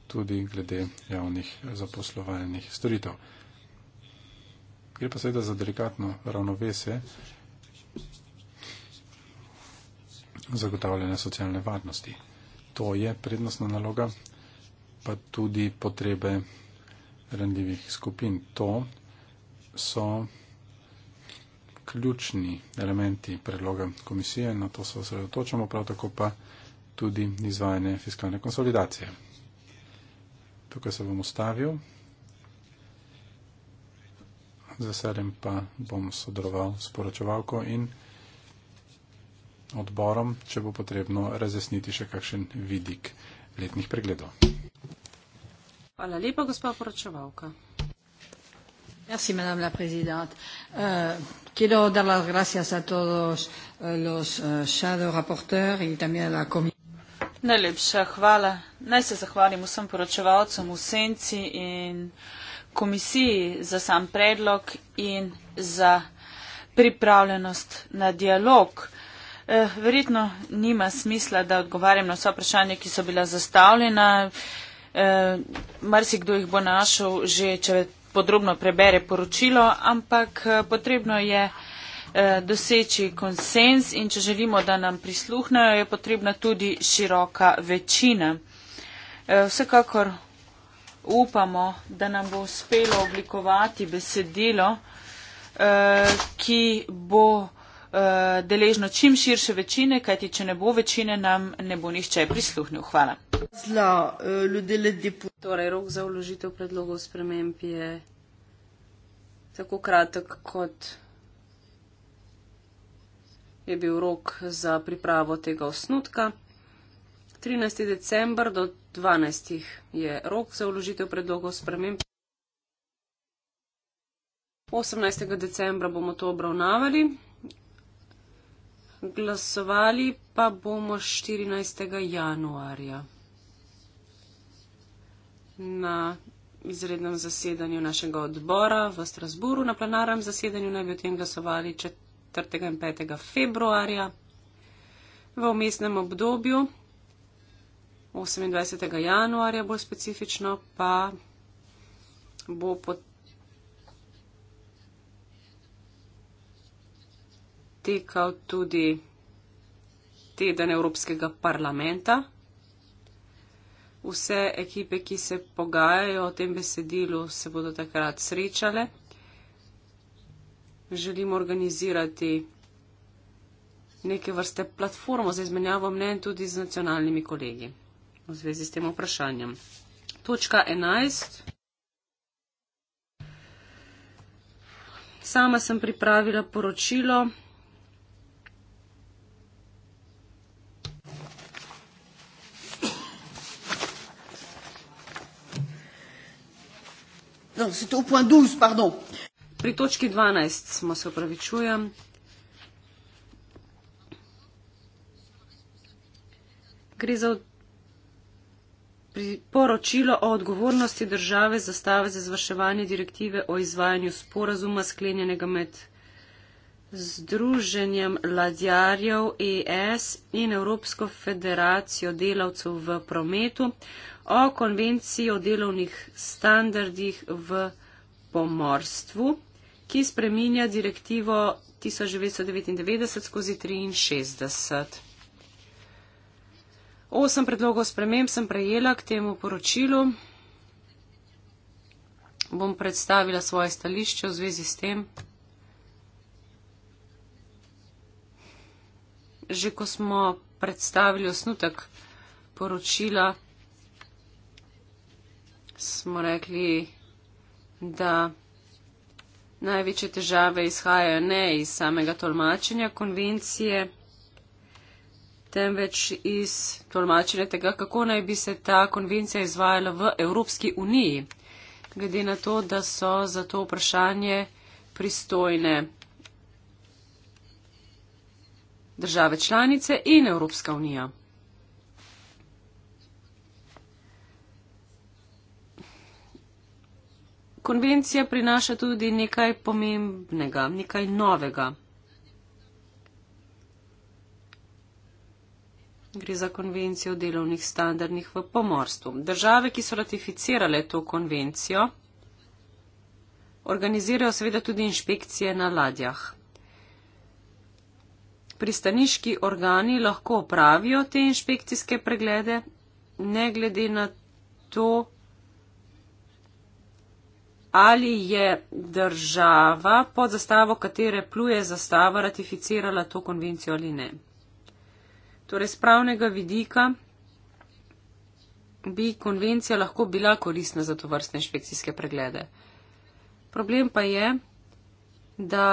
tudi glede javnih zaposlovalnih storitev. Gre pa seveda za delikatno ravnovese zagotavljanja socialne varnosti. To je prednostna naloga, pa tudi potrebe randljivih skupin. To so ključni elementi predloga komisije, na to se osredotočamo, prav tako pa tudi izvajanje fiskalne konsolidacije. Tukaj se bom ustavil. Z veseljem pa bom sodeloval s poročevalko in vsega odborom, če bo potrebno razjasniti še kakšen vidik letnih pregledov. Hvala lepa, gospod poročevalka. Merci, madame la présidente. Euh, quiero dar las gracias a todos eh, los uh, shadow rapporteurs y también a la comisión. Najlepša hvala. Naj se zahvalim vsem poročevalcem v senci in komisiji za sam predlog in za pripravljenost na dialog. Uh, Eh, verjetno nima smisla, da odgovarjam na vsa vprašanja, ki so bila zastavljena. Eh, marsikdo jih bo našel, že če podrobno prebere poročilo, ampak eh, potrebno je doseči konsens in če želimo, da nam prisluhnejo, je potrebna tudi široka večina. Vsekakor upamo, da nam bo uspelo oblikovati besedilo, ki bo Eh, deležno čim širše večine, kajti če ne bo večine, nam ne bo nišče prisluhnil. Hvala. Zla, eh, torej, rok za vložitev predlogov sprememb je tako kratek, kot je bil rok za pripravo tega osnutka. 13. decembar do 12. je rok za vložitev predlogov sprememb. 18. decembra bomo to obravnavali, Glasovali pa bomo 14. januarja na izrednem zasedanju našega odbora v Strasburu. Na plenarnem zasedanju naj bi o tem glasovali 4. in 5. februarja. V umestnem obdobju 28. januarja bolj specifično pa bo potrebno. potekal tudi teden Evropskega parlamenta. Vse ekipe, ki se pogajajo o tem besedilu, se bodo takrat srečale. Želimo organizirati neke vrste platformo za izmenjavo mnen tudi z nacionalnimi kolegi v zvezi s tem vprašanjem. Točka 11. Sama sem pripravila poročilo Pri točki 12 smo se upravičujem. Gre za poročilo o odgovornosti države zastave za zvrševanje direktive o izvajanju sporazuma sklenjenega med. Združenjem ladjarjev ES in Evropsko federacijo delavcev v prometu o konvenciji o delovnih standardih v pomorstvu, ki spreminja direktivo 1999-63. Osem predlogov sprememb sem prejela k temu poročilu. Bom predstavila svoje stališče v zvezi s tem. že ko smo predstavili osnutek poročila, smo rekli, da največje težave izhajajo ne iz samega tolmačenja konvencije, temveč iz tolmačenja tega, kako naj bi se ta konvencija izvajala v Evropski uniji, glede na to, da so za to vprašanje pristojne države članice in Evropska unija. Konvencija prinaša tudi nekaj pomembnega, nekaj novega. Gre za konvencijo o delovnih standardih v pomorstvu. Države, ki so ratificirale to konvencijo, organizirajo seveda tudi inšpekcije na ladjah pristaniški organi lahko opravijo te inšpekcijske preglede, ne glede na to, ali je država pod zastavo, katere pluje zastava, ratificirala to konvencijo ali ne. Torej, z pravnega vidika bi konvencija lahko bila korisna za to vrstne inšpekcijske preglede. Problem pa je, da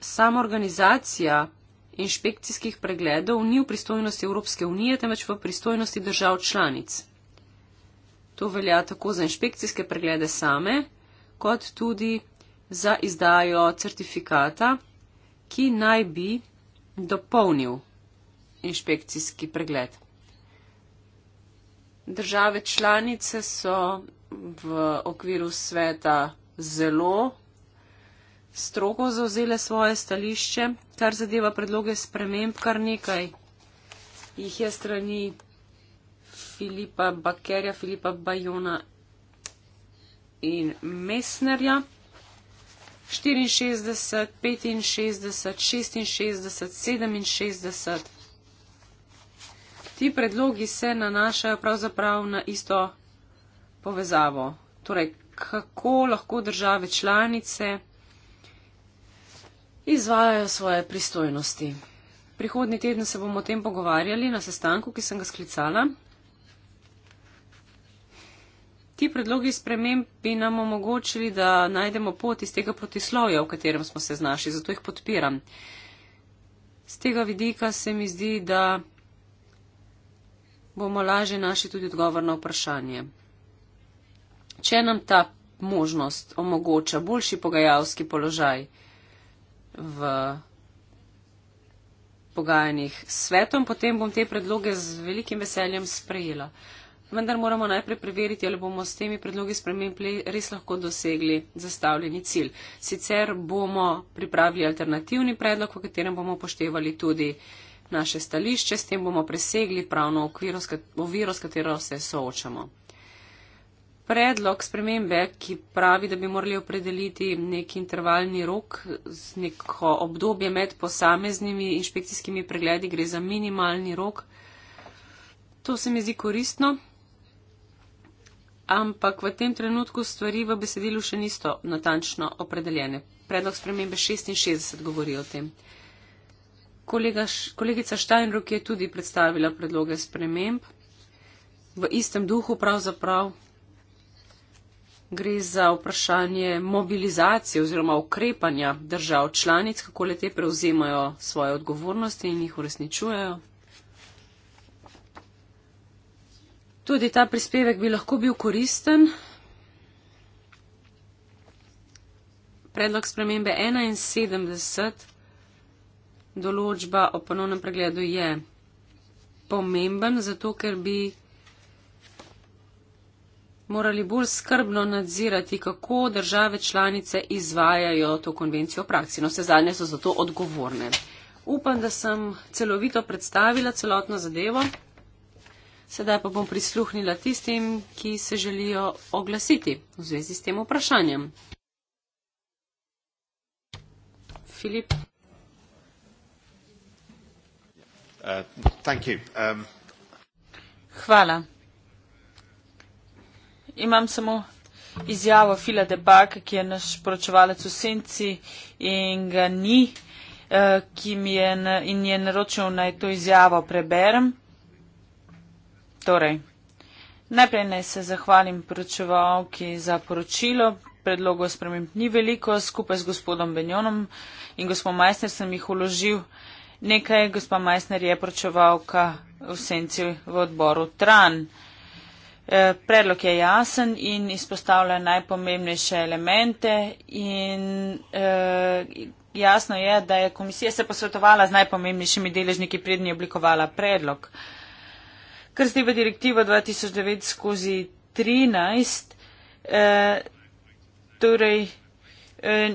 sama organizacija inšpekcijskih pregledov ni v pristojnosti Evropske unije, temveč v pristojnosti držav članic. To velja tako za inšpekcijske preglede same, kot tudi za izdajo certifikata, ki naj bi dopolnil inšpekcijski pregled. Države članice so v okviru sveta zelo strogo zauzele svoje stališče, kar zadeva predloge sprememb, kar nekaj jih je strani Filipa Bakerja, Filipa Bajona in Mesnerja. 64, 65, 66, 67. Ti predlogi se nanašajo pravzaprav na isto povezavo. Torej, kako lahko države članice izvajajo svoje pristojnosti. Prihodni teden se bomo o tem pogovarjali na sestanku, ki sem ga sklicala. Ti predlogi sprememb bi nam omogočili, da najdemo pot iz tega protislovja, v katerem smo se znašli, zato jih podpiram. Z tega vidika se mi zdi, da bomo lažje našli tudi odgovor na vprašanje. Če nam ta možnost omogoča boljši pogajalski položaj, v pogajanjih s svetom, potem bom te predloge z velikim veseljem sprejela. Vendar moramo najprej preveriti, ali bomo s temi predlogi sprememb res lahko dosegli zastavljeni cilj. Sicer bomo pripravili alternativni predlog, v katerem bomo poštevali tudi naše stališče, s tem bomo presegli pravno oviro, s katero se soočamo predlog spremembe, ki pravi, da bi morali opredeliti nek intervalni rok z neko obdobje med posameznimi inšpekcijskimi pregledi, gre za minimalni rok. To se mi zdi koristno, ampak v tem trenutku stvari v besedilu še niso natančno opredeljene. Predlog spremembe 66 govori o tem. Kolega, kolegica Steinruck je tudi predstavila predloge sprememb v istem duhu pravzaprav gre za vprašanje mobilizacije oziroma ukrepanja držav članic, kako le te prevzemajo svoje odgovornosti in jih uresničujejo. Tudi ta prispevek bi lahko bil koristen. Predlog spremembe 71, določba o ponovnem pregledu je pomemben, zato ker bi morali bolj skrbno nadzirati, kako države članice izvajajo to konvencijo v praksi. No, vse zadnje so za to odgovorne. Upam, da sem celovito predstavila celotno zadevo. Sedaj pa bom prisluhnila tistim, ki se želijo oglasiti v zvezi s tem vprašanjem. Filip. Uh, um... Hvala imam samo izjavo Fila Debaka, ki je naš poročevalec v Senci in ga ni, eh, ki mi je, in je naročil naj to izjavo preberem. Torej, najprej naj se zahvalim poročevalki za poročilo. Predlogov sprememb ni veliko, skupaj z gospodom Benjonom in gospod Majsner sem jih uložil nekaj. Gospod Majsner je poročevalka v Senci v odboru Tran. Eh, predlog je jasen in izpostavlja najpomembnejše elemente in eh, jasno je, da je komisija se posvetovala z najpomembnejšimi deležniki prednji oblikovala predlog. Kar zdi v direktivo 2009 skozi 13, eh, torej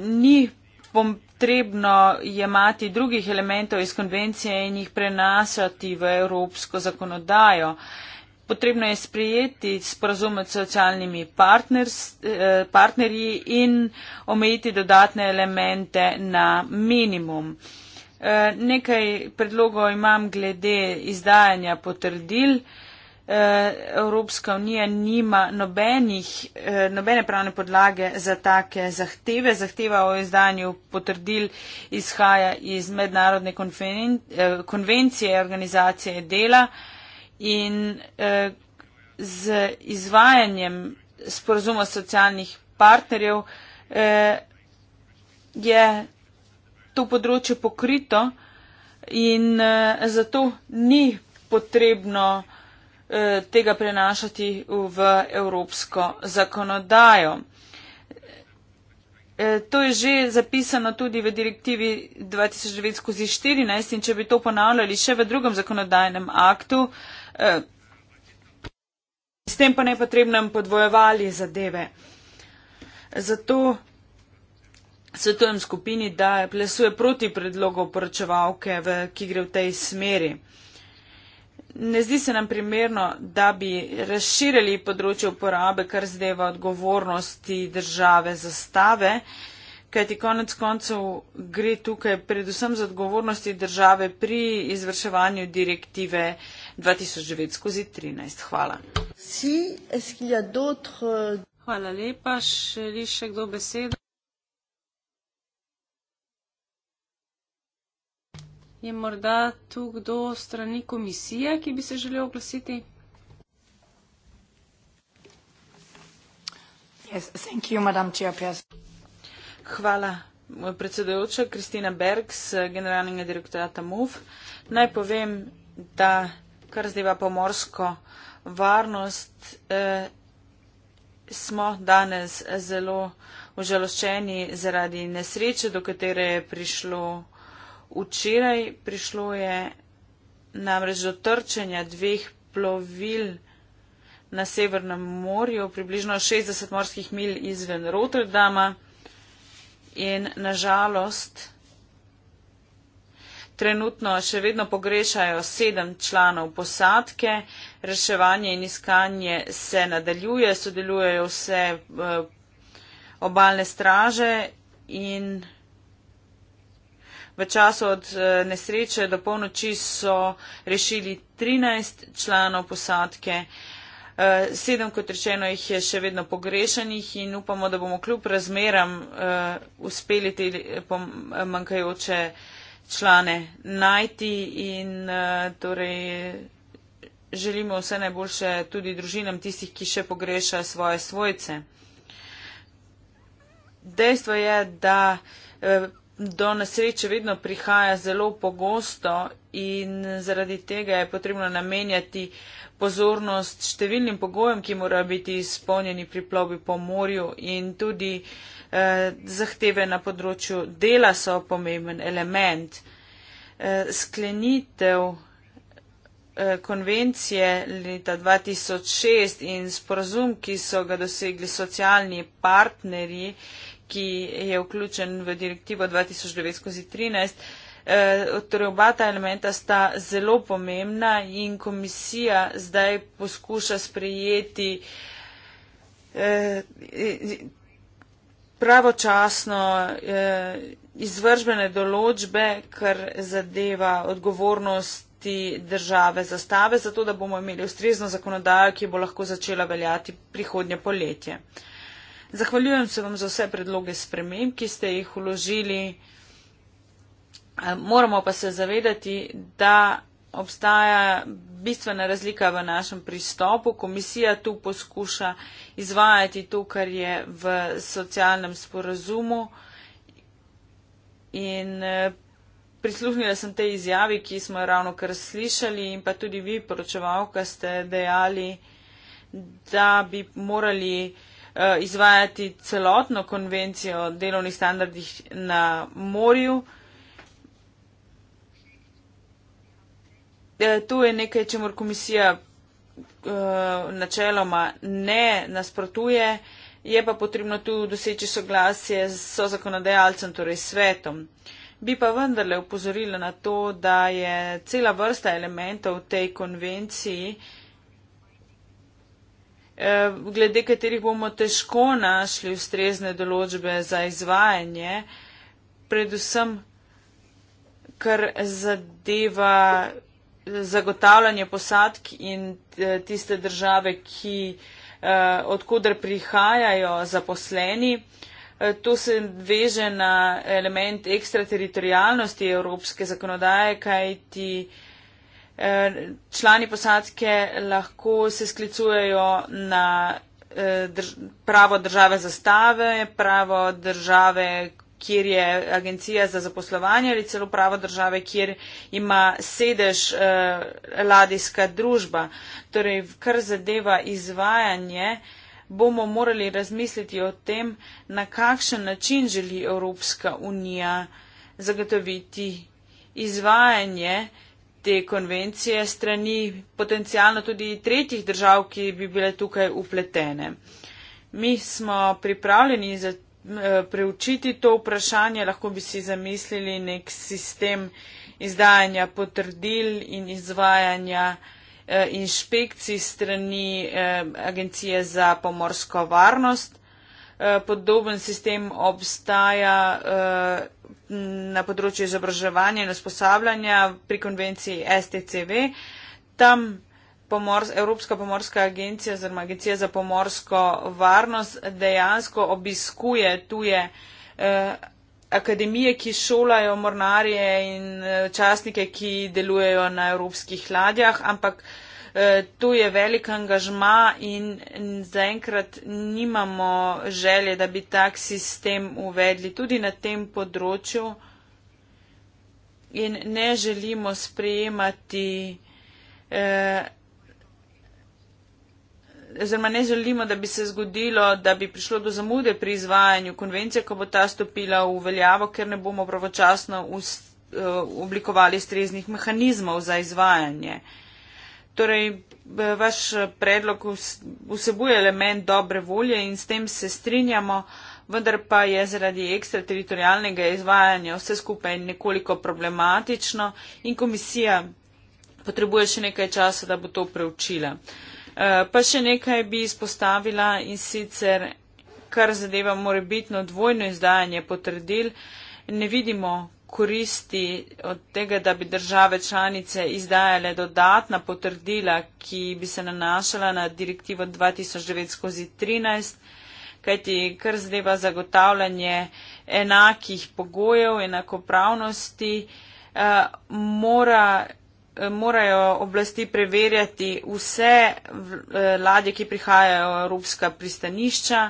ni potrebno jemati drugih elementov iz konvencije in jih prenašati v evropsko zakonodajo. Potrebno je sprejeti sporazume s socialnimi partners, eh, partnerji in omejiti dodatne elemente na minimum. Eh, nekaj predlogov imam glede izdajanja potrdil. Eh, Evropska unija nima nobenih, nobene pravne podlage za take zahteve. Zahteva o izdanju potrdil izhaja iz mednarodne konvencije organizacije dela in eh, z izvajanjem sporozuma socialnih partnerjev eh, je to področje pokrito in eh, zato ni potrebno eh, tega prenašati v evropsko zakonodajo. Eh, to je že zapisano tudi v direktivi 2009 skozi 14 in če bi to ponavljali še v drugem zakonodajnem aktu, eh, s tem pa ne potrebnem podvojevali zadeve. Zato svetujem skupini, da plesuje proti predlogu poročevalke, ki gre v tej smeri. Ne zdi se nam primerno, da bi razširili področje uporabe, kar zdeva odgovornosti države za stave, kajti konec koncev gre tukaj predvsem za odgovornosti države pri izvrševanju direktive 2009 skozi 13. Hvala. Si, euh, Hvala lepa, želi še kdo besedo? Je morda tu kdo strani komisije, ki bi se želel oglasiti? Yes, you, Hvala, predsedujoča Kristina Bergs, generalnega direktorata MOV. Naj povem, da kar zdajva pomorsko varnost, eh, smo danes zelo užaloščeni zaradi nesreče, do katere je prišlo včeraj. Prišlo je namreč do trčenja dveh plovil na Severnem morju, približno 60 morskih mil izven Rotterdama in nažalost. Trenutno še vedno pogrešajo sedem članov posadke, reševanje in iskanje se nadaljuje, sodelujejo vse eh, obalne straže in v času od eh, nesreče do polnoči so rešili 13 članov posadke. Eh, sedem, kot rečeno, jih je še vedno pogrešanih in upamo, da bomo kljub razmeram uh, uspeli te manjkajoče uh, člane najti in eh, torej želimo vse najboljše tudi družinam tistih, ki še pogrešajo svoje svojce. Dejstvo je, da eh, do nasreče vedno prihaja zelo pogosto in zaradi tega je potrebno namenjati pozornost številnim pogojem, ki morajo biti izpolnjeni pri plovbi po morju in tudi eh, Eh, zahteve na področju dela so pomemben element. Eh, sklenitev eh, konvencije leta 2006 in sporazum, ki so ga dosegli socialni partnerji, ki je vključen v direktivo 2009-13, torej oba ta elementa sta zelo pomembna in komisija zdaj poskuša sprejeti pravočasno eh, izvržbene določbe, kar zadeva odgovornosti države za stave, zato da bomo imeli ustrezno zakonodajo, ki bo lahko začela veljati prihodnje poletje. Zahvaljujem se vam za vse predloge sprememb, ki ste jih uložili. Eh, moramo pa se zavedati, da obstaja bistvena razlika v našem pristopu. Komisija tu poskuša izvajati to, kar je v socialnem sporazumu. In eh, prisluhnila sem tej izjavi, ki smo ravno kar slišali in pa tudi vi, poročevalka, ste dejali, da bi morali eh, izvajati celotno konvencijo o delovnih standardih na morju. Eh, to je nekaj, čemur komisija eh, načeloma ne nasprotuje. Je pa potrebno tu doseči soglasje z so zakonodajalcem, torej svetom. Bi pa vendarle upozorila na to, da je cela vrsta elementov v tej konvenciji, eh, glede katerih bomo težko našli ustrezne določbe za izvajanje, predvsem kar zadeva zagotavljanje posadk in eh, tiste države, ki eh, odkudar prihajajo zaposleni. Eh, to se veže na element ekstrateritorijalnosti evropske zakonodaje, kajti člani posadke lahko se sklicujejo na pravo države zastave, pravo države kjer je agencija za zaposlovanje ali celo pravo države, kjer ima sedež eh, ladijska družba. Torej, kar zadeva izvajanje, bomo morali razmisliti o tem, na kakšen način želi Evropska unija zagotoviti izvajanje te konvencije strani potencijalno tudi tretjih držav, ki bi bile tukaj upletene. Mi smo pripravljeni za to, Eh, preučiti to vprašanje, lahko bi si zamislili nek sistem izdajanja potrdil in izvajanja eh, inšpekcij strani eh, Agencije za pomorsko varnost. Podoben sistem obstaja na področju izobraževanja in usposabljanja pri konvenciji STCV. Tam pomors, Evropska pomorska agencija oziroma agencija za pomorsko varnost dejansko obiskuje tuje eh, akademije, ki šolajo mornarje in eh, častnike, ki delujejo na evropskih ladjah, ampak eh, Tu je velik angažma in zaenkrat nimamo želje, da bi tak sistem uvedli tudi na tem področju in ne želimo sprejemati eh, oziroma ne želimo, da bi se zgodilo, da bi prišlo do zamude pri izvajanju konvencije, ko bo ta stopila v veljavo, ker ne bomo pravočasno eh, oblikovali streznih mehanizmov za izvajanje. Torej, eh, vaš predlog vsebuje element dobre volje in s tem se strinjamo, vendar pa je zaradi ekstrateritorijalnega izvajanja vse skupaj nekoliko problematično in komisija potrebuje še nekaj časa, da bo to preučila. Eh, pa še nekaj bi izpostavila in sicer, kar zadeva morebitno dvojno izdajanje potrdil, ne vidimo koristi od tega, da bi države članice izdajale dodatna potrdila, ki bi se nanašala na direktivo 2009-13, kajti kar zadeva zagotavljanje enakih pogojev, enakopravnosti, eh, mora morajo oblasti preverjati vse eh, ladje, ki prihajajo v evropska pristanišča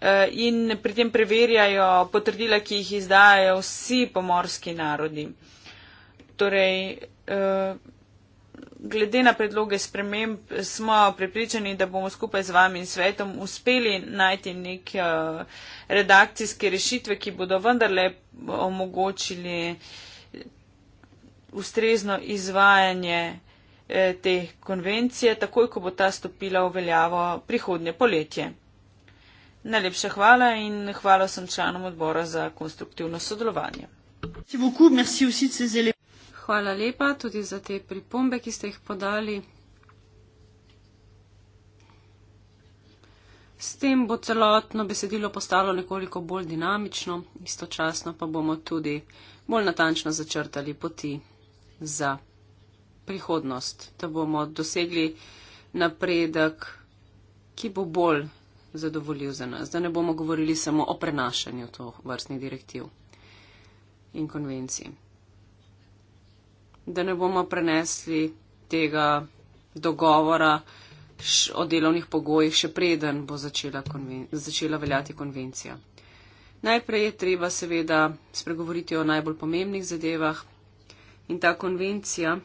eh, in pri tem preverjajo potrdila, ki jih izdajajo vsi pomorski narodi. Torej, eh, glede na predloge sprememb smo pripričani, da bomo skupaj z vami in svetom uspeli najti nek redakcijske rešitve, ki bodo vendarle omogočili ustrezno izvajanje eh, te konvencije, takoj ko bo ta stopila v veljavo prihodnje poletje. Najlepša hvala in hvala sem članom odbora za konstruktivno sodelovanje. Hvala lepa tudi za te pripombe, ki ste jih podali. S tem bo celotno besedilo postalo nekoliko bolj dinamično, istočasno pa bomo tudi bolj natančno začrtali poti za prihodnost, da bomo dosegli napredek, ki bo bolj zadovoljiv za nas, da ne bomo govorili samo o prenašanju to vrstnih direktiv in konvencij. Da ne bomo prenesli tega dogovora o delovnih pogojih, še preden bo začela, konven začela veljati konvencija. Najprej je treba seveda spregovoriti o najbolj pomembnih zadevah, In ta konvencija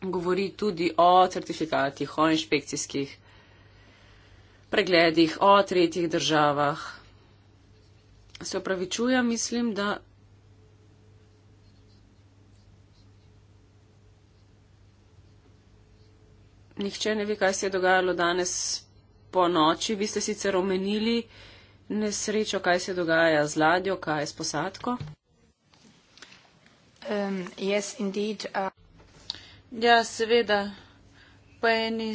govori tudi o certifikatih, o inšpekcijskih pregledih, o tretjih državah. Se opravičujem, mislim, da. Nihče ne ve, kaj se je dogajalo danes po noči. Vi ste sicer omenili nesrečo, kaj se dogaja z ladjo, kaj je s posadko. Um, yes, indeed, uh... Ja, seveda, po eni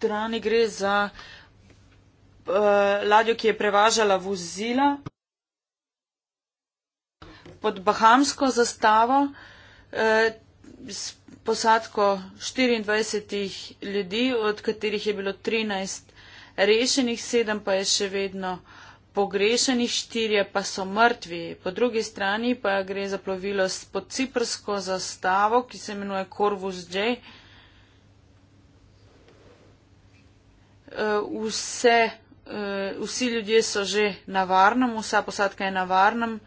strani gre za uh, ladjo, ki je prevažala vozila pod bahamsko zastavo uh, s posadko 24 ljudi, od katerih je bilo 13 rešenih, 7 pa je še vedno pogrešeni štirje pa so mrtvi. Po drugi strani pa gre za plovilo pod ciprsko zastavo, ki se imenuje Corvus J. Eh, vse, eh, vsi ljudje so že na varnem, vsa posadka je na varnem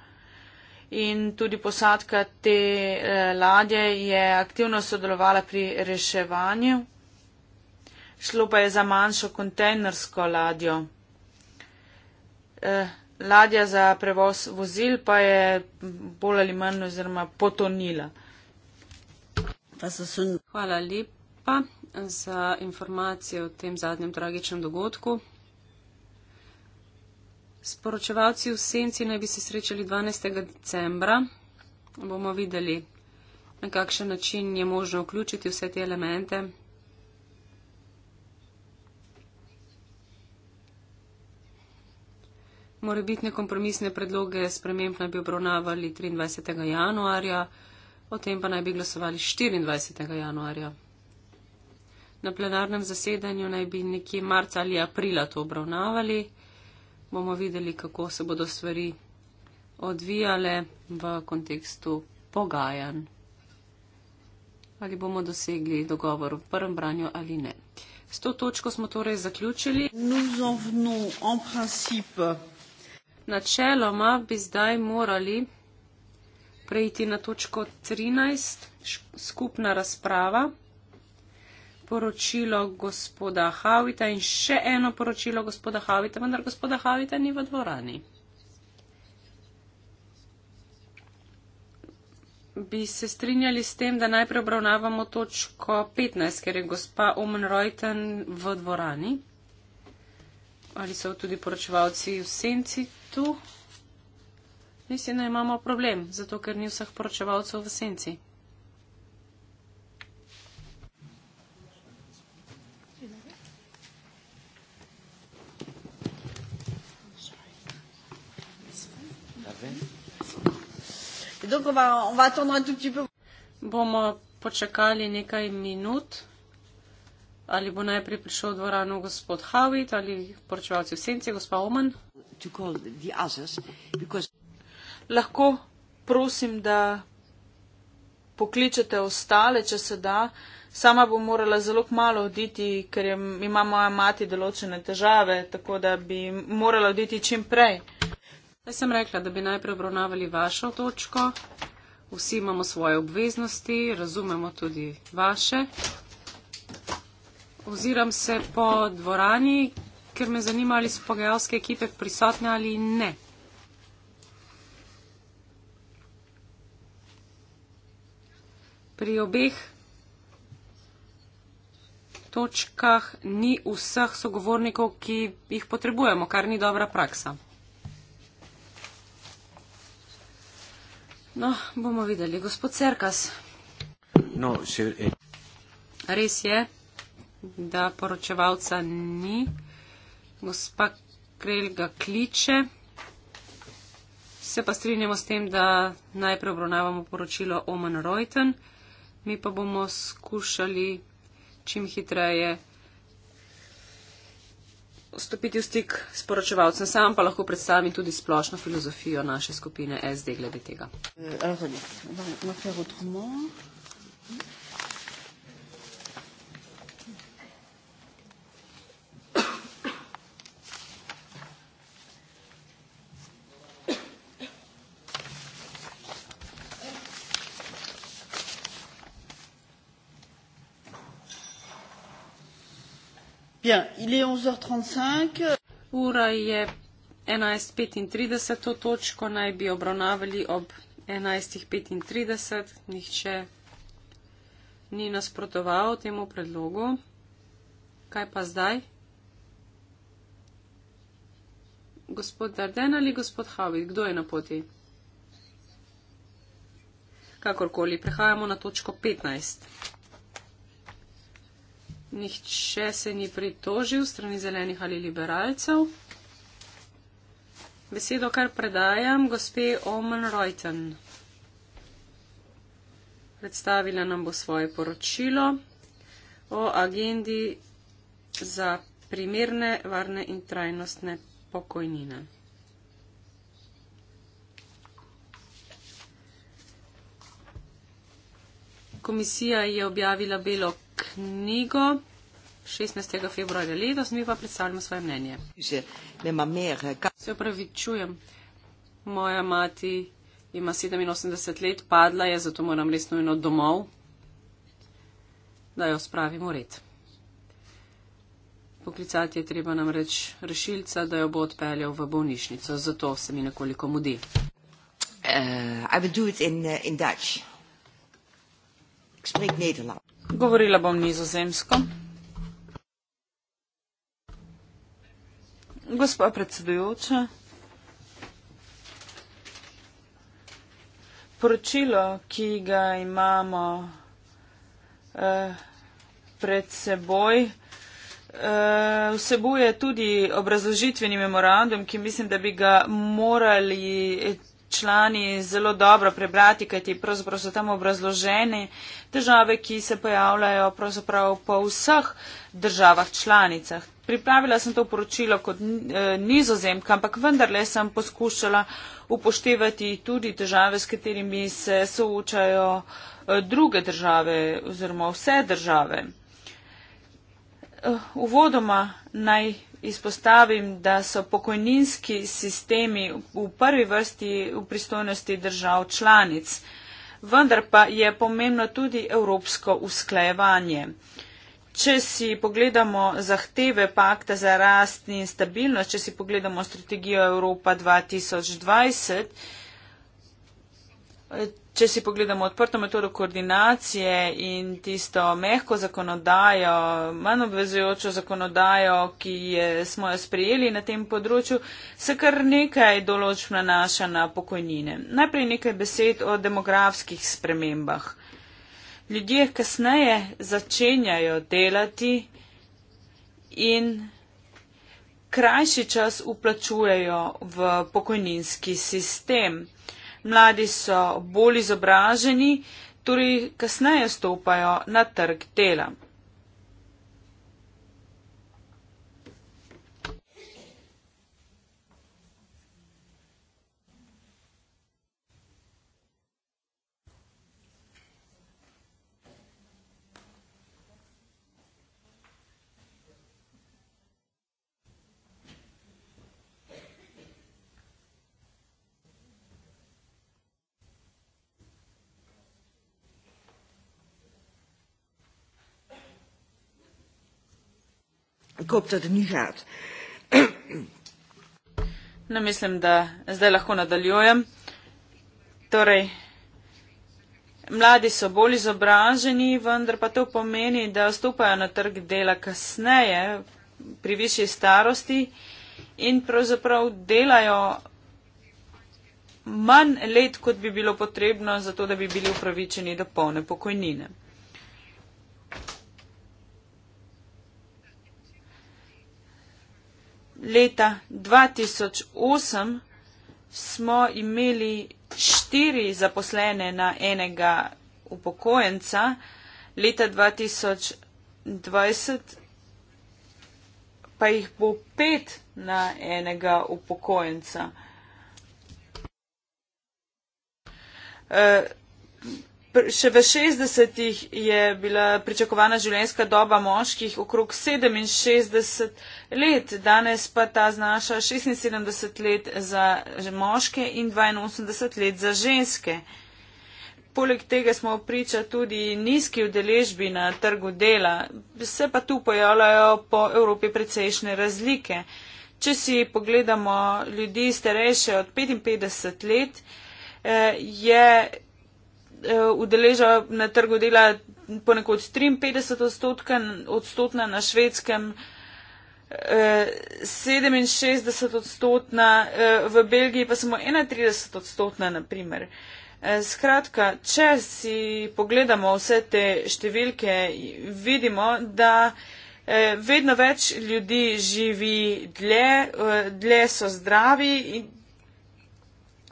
in tudi posadka te eh, ladje je aktivno sodelovala pri reševanju. Šlo pa je za manjšo kontejnersko ladjo eh, ladja za prevoz vozil pa je bolj ali manj oziroma potonila. Hvala lepa za informacije o tem zadnjem tragičnem dogodku. Sporočevalci v senci naj bi se srečali 12. decembra. Bomo videli, na kakšen način je možno vključiti vse te elemente. morebitne kompromisne predloge sprememb naj bi obravnavali 23. januarja, o tem pa naj bi glasovali 24. januarja. Na plenarnem zasedanju naj bi nekje marca ali aprila to obravnavali. Bomo videli, kako se bodo stvari odvijale v kontekstu pogajanj. Ali bomo dosegli dogovor v prvem branju ali ne. S to točko smo torej zaključili načeloma bi zdaj morali preiti na točko 13, skupna razprava, poročilo gospoda Havita in še eno poročilo gospoda Havita, vendar gospoda Havita ni v dvorani. Bi se strinjali s tem, da najprej obravnavamo točko 15, ker je gospa Omenrojten v dvorani? Ali so tudi poročevalci v senci tu, mislim, da imamo problem, zato ker ni vseh poročevalcev v senci. Bomo počakali nekaj minut ali bo najprej prišel v dvorano gospod Havit ali poročevalci v senci, gospa Oman. Others, because... Lahko prosim, da pokličete ostale, če se da. Sama bom morala zelo malo oditi, ker je, ima moja mati določene težave, tako da bi morala oditi čim prej. Zdaj sem rekla, da bi najprej obravnavali vašo točko. Vsi imamo svoje obveznosti, razumemo tudi vaše oziram se po dvorani, ker me zanima, ali so pogajalske ekipe prisotne ali ne. Pri obeh točkah ni vseh sogovornikov, ki jih potrebujemo, kar ni dobra praksa. No, bomo videli. Gospod Cerkas. No, se, eh. Res je da poročevalca ni. Gospa Krelj ga kliče. Se pa strinjamo s tem, da najprej obravnavamo poročilo Oman Reuten, mi pa bomo skušali čim hitreje stopiti v stik s poročevalcem sam, pa lahko predstavim tudi splošno filozofijo naše skupine SD glede tega. Uh, Bien, il est 11h35. Ura je 11.35, to točko naj bi obravnavali ob 11.35, nihče ni nasprotoval temu predlogu. Kaj pa zdaj? Gospod Darden ali gospod Havit, kdo je na poti? Kakorkoli, prehajamo na točko 15. Nihče se ni pritožil strani zelenih ali liberalcev. Besedo kar predajam gospe Omen Reuten. Predstavila nam bo svoje poročilo o agendi za primerne, varne in trajnostne pokojnine. Komisija je objavila belo knjigo 16. februarja letos, mi pa predstavljamo svoje mnenje. Se upravičujem, moja mati ima 87 let, padla je, zato moram resno eno domov, da jo spravimo red. Poklicati je treba namreč rešilca, da jo bo odpeljal v bolnišnico, zato se mi nekoliko mudi. Uh, I will do it in, uh, in Dutch. Ik spreek Nederlands. Govorila bom nizozemsko. Gospa predsedujoča, poročilo, ki ga imamo eh, pred seboj, eh, vsebuje tudi obrazložitveni memorandum, ki mislim, da bi ga morali. Eh, člani zelo dobro prebrati, kajti pravzaprav so tam obrazloženi težave, ki se pojavljajo pravzaprav po vseh državah članicah. Pripravila sem to poročilo kot e, nizozemka, ampak vendarle sem poskušala upoštevati tudi težave, s katerimi se soočajo e, druge države oziroma vse države. E, uvodoma naj izpostavim, da so pokojninski sistemi v prvi vrsti v pristojnosti držav članic, vendar pa je pomembno tudi evropsko usklajevanje. Če si pogledamo zahteve pakta za rast in stabilnost, če si pogledamo strategijo Evropa 2020, Če si pogledamo odprto metodo koordinacije in tisto mehko zakonodajo, manj obvezujočo zakonodajo, ki je, smo jo sprejeli na tem področju, se kar nekaj določb nanaša na pokojnine. Najprej nekaj besed o demografskih spremembah. Ljudje kasneje začenjajo delati in krajši čas uplačujejo v pokojninski sistem. Uh, mladi so bolj izobraženi, tudi torej kasneje stopajo na trg dela. Ik hoop dat het nu gaat. Ne no, mislim, da zdaj lahko nadaljujem. Torej, mladi so bolj izobraženi, vendar pa to pomeni, da stopajo na trg dela kasneje, pri višji starosti in pravzaprav delajo manj let, kot bi bilo potrebno, zato da bi bili upravičeni do polne pokojnine. leta 2008 smo imeli štiri zaposlene na enega upokojenca, leta 2020 pa jih bo pet na enega upokojenca. Eh, še v 60-ih je bila pričakovana življenjska doba moških okrog 67 let, danes pa ta znaša 76 let za moške in 82 let za ženske. Poleg tega smo priča tudi nizki udeležbi na trgu dela, se pa tu pojavljajo po Evropi precejšnje razlike. Če si pogledamo ljudi starejše od 55 let, eh, je Eh, udeleža na trgu dela ponekod 53 odstotka, odstotna na švedskem. 67 eh, odstotna, eh, v Belgiji pa samo 31 odstotna, na primer. Skratka, če si pogledamo vse te številke, vidimo, da vedno več ljudi živi dlje, dlje so zdravi in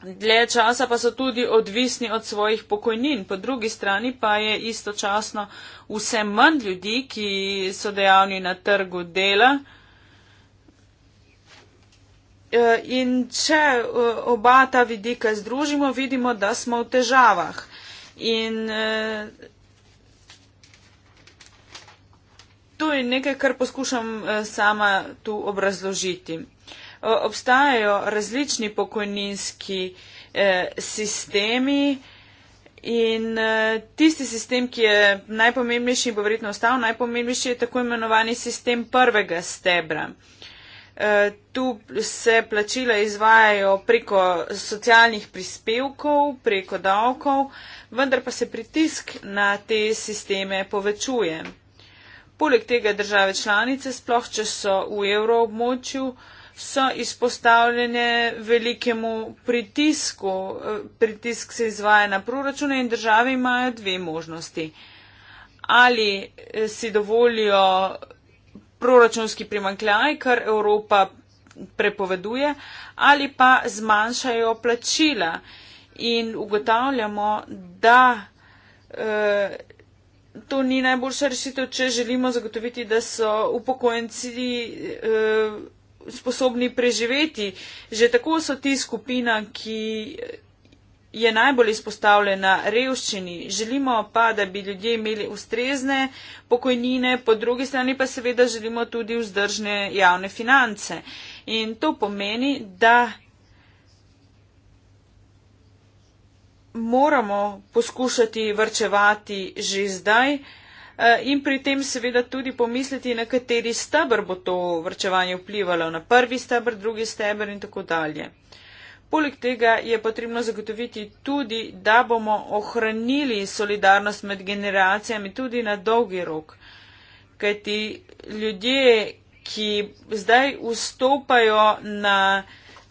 Dlje časa pa so tudi odvisni od svojih pokojnin. Po drugi strani pa je istočasno vse manj ljudi, ki so dejavni na trgu dela. E, in če e, oba ta vidika združimo, vidimo, da smo v težavah. In e, to je nekaj, kar poskušam sama tu obrazložiti obstajajo različni pokojninski eh, sistemi in eh, tisti sistem, ki je najpomembnejši in bo verjetno ostal najpomembnejši, je tako imenovani sistem prvega stebra. Eh, tu se plačila izvajajo preko socialnih prispevkov, preko davkov, vendar pa se pritisk na te sisteme povečuje. Poleg tega države članice, sploh če so v evroobmočju, so izpostavljene velikemu pritisku. Eh, pritisk se izvaja na proračune in države imajo dve možnosti. Ali eh, si dovolijo proračunski primankljaj, kar Evropa prepoveduje, ali pa zmanjšajo plačila. In ugotavljamo, da eh, to ni najboljša rešitev, če želimo zagotoviti, da so upokojenci. Eh, sposobni preživeti. Že tako so ti skupina, ki je najbolj izpostavljena revščini. Želimo pa, da bi ljudje imeli ustrezne pokojnine, po drugi strani pa seveda želimo tudi vzdržne javne finance. In to pomeni, da moramo poskušati vrčevati že zdaj, Eh, in pri tem seveda tudi pomisliti, na kateri stebr bo to vrčevanje vplivalo, na prvi stebr, drugi stebr in tako dalje. Poleg tega je potrebno zagotoviti tudi, da bomo ohranili solidarnost med generacijami tudi na dolgi rok. Kajti ljudje, ki zdaj vstopajo na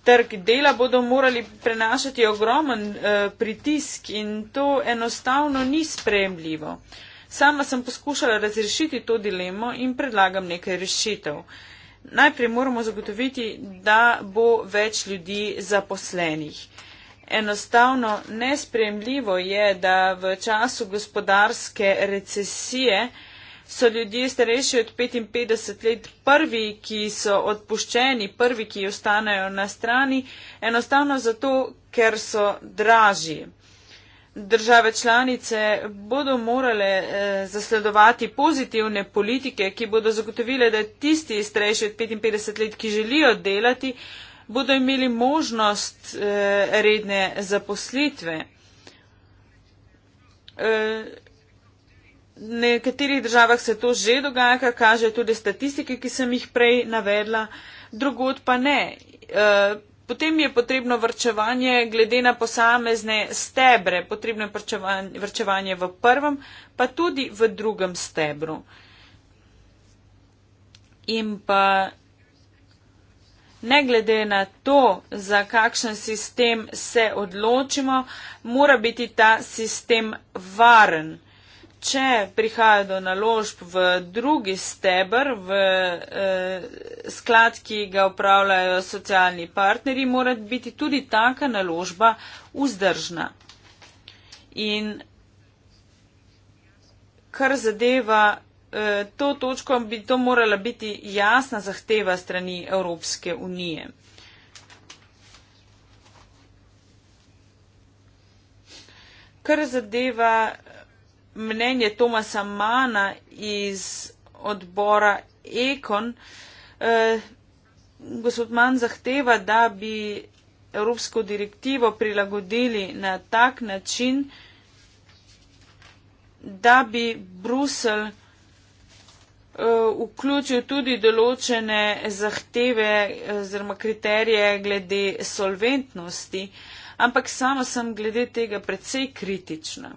trg dela, bodo morali prenašati ogromen eh, pritisk in to enostavno ni spremljivo. Eh, Sama sem poskušala razrešiti to dilemo in predlagam nekaj rešitev. Najprej moramo zagotoviti, da bo več ljudi zaposlenih. Enostavno nespremljivo je, da v času gospodarske recesije so ljudje starejši od 55 let prvi, ki so odpuščeni, prvi, ki ostanejo na strani, enostavno zato, ker so dražji. Države članice bodo morale eh, zasledovati pozitivne politike, ki bodo zagotovile, da tisti starejši od 55 let, ki želijo delati, bodo imeli možnost eh, redne zaposlitve. Eh, v eh, nekaterih državah se to že dogaja, kar kaže tudi statistike, ki sem jih prej navedla, drugod pa ne. Eh, Potem je potrebno vrčevanje glede na posamezne stebre, potrebno je vrčevanje v prvem, pa tudi v drugem stebru. In pa ne glede na to, za kakšen sistem se odločimo, mora biti ta sistem varen če prihaja do naložb v drugi stebr, v eh, sklad, ki ga upravljajo socialni partneri, mora biti tudi taka naložba vzdržna. In kar zadeva eh, to točko, bi to morala biti jasna zahteva strani Evropske unije. Kar zadeva mnenje Tomasa Mana iz odbora Ekon. Eh, gospod Man zahteva, da bi evropsko direktivo prilagodili na tak način, da bi Brusel eh, vključil tudi določene zahteve eh, oziroma kriterije glede solventnosti, ampak sama sem glede tega precej kritična.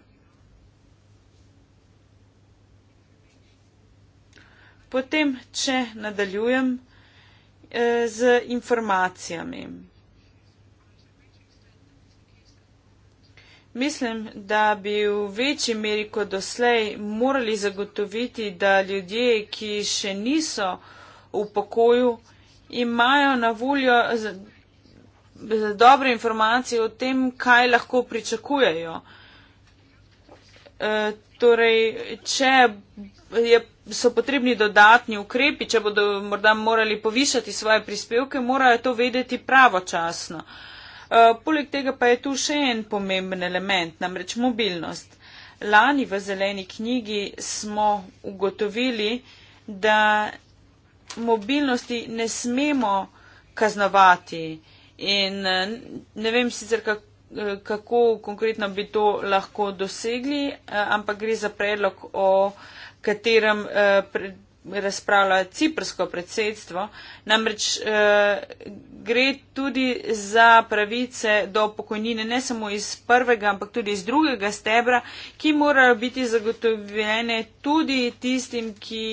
Potem, če nadaljujem eh, z informacijami. Mislim, da bi v večji meri kot doslej morali zagotoviti, da ljudje, ki še niso v pokoju, imajo na voljo dobre informacije o tem, kaj lahko pričakujejo. E, torej, če je so potrebni dodatni ukrepi, če bodo morda morali povišati svoje prispevke, morajo to vedeti pravočasno. Eh, poleg tega pa je tu še en pomemben element, namreč mobilnost. Lani v zeleni knjigi smo ugotovili, da mobilnosti ne smemo kaznovati in eh, ne vem sicer, eh, kako konkretno bi to lahko dosegli, ampak gre za predlog o katerem eh, razpravlja ciprsko predsedstvo, namreč eh, gre tudi za pravice do pokojnine ne samo iz prvega, ampak tudi iz drugega stebra, ki morajo biti zagotovljene tudi tistim, ki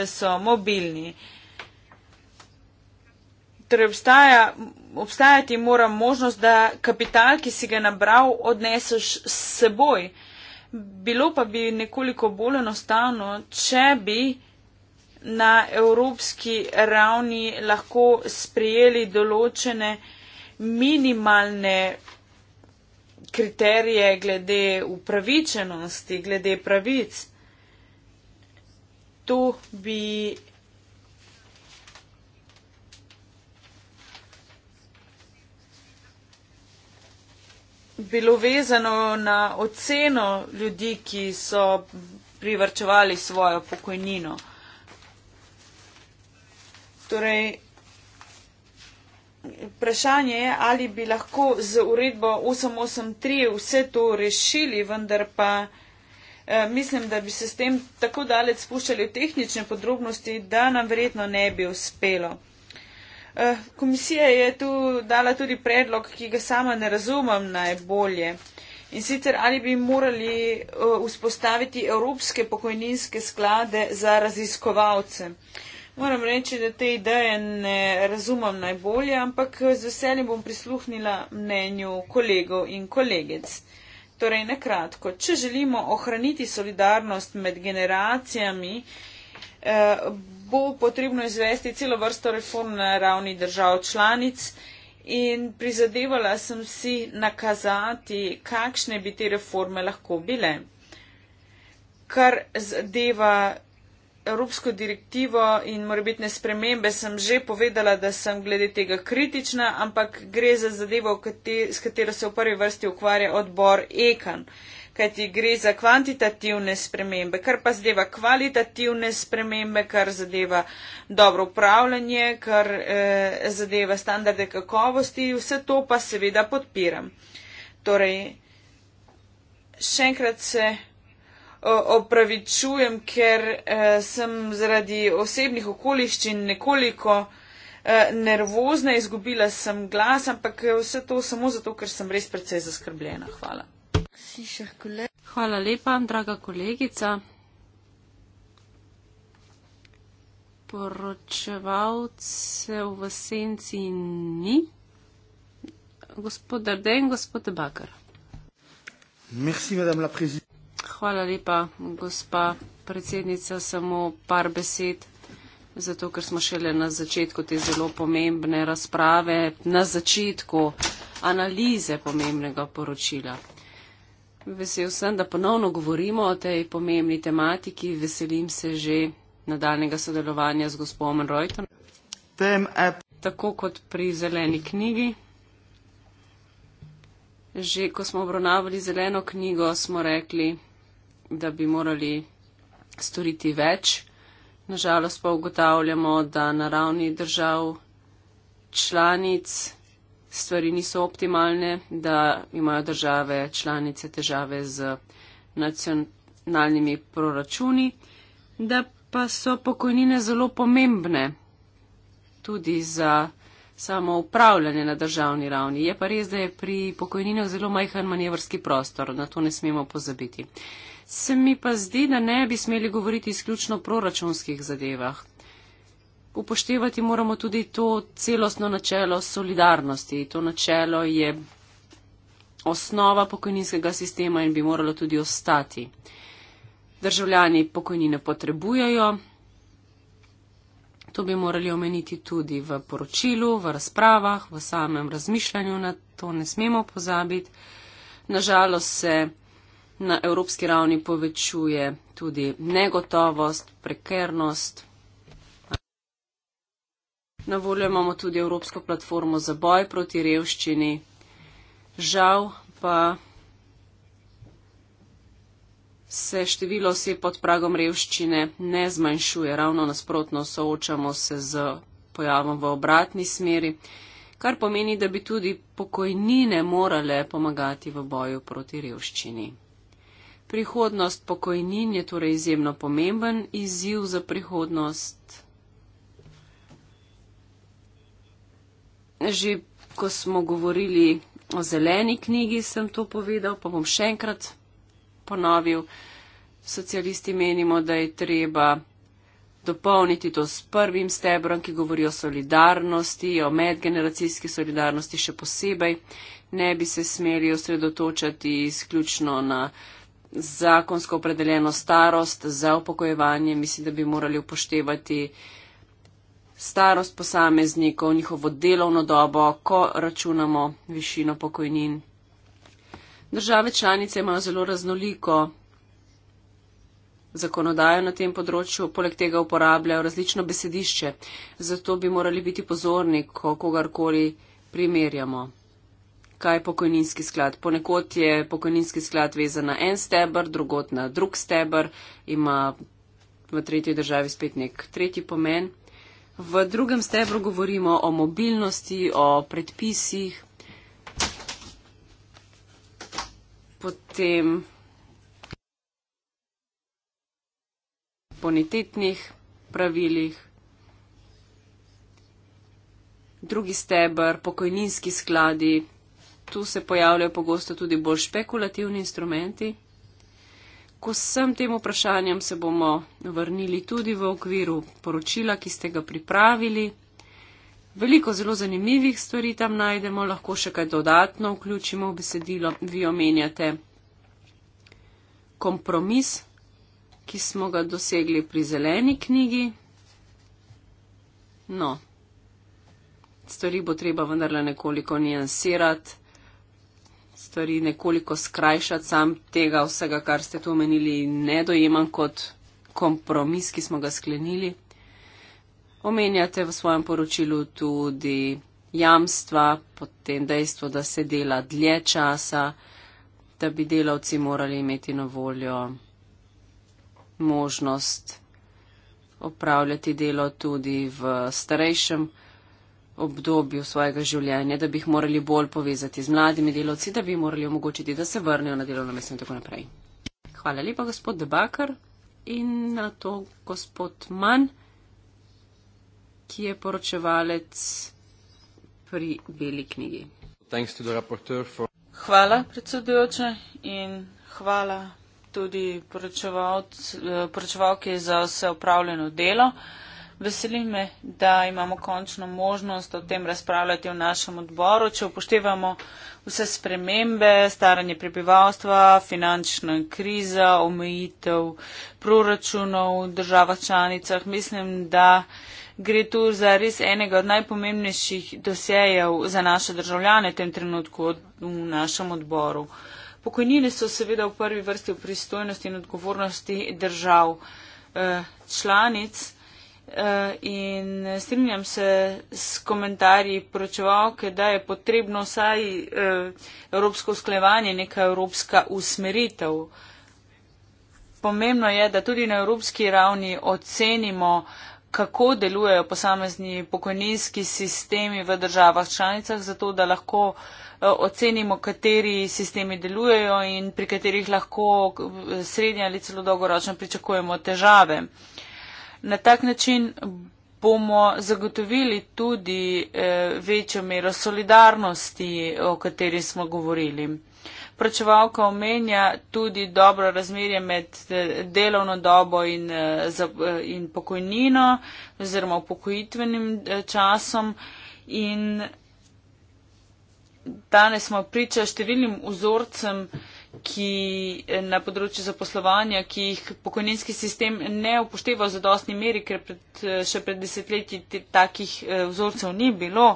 eh, so mobilni. Torej obstaja, obstajati mora možnost, da kapital, ki si ga nabral, odneseš s seboj. Eh, Bilo pa bi nekoliko bolj enostavno, če bi na evropski ravni lahko sprejeli določene minimalne kriterije glede upravičenosti, glede pravic. To bi bilo vezano na oceno ljudi, ki so privrčevali svojo pokojnino. Torej, vprašanje je, ali bi lahko z uredbo 883 vse to rešili, vendar pa eh, mislim, da bi se s tem tako daleč spuščali v tehnične podrobnosti, da nam verjetno ne bi uspelo. Eh, komisija je tu dala tudi predlog, ki ga sama ne razumem najbolje. In sicer ali bi morali uh, vzpostaviti evropske pokojninske sklade za raziskovalce. Moram reči, da te ideje ne razumem najbolje, ampak eh, z veseljem bom prisluhnila mnenju kolegov in kolegec. Torej, nakratko, če želimo ohraniti solidarnost med generacijami, eh, bo potrebno izvesti celo vrsto reform na ravni držav članic in prizadevala sem si nakazati, kakšne bi te reforme lahko bile. Kar zadeva Evropsko direktivo in morebitne spremembe, sem že povedala, da sem glede tega kritična, ampak gre za zadevo, s katero se v prvi vrsti ukvarja odbor EKAN kajti gre za kvantitativne spremembe, kar pa zadeva kvalitativne spremembe, kar zadeva dobro upravljanje, kar eh, zadeva standarde kakovosti, vse to pa seveda podpiram. Torej, še enkrat se opravičujem, ker eh, sem zaradi osebnih okoliščin nekoliko eh, nervozna, izgubila sem glas, ampak eh, vse to samo zato, ker sem res precej zaskrbljena. Hvala. Hvala lepa, draga kolegica. Poročevalcev v senci ni. Gospod Arden, gospod Bakar. Merci, la Hvala lepa, gospa predsednica. Samo par besed, zato ker smo šele na začetku te zelo pomembne razprave, na začetku analize pomembnega poročila. Vesel sem, da ponovno govorimo o tej pomembni tematiki. Veselim se že nadaljnega sodelovanja z gospodom Reutom. Tako kot pri zeleni knjigi. Že ko smo obravnavali zeleno knjigo, smo rekli, da bi morali storiti več. Nažalost pa ugotavljamo, da na ravni držav članic stvari niso optimalne, da imajo države članice težave z nacionalnimi proračuni, da pa so pokojnine zelo pomembne tudi za samo upravljanje na državni ravni. Je pa res, da je pri pokojninah zelo majhen manjevrski prostor, na to ne smemo pozabiti. Se mi pa zdi, da ne bi smeli govoriti izključno o proračunskih zadevah, upoštevati moramo tudi to celostno načelo solidarnosti. To načelo je osnova pokojninskega sistema in bi moralo tudi ostati. Državljani pokojnine potrebujejo. To bi morali omeniti tudi v poročilu, v razpravah, v samem razmišljanju, na to ne smemo pozabiti. Nažalost se na evropski ravni povečuje tudi negotovost, prekernost, Na voljo imamo tudi Evropsko platformo za boj proti revščini. Žal pa se število vse pod pragom revščine ne zmanjšuje, ravno nasprotno soočamo se z pojavom v obratni smeri, kar pomeni, da bi tudi pokojnine morale pomagati v boju proti revščini. Prihodnost pokojnin je torej izjemno pomemben izziv za prihodnost že ko smo govorili o zeleni knjigi, sem to povedal, pa bom še enkrat ponovil. Socialisti menimo, da je treba dopolniti to s prvim stebrom, ki govori o solidarnosti, o medgeneracijski solidarnosti še posebej. Ne bi se smeli osredotočati izključno na zakonsko opredeljeno starost za upokojevanje. Mislim, da bi morali upoštevati starost posameznikov, njihovo delovno dobo, ko računamo višino pokojnin. Države članice imajo zelo raznoliko zakonodajo na tem področju, poleg tega uporabljajo različno besedišče, zato bi morali biti pozorni, ko kogarkoli primerjamo. Kaj je pokojninski sklad? Ponekod je pokojninski sklad vezan na en stebr, drugot na drug stebr, ima v tretji državi spet nek tretji pomen. V drugem stebru govorimo o mobilnosti, o predpisih, potem bonitetnih pravilih. Drugi stebr, pokojninski skladi, tu se pojavljajo pogosto tudi bolj špekulativni instrumenti k vsem tem vprašanjem se bomo vrnili tudi v okviru poročila, ki ste ga pripravili. Veliko zelo zanimivih stvari tam najdemo, lahko še kaj dodatno vključimo v besedilo. Vi omenjate kompromis, ki smo ga dosegli pri zeleni knjigi. No, stvari bo treba vendarle nekoliko nijansirati stvari nekoliko skrajšati, sam tega vsega, kar ste tu omenili, ne dojemam kot kompromis, ki smo ga sklenili. Omenjate v svojem poročilu tudi jamstva, potem dejstvo, da se dela dlje časa, da bi delavci morali imeti na voljo možnost opravljati delo tudi v starejšem času obdobju svojega življenja, da bi jih morali bolj povezati z mladimi delavci, da bi jim morali omogočiti, da se vrnejo na delovno mesto in tako naprej. Hvala lepa, gospod Debakar in na to gospod Mann, ki je poročevalec pri Beli knjigi. Hvala, predsedujoče, in hvala tudi eh, poročevalke za vse upravljeno delo. Veseli me, da imamo končno možnost o tem razpravljati v našem odboru, če upoštevamo vse spremembe, staranje prebivalstva, finančna kriza, omejitev proračunov v državah članicah. Mislim, da gre tu za res enega od najpomembnejših dosejev za naše državljane v tem trenutku v našem odboru. Pokojnine so seveda v prvi vrsti v pristojnosti in odgovornosti držav eh, članic. Eh, in strinjam se s komentarji poročevalke, da je potrebno vsaj eh, evropsko usklevanje, neka evropska usmeritev. Pomembno je, da tudi na evropski ravni ocenimo, kako delujejo posamezni pokojninski sistemi v državah članicah, zato da lahko eh, ocenimo, kateri sistemi delujejo in pri katerih lahko srednja ali celo dolgoročno pričakujemo težave. Na tak način bomo zagotovili tudi eh, večjo mero solidarnosti, o kateri smo govorili. Pročevalka omenja tudi dobro razmerje med eh, delovno dobo in, eh, in pokojnino oziroma upokojitvenim časom in danes smo priča številnim vzorcem, ki eh, na področju zaposlovanja, ki jih pokojninski sistem ne upošteva v zadostni meri, ker pred, eh, še pred desetletji te, takih eh, vzorcev ni bilo.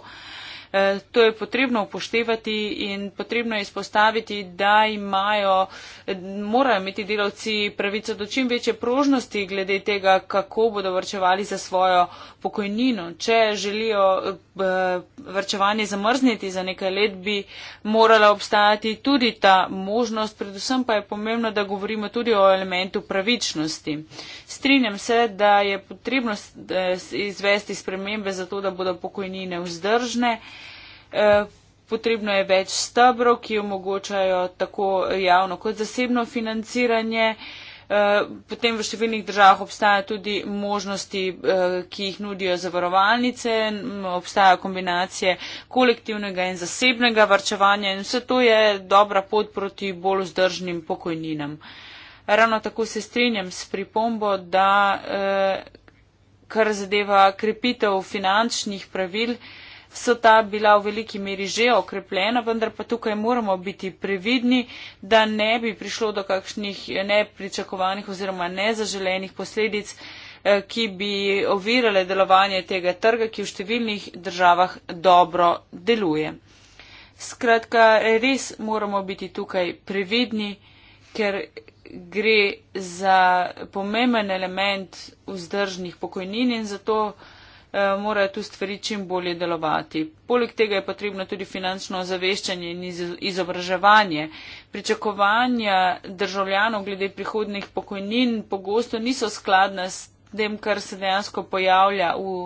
To je potrebno upoštevati in potrebno je izpostaviti, da imajo, morajo imeti delavci pravico do čim večje prožnosti glede tega, kako bodo vrčevali za svojo pokojnino. Če želijo Eh, vrčevanje zamrzniti za nekaj let, bi morala obstajati tudi ta možnost. Predvsem pa je pomembno, da govorimo tudi o elementu pravičnosti. Strinjam se, da je potrebno eh, izvesti spremembe zato, da bodo pokojnine vzdržne. Eh, potrebno je več stabrov, ki omogočajo tako javno kot zasebno financiranje. Uh, Eh, potem v številnih državah obstaja tudi možnosti, eh, ki jih nudijo zavarovalnice, obstajajo kombinacije kolektivnega in zasebnega varčevanja in vse to je dobra pot proti bolj vzdržnim pokojninam. Ravno tako se strinjam s pripombo, da eh, kar zadeva krepitev finančnih pravil, so ta bila v veliki meri že okrepljena, vendar pa tukaj moramo biti previdni, da ne bi prišlo do kakšnih nepričakovanih oziroma nezaželenih posledic, eh, ki bi ovirale delovanje tega trga, ki v številnih državah dobro deluje. Skratka, res moramo biti tukaj previdni, ker gre za pomemben element vzdržnih pokojnin in zato. Eh, morajo tu stvari čim bolje delovati. Poleg tega je potrebno tudi finančno ozaveščanje in izobraževanje. Pričakovanja državljanov glede prihodnih pokojnin pogosto niso skladna s tem, kar se dejansko pojavlja v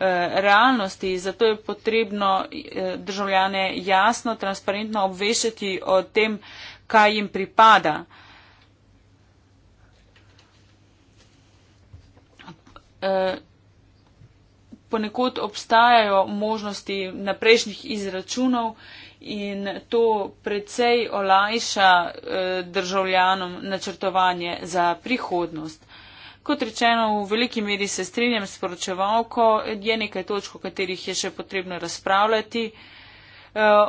eh, realnosti, zato je potrebno eh, državljane jasno, transparentno obveščati o tem, kaj jim pripada. Uh, ponekod obstajajo možnosti naprejšnjih izračunov in to precej olajša eh, državljanom načrtovanje za prihodnost. Kot rečeno, v veliki meri se strinjam s poročevalko, je nekaj točk, o katerih je še potrebno razpravljati. Eh,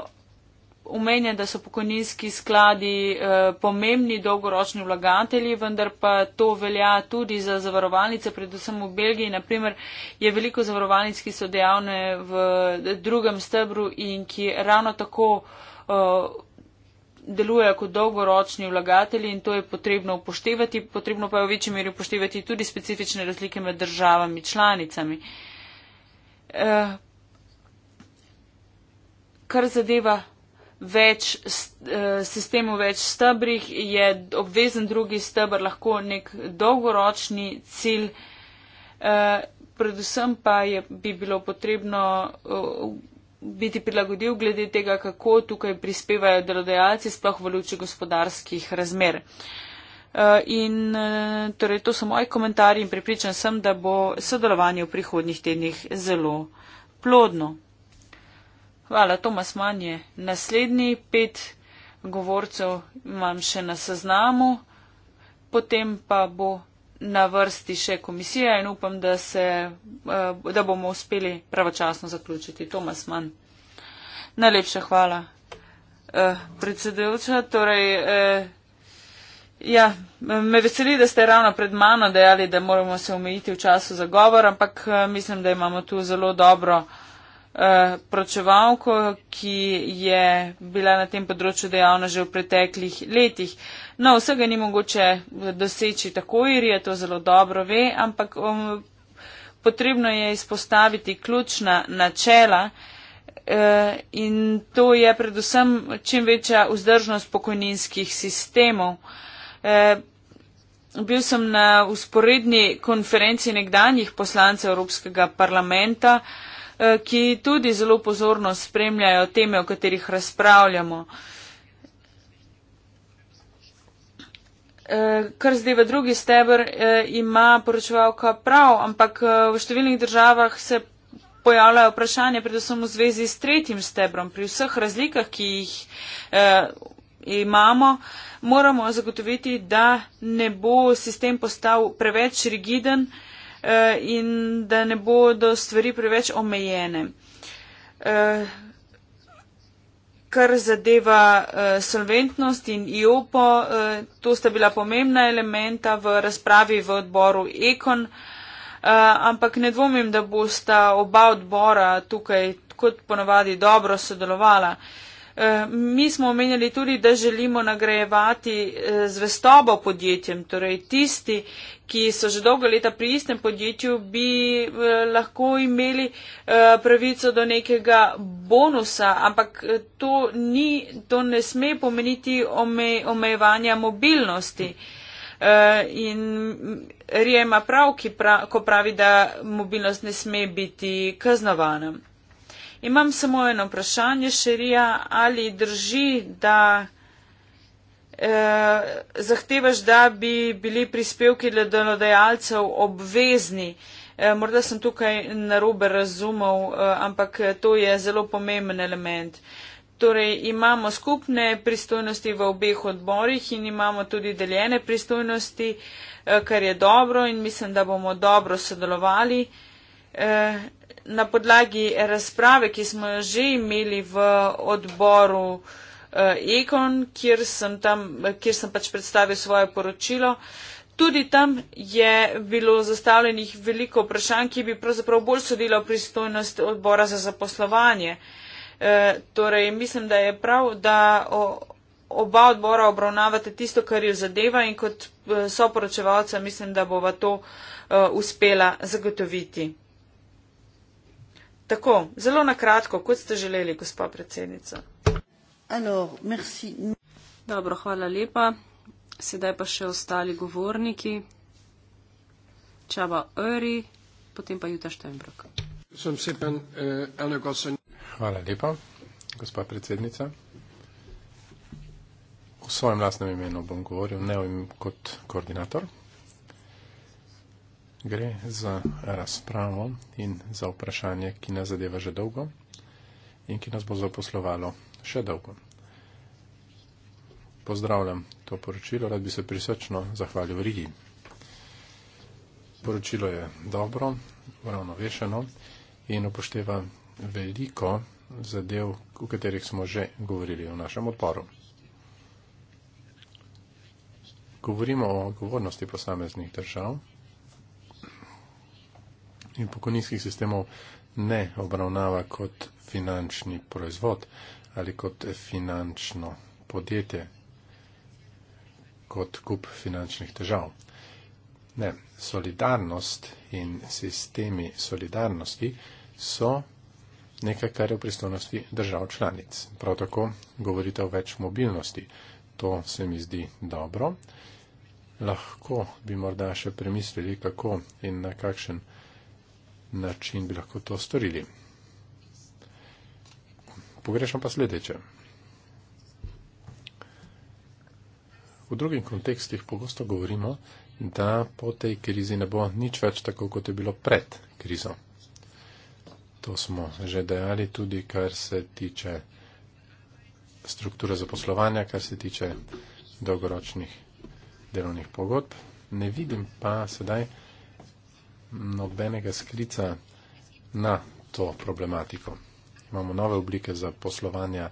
umenja, da so pokojninski skladi eh, pomembni dolgoročni vlagatelji, vendar pa to velja tudi za zavarovalnice, predvsem v Belgiji. Naprimer je veliko zavarovalnic, ki so dejavne v eh, drugem stebru in ki ravno tako eh, delujejo kot dolgoročni vlagatelji in to je potrebno upoštevati, potrebno pa je v večji meri upoštevati tudi specifične razlike med državami članicami. Kar zadeva več eh, sistemov, več stebrih, je obvezen drugi stebr lahko nek dolgoročni cilj. Eh, predvsem pa je, bi bilo potrebno eh, biti prilagodil glede tega, kako tukaj prispevajo delodajalci, sploh v luči gospodarskih razmer. In torej to so moji komentarji in pripričan sem, da bo sodelovanje v prihodnjih tednih zelo plodno. Hvala, Tomas Manje. Naslednji pet govorcev imam še na seznamu, potem pa bo na vrsti še komisija in upam, da, se, eh, da bomo uspeli pravočasno zaključiti. Tomas Manj. Najlepša hvala. Uh, predsedujoča, torej, uh, ja, me veseli, da ste ravno pred mano dejali, da moramo se omejiti v času za govor, ampak uh, mislim, da imamo tu zelo dobro uh, Eh, pročevalko, ki je bila na tem področju dejavna že v preteklih letih. No, vsega ni mogoče doseči takoj, Irija to zelo dobro ve, ampak um, potrebno je izpostaviti ključna načela eh, in to je predvsem čim večja vzdržnost pokojninskih sistemov. Eh, bil sem na usporedni konferenci nekdanjih poslancev Evropskega parlamenta, eh, Eh, ki tudi zelo pozorno spremljajo teme, o katerih razpravljamo. Eh, kar zdaj v drugi stebr eh, ima poročevalka prav, ampak v številnih državah se pojavljajo vprašanje predvsem v zvezi s tretjim stebrom. Pri vseh razlikah, ki jih imamo, moramo zagotoviti, da ne bo sistem postal preveč rigiden, Eh, in da ne bodo stvari preveč omejene. Eh, kar zadeva eh, solventnost in IOPO, to sta bila pomembna elementa v razpravi v odboru Ekon, ampak ne dvomim, da bosta oba odbora tukaj kot ponavadi dobro sodelovala. Uh, Eh, mi smo omenjali tudi, da želimo nagrajevati eh, zvestobo podjetjem, torej tisti, ki so že dolgo leta pri istem podjetju, bi eh, lahko imeli pravico do nekega bonusa, ampak to, ni, to ne sme pomeniti omej, omejevanja mobilnosti. In Rija ima prav, ki pra, ko pravi, da mobilnost ne sme biti kaznovana. Imam samo eno vprašanje, Šerija, ali drži, da eh, zahtevaš, da bi bili prispevki delodajalcev obvezni? Eh, morda sem tukaj narobe razumel, eh, ampak eh, to je zelo pomemben element. Torej, imamo skupne pristojnosti v obeh odborih in imamo tudi deljene pristojnosti, eh, kar je dobro in mislim, da bomo dobro sodelovali. Eh, na podlagi razprave, ki smo jo že imeli v odboru Econ, eh, kjer sem, tam, kjer sem pač predstavil svoje poročilo. Tudi tam je bilo zastavljenih veliko vprašanj, ki bi pravzaprav bolj sodila v pristojnost odbora za zaposlovanje. E, torej, mislim, da je prav, da o, oba odbora obravnavate tisto, kar jo zadeva in kot eh, soporočevalca mislim, da bova to uh, uspela zagotoviti. Tako, zelo na kratko, kot ste želeli, gospa predsednica. Alors, Dobro, hvala lepa. Sedaj pa še ostali govorniki. Čaba Öri, potem pa Juta Štenbrok. Eh, hvala lepa, gospa predsednica. V svojem lastnem imenu bom govoril, ne kot koordinator Gre za razpravo in za vprašanje, ki nas zadeva že dolgo in ki nas bo zaposlovalo še dolgo. Pozdravljam to poročilo, rad bi se prisrčno zahvalil Rigi. Poročilo je dobro, uravnovešeno in upošteva veliko zadev, o katerih smo že govorili v našem odporu. Govorimo o odgovornosti posameznih držav in pokojninskih sistemov ne obravnava kot finančni proizvod ali kot finančno podjetje, kot kup finančnih težav. Ne, solidarnost in sistemi solidarnosti so nekaj, kar je v pristojnosti držav članic. Prav tako govorite o več mobilnosti. To se mi zdi dobro. Lahko bi morda še premislili, kako in na kakšen način način bi lahko to storili. Pogrešam pa sledeče. V drugih kontekstih pogosto govorimo, da po tej krizi ne bo nič več tako, kot je bilo pred krizo. To smo že dejali tudi, kar se tiče strukture zaposlovanja, kar se tiče dolgoročnih delovnih pogodb. Ne vidim pa sedaj, nobenega sklica na to problematiko. Imamo nove oblike za poslovanja,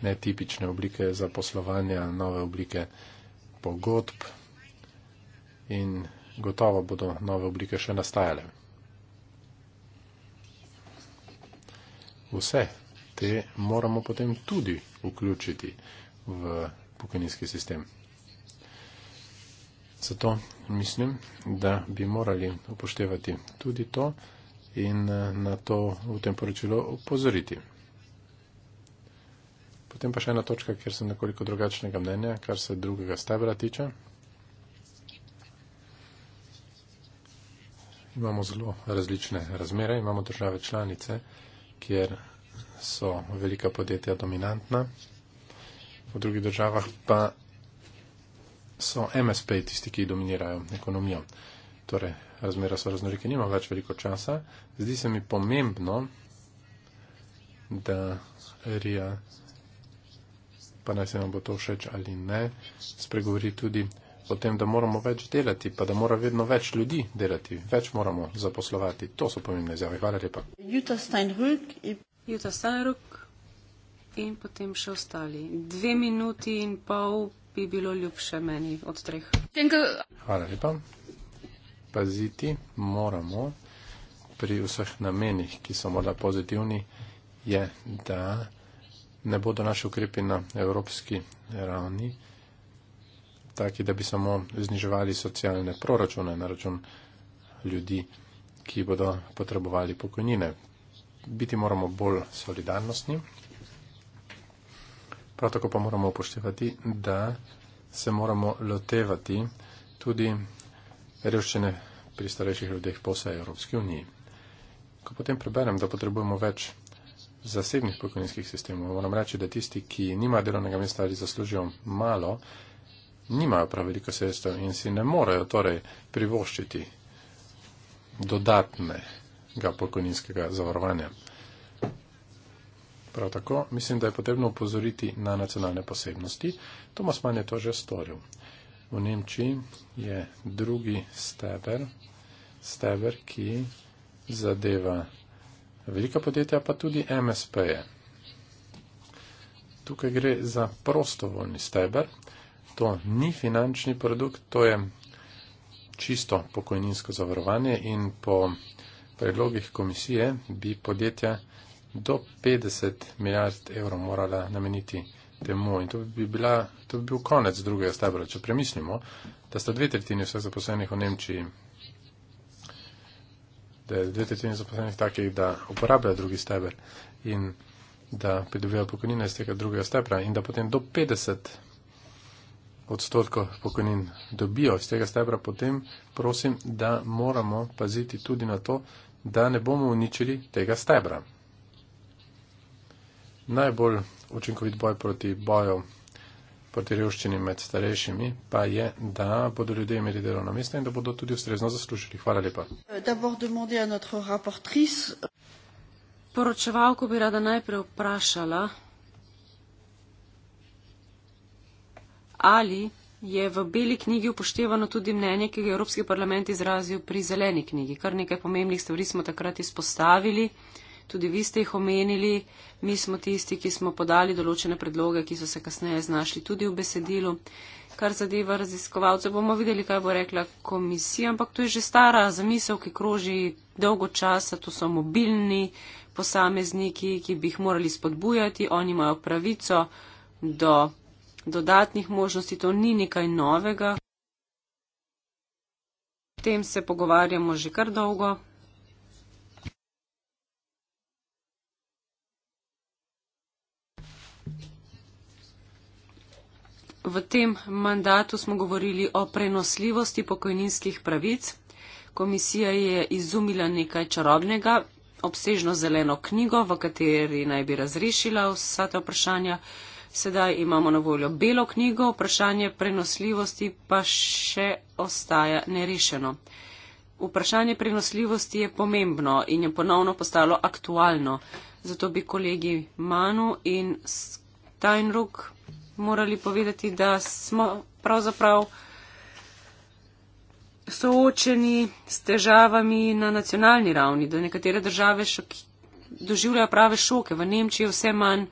netipične oblike za poslovanja, nove oblike pogodb in gotovo bodo nove oblike še nastajale. Vse te moramo potem tudi vključiti v pokojninski sistem. Zato mislim, da bi morali upoštevati tudi to in eh, na to v tem poročilu upozoriti. Potem pa še ena točka, kjer sem nekoliko drugačnega mnenja, kar se drugega stebra tiče. Imamo zelo različne razmere, imamo države članice, kjer so velika podjetja dominantna, v drugih državah pa so MSP tisti, ki dominirajo ekonomijo. Torej, razmera so raznolike, nima več veliko časa. Zdi se mi pomembno, da Rija, pa naj se nam bo to všeč ali ne, spregovori tudi o tem, da moramo več delati, pa da mora vedno več ljudi delati, več moramo zaposlovati. To so pomembne izjave. Hvala lepa. Juta Steinruck in, Juta Steinruck in potem še ostali. Dve minuti in pol bi bilo ljubše meni od treh. Hvala lepa. Paziti moramo pri vseh namenih, ki so morda pozitivni, je, da ne bodo naši ukrepi na evropski ravni taki, da bi samo zniževali socialne proračune na račun ljudi, ki bodo potrebovali pokojnine. Biti moramo bolj solidarnostni, Prav tako pa moramo upoštevati, da se moramo lotevati tudi revščine pri starejših ljudeh po vsej Evropski uniji. Ko potem preberem, da potrebujemo več zasebnih pokojninskih sistemov, moram reči, da tisti, ki nimajo delovnega mesta ali zaslužijo malo, nimajo prav veliko sredstev in si ne morejo torej privoščiti dodatnega pokojninskega zavarovanja. Prav tako mislim, da je potrebno upozoriti na nacionalne posebnosti. Tomas Mann je to že storil. V Nemčiji je drugi steber, steber, ki zadeva velika podjetja, pa tudi MSP-je. Tukaj gre za prostovoljni steber. To ni finančni produkt, to je čisto pokojninsko zavarovanje in po predlogih komisije bi podjetja do 50 milijard evrov morala nameniti temu in to bi, bila, to bi bil konec drugega stabra. Če premislimo, da sta dve tretjini vseh zaposlenih v Nemčiji, da je dve tretjini zaposlenih takih, da uporabljajo drugi stabr in da pridobijo pokojnine iz tega drugega stabra in da potem do 50 odstotkov pokojnin dobijo iz tega stabra, potem prosim, da moramo paziti tudi na to, da ne bomo uničili tega stebra. Najbolj učinkovit boj proti boju proti revščini med starejšimi pa je, da bodo ljudje imeli delovno mesto in da bodo tudi ustrezno zaslužili. Hvala lepa. Poročevalko bi rada najprej vprašala, ali je v beli knjigi upoštevano tudi mnenje, ki ga je Evropski parlament izrazil pri zeleni knjigi. Kar nekaj pomembnih stvari smo takrat izpostavili tudi vi ste jih omenili, mi smo tisti, ki smo podali določene predloge, ki so se kasneje znašli tudi v besedilu. Kar zadeva raziskovalce, bomo videli, kaj bo rekla komisija, ampak to je že stara zamisel, ki kroži dolgo časa, to so mobilni posamezniki, ki bi jih morali spodbujati, oni imajo pravico do dodatnih možnosti, to ni nekaj novega. O tem se pogovarjamo že kar dolgo. V tem mandatu smo govorili o prenosljivosti pokojninskih pravic. Komisija je izumila nekaj čarobnega, obsežno zeleno knjigo, v kateri naj bi razrešila vsa ta vprašanja. Sedaj imamo na voljo belo knjigo, vprašanje prenosljivosti pa še ostaja nerešeno. Vprašanje prenosljivosti je pomembno in je ponovno postalo aktualno. Zato bi kolegi Manu in Steinruck morali povedati, da smo pravzaprav soočeni s težavami na nacionalni ravni, da nekatere države šok, doživljajo prave šoke. V Nemčiji je vse manj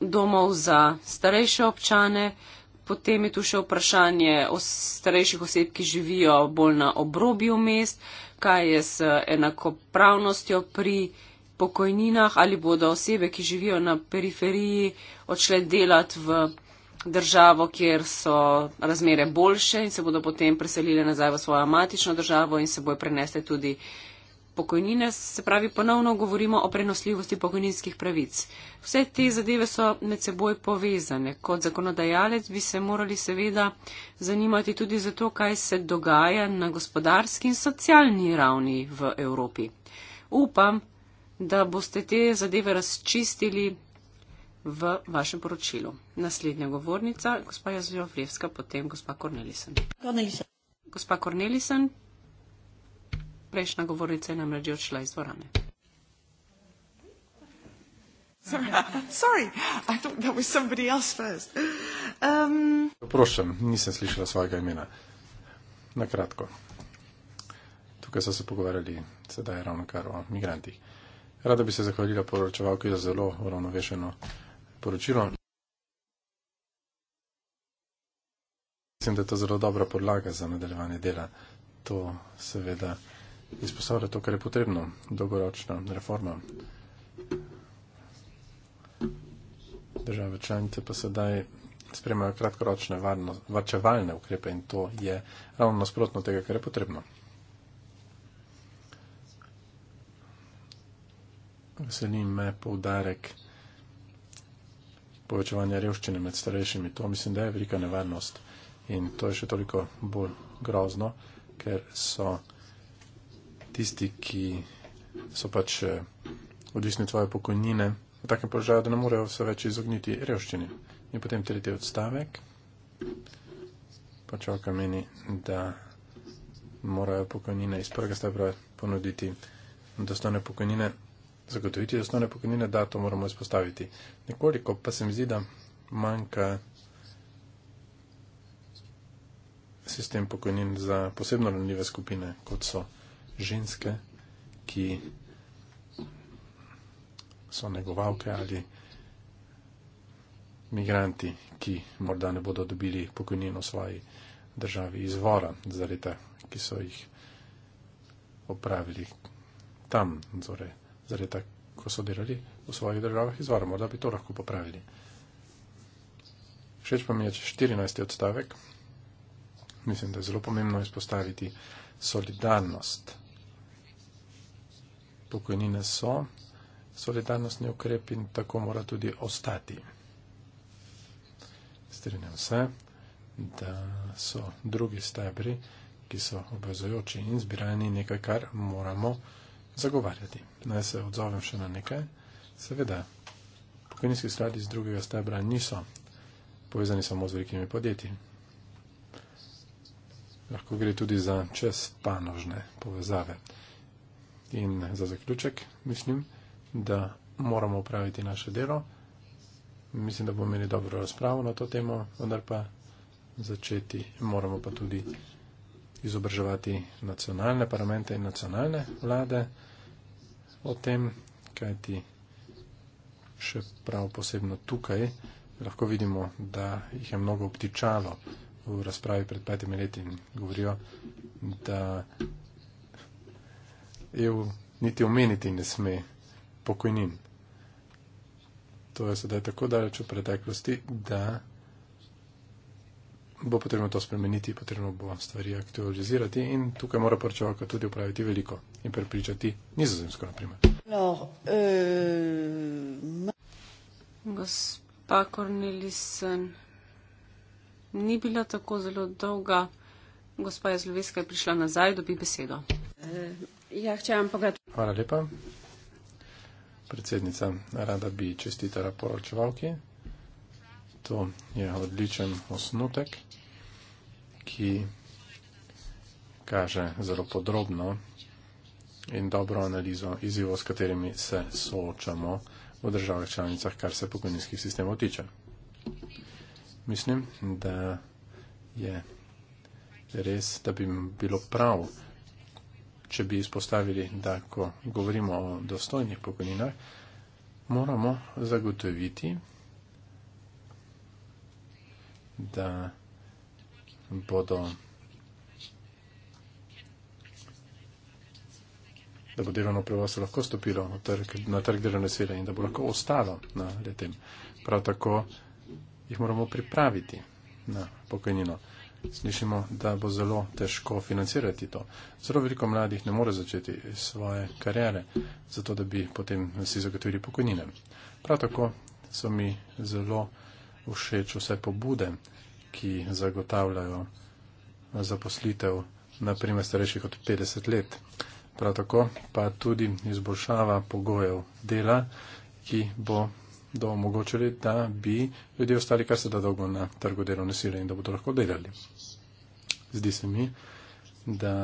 domov za starejše občane, potem je tu še vprašanje o starejših oseb, ki živijo bolj na obrobju mest, kaj je s enakopravnostjo pri pokojninah, ali bodo osebe, ki živijo na periferiji, odšle delati v državo, kjer so razmere boljše in se bodo potem preselile nazaj v svojo matično državo in se bojo prenesle tudi pokojnine. Se pravi, ponovno govorimo o prenosljivosti pokojninskih pravic. Vse te zadeve so med seboj povezane. Kot zakonodajalec bi se morali seveda zanimati tudi za to, kaj se dogaja na gospodarski in socialni ravni v Evropi. Upam, da boste te zadeve razčistili v vašem poročilu. Naslednja govornica, gospa Jazvijo Vrevska, potem gospa Kornelisen. Kornelisen. Gospa Kornelisen, prejšnja govornica je namreč odšla iz dvorane. Um, Prošem, nisem slišala svojega imena. Na kratko. Tukaj so se pogovarjali sedaj ravno kar o migrantih. Rada bi se zahvalila poročevalki za zelo uravnovešeno poročilo. Mislim, da je to zelo dobra podlaga za nadaljevanje dela. To seveda izpostavlja to, kar je potrebno, dolgoročna reforma. Države članice pa sedaj spremajo kratkoročne varčevalne ukrepe in to je ravno nasprotno tega, kar je potrebno. veselim me povdarek povečevanja revščine med starejšimi. To mislim, da je velika nevarnost in to je še toliko bolj grozno, ker so tisti, ki so pač eh, odvisni tvoje pokojnine, v takem položaju, da ne morejo vse več izogniti revščini. In potem tretji odstavek. Počalka meni, da morajo pokojnine iz prvega stavka ponuditi dostane pokojnine zagotoviti osnovne pokojnine, da to moramo izpostaviti. Nekoliko pa se mi zdi, da manjka sistem pokojnin za posebno ranljive skupine, kot so ženske, ki so negovalke ali migranti, ki morda ne bodo dobili pokojnin v svoji državi izvora za leta, ki so jih opravili tam, zore, zaradi tega, ko so delali v svojih državah izvora. Morda bi to lahko popravili. Všeč pa mi je 14. odstavek. Mislim, da je zelo pomembno izpostaviti solidarnost. Pokojnine so, solidarnostni ukrep in tako mora tudi ostati. Strinjam se, da so drugi stebri, ki so obvezojoči in zbirajni, nekaj, kar moramo zagovarjati. Naj se odzovem še na nekaj. Seveda, pokojninski skladi iz drugega stebra niso povezani samo z velikimi podjetji. Lahko gre tudi za čez panožne povezave. In za zaključek mislim, da moramo upraviti naše delo. Mislim, da bomo imeli dobro razpravo na to temo, vendar pa začeti moramo pa tudi izobraževati nacionalne parlamente in nacionalne vlade o tem, kaj ti še prav posebno tukaj. Lahko vidimo, da jih je mnogo obtičalo v razpravi pred petimi leti in govorijo, da EU niti omeniti ne sme pokojnin. To je sedaj tako daleč v preteklosti, da bo potrebno to spremeniti, potrebno bo stvari aktualizirati in tukaj mora poročevalka tudi upraviti veliko in prepričati nizozemsko, na primer. No, um... Gospa Kornelisen, ni bila tako zelo dolga. Gospa je zloveska, je prišla nazaj, dobi besedo. Uh, ja, če vam pogledam. Hvala lepa. Predsednica, rada bi čestitala poročevalki to je odličen osnutek, ki kaže zelo podrobno in dobro analizo izzivov, s katerimi se soočamo v državah članicah, kar se pokojninskih sistemov tiče. Mislim, da je res, da bi bilo prav, če bi izpostavili, da ko govorimo o dostojnih pokojninah, moramo zagotoviti da bodo da bo delovno prevoz lahko stopilo trg, na trg delovne sile in da bo lahko ostalo na letem. Prav tako jih moramo pripraviti na pokojnino. Slišimo, da bo zelo težko financirati to. Zelo veliko mladih ne more začeti svoje karijere, zato da bi potem si zagotovili pokojnine. Prav tako so mi zelo všeč vse pobude, ki zagotavljajo zaposlitev naprimer starejših od 50 let. Prav tako pa tudi izboljšava pogojev dela, ki bo do omogočili, da bi ljudje ostali kar se da dolgo na trgu delovne sile in da bodo lahko delali. Zdi se mi, da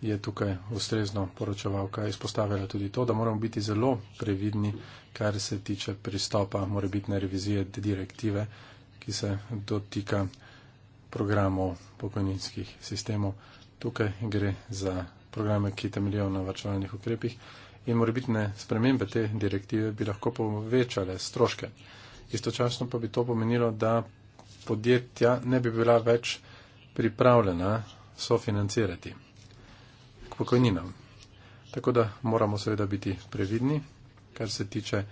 je tukaj ustrezno poročevalka izpostavila tudi to, da moramo biti zelo previdni, kar se tiče pristopa morebitne revizije direktive, ki se dotika programov pokojninskih sistemov. Tukaj gre za programe, ki temeljijo na varčevalnih ukrepih in morebitne spremembe te direktive bi lahko povečale stroške. Istočasno pa bi to pomenilo, da podjetja ne bi bila več pripravljena sofinancirati pokojninam. Tako da moramo seveda biti previdni, kar se tiče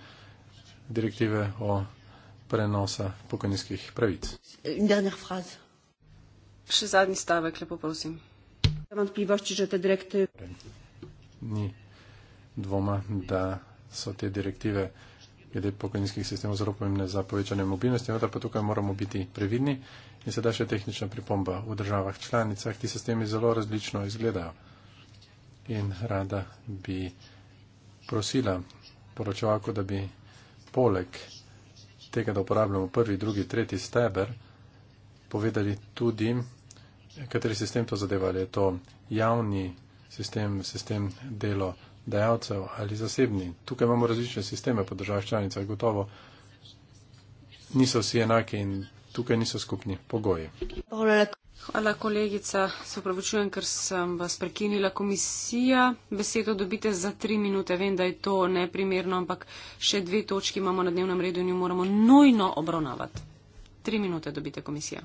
direktive o prenosa pokojninskih pravic. Še zadnji stavek, lepo prosim. Ni dvoma, da so te direktive glede pokojninskih sistemov zelo pomembne za povečanje mobilnosti, vendar pa tukaj moramo biti previdni. In sedaj še tehnična pripomba. V državah članicah ti sistemi zelo različno izgledajo in rada bi prosila poročevalko, da bi poleg tega, da uporabljamo prvi, drugi, tretji steber, povedali tudi, kateri sistem to zadevali. Je to javni sistem, sistem delo dajalcev ali zasebni. Tukaj imamo različne sisteme po državah članicah, gotovo niso vsi enaki in tukaj niso skupni pogoji. Hvala, kolegica. Se upravičujem, ker sem vas prekinila. Komisija, besedo dobite za tri minute. Vem, da je to neprimerno, ampak še dve točki imamo na dnevnem redu in jo moramo nujno obravnavati. Tri minute dobite, komisija.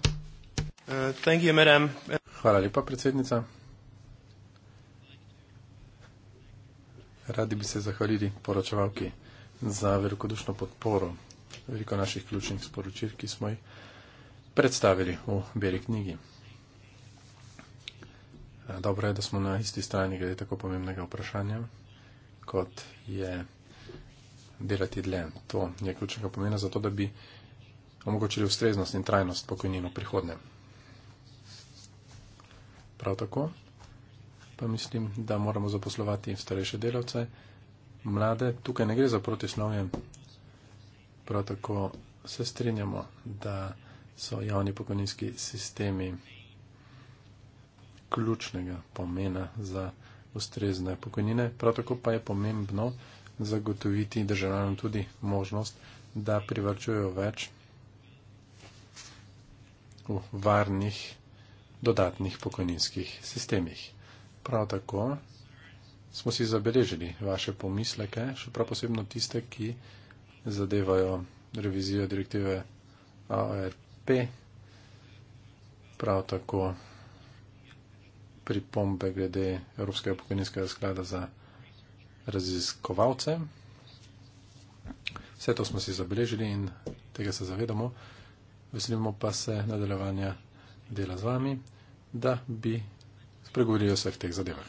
Uh, you, Hvala lepa, predsednica. Radi bi se zahvalili poročevalki za velikodušno podporo veliko naših ključnih sporočil, ki smo jih predstavili v beri knjigi. Eh, dobro je, da smo na isti strani glede tako pomembnega vprašanja, kot je delati dlje. To je ključnega pomena za to, da bi omogočili ustreznost in trajnost pokojnino prihodne. Prav tako pa mislim, da moramo zaposlovati starejše delavce, mlade. Tukaj ne gre za protislovje. Prav tako se strinjamo, da so javni pokojninski sistemi ključnega pomena za ustrezne pokojnine. Prav tako pa je pomembno zagotoviti državljanom tudi možnost, da privrčujejo več v varnih dodatnih pokojninskih sistemih. Prav tako smo si zabeležili vaše pomisleke, še prav posebno tiste, ki zadevajo revizijo direktive ARP, prav tako pripombe glede Evropskega pokojninskega sklada za raziskovalce. Vse to smo si zabeležili in tega se zavedamo. Veselimo pa se nadaljevanja dela z vami, da bi spregovorili o vseh teh zadevah.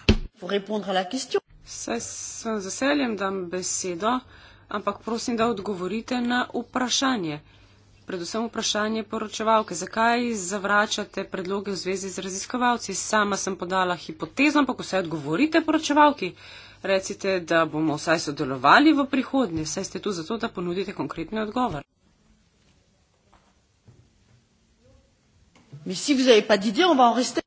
Se s veseljem dam besedo, ampak prosim, da odgovorite na vprašanje predvsem vprašanje poročevalke. Zakaj zavračate predloge v zvezi z raziskovalci? Sama sem podala hipotezo, ampak vse odgovorite poročevalki. Recite, da bomo vsaj sodelovali v prihodnje. Saj ste tu zato, da ponudite konkretni odgovor.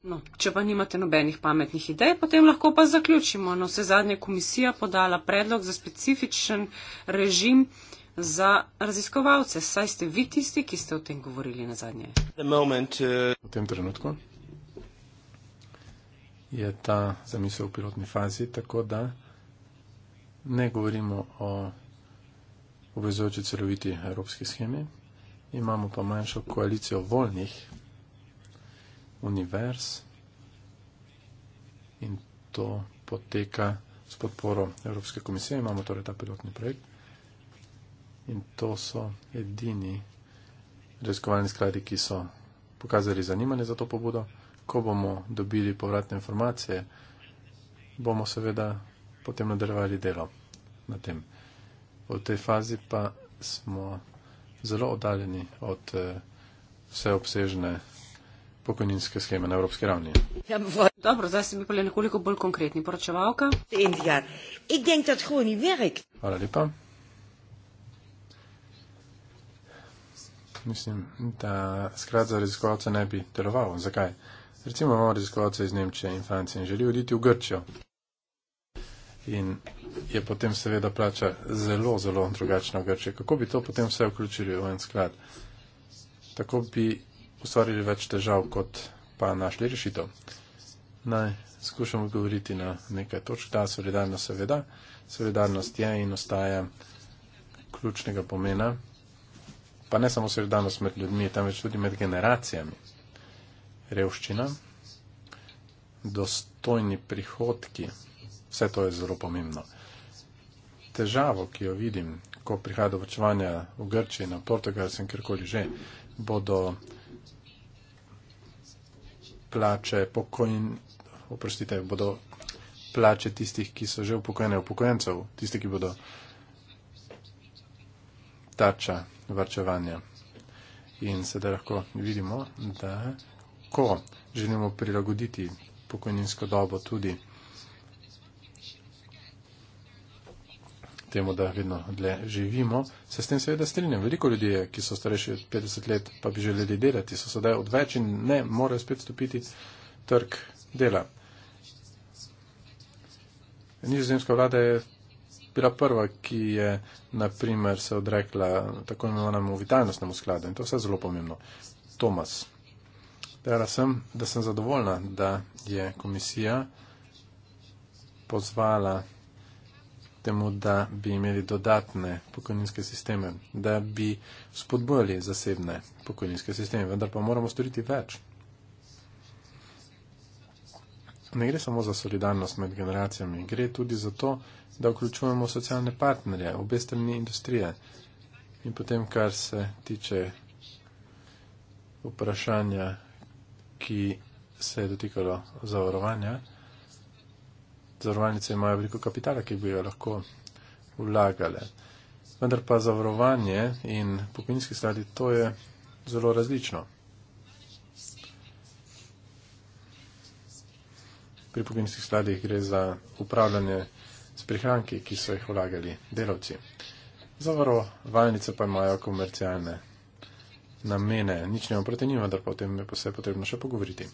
No, če pa nimate nobenih pametnih idej, potem lahko pa zaključimo. No, vse zadnje komisija podala predlog za specifičen režim uh, za raziskovalce, saj ste vi tisti, ki ste o tem govorili na zadnje. Uh, v tem trenutku je ta zamisel v pilotni fazi, tako da ne govorimo o obvezujoči celoviti evropski schemi, imamo pa manjšo koalicijo voljnih univerz in to poteka s podporo Evropske komisije, imamo torej ta pilotni projekt. In to so edini raziskovalni skladi, ki so pokazali zanimanje za to pobudo. Ko bomo dobili povratne informacije, bomo seveda potem nadaljevali delo na tem. V tej fazi pa smo zelo oddaljeni od eh, vseobsežne pokojninske scheme na evropski ravni. Ja, bo... Dobro, zdaj ste mi pa nekoliko bolj konkretni poročevalka. Hvala lepa. mislim, da sklad za raziskovalce ne bi deloval. Zakaj? Recimo imamo raziskovalce iz Nemčije in Francije in želi oditi v Grčijo. In je potem seveda plača zelo, zelo drugačna v Grčiji. Kako bi to potem vse vključili v en sklad? Tako bi ustvarili več težav, kot pa našli rešitev. Naj skušamo govoriti na nekaj točk. Ta solidarnost seveda. Solidarnost je in ostaja ključnega pomena pa ne samo solidarnost med ljudmi, temveč tudi med generacijami. Revščina, dostojni prihodki, vse to je zelo pomembno. Težavo, ki jo vidim, ko prihaja do vrčevanja v Grčiji, na Portugalsko in kjerkoli že, bodo plače pokojn, oprostite, bodo plače tistih, ki so že upokojene, upokojencev, tistih, ki bodo tača varčevanja. In sedaj lahko vidimo, da ko želimo prilagoditi pokojninsko dobo tudi temu, da vedno dlje živimo, se s tem seveda strinjam. Veliko ljudi, ki so starejši od 50 let, pa bi želeli delati, so sedaj odveč in ne morejo spet stopiti trg dela. Nizozemska vlada je bila prva, ki je naprimer se odrekla tako imenovanemu vitalnostnemu skladu in to vse zelo pomembno. Tomas. Dejala sem, da sem zadovoljna, da je komisija pozvala temu, da bi imeli dodatne pokojninske sisteme, da bi spodbojali zasebne pokojninske sisteme, vendar pa moramo storiti več. Ne gre samo za solidarnost med generacijami, gre tudi za to, da vključujemo socialne partnerje, obe strani industrije. In potem, kar se tiče vprašanja, ki se je dotikalo zavarovanja, zavarovalnice imajo veliko kapitala, ki bi jo lahko vlagale. Vendar pa zavarovanje in pokojninski skladi, to je zelo različno. Pri pokojninskih skladih gre za upravljanje s prihranki, ki so jih vlagali delavci. Zavarovalnice pa imajo komercialne namene, nič ne oproti njima, da potem je posebej potrebno še pogovoriti.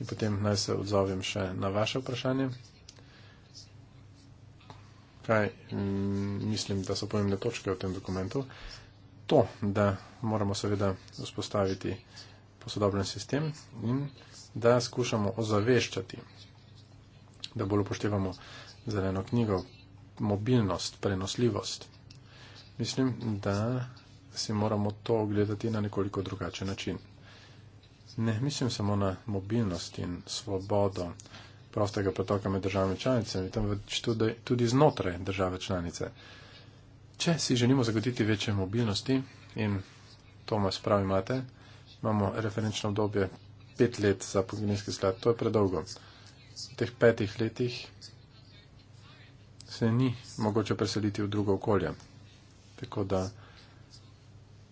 In potem naj se odzovem še na vaše vprašanje. Kaj mm, mislim, da so pomembne točke v tem dokumentu? To, da moramo seveda vzpostaviti posodobljen sistem in da skušamo ozaveščati da bolj upoštevamo zeleno knjigo, mobilnost, prenosljivost. Mislim, da si moramo to ogledati na nekoliko drugačen način. Ne mislim samo na mobilnost in svobodo prostega pretoka med državami članicami, temveč tudi, tudi znotraj države članice. Če si želimo zagotiti večje mobilnosti in to me spravi imate, imamo referenčno obdobje pet let za pogonjski sklad, to je predolgo v teh petih letih se ni mogoče preseliti v drugo okolje. Tako da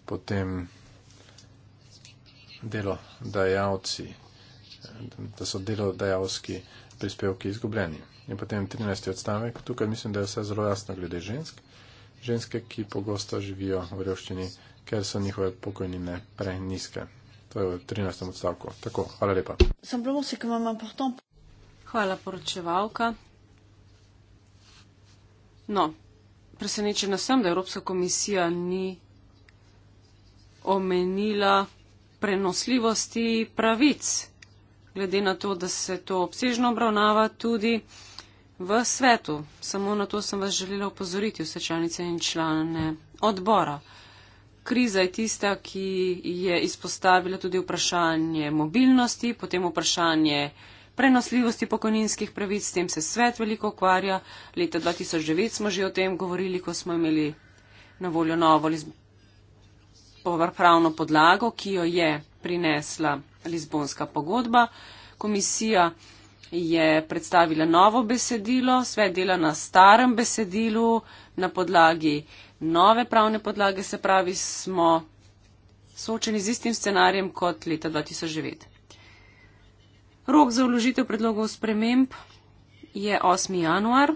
potem delo dajalci, da so delo dajalski prispevki izgubljeni. In potem 13. odstavek, tukaj mislim, da je vse zelo jasno glede žensk. Ženske, ki pogosto živijo v revščini, ker so njihove pokojnine prenizke. To je v 13. odstavku. Tako, hvala lepa. Hvala, poročevalka. No, presenečena sem, da Evropska komisija ni omenila prenosljivosti pravic, glede na to, da se to obsežno obravnava tudi v svetu. Samo na to sem vas želela upozoriti, vse članice in člane odbora. Kriza je tista, ki je izpostavila tudi vprašanje mobilnosti, potem vprašanje prenosljivosti pokojninskih pravic, s tem se svet veliko ukvarja. Leta 2009 smo že o tem govorili, ko smo imeli na voljo novo pravno podlago, ki jo je prinesla Lizbonska pogodba. Komisija je predstavila novo besedilo, svet dela na starem besedilu, na podlagi nove pravne podlage, se pravi, smo soočeni z istim scenarijem kot leta 2009. Rok za vložitev predlogov sprememb je 8. januar.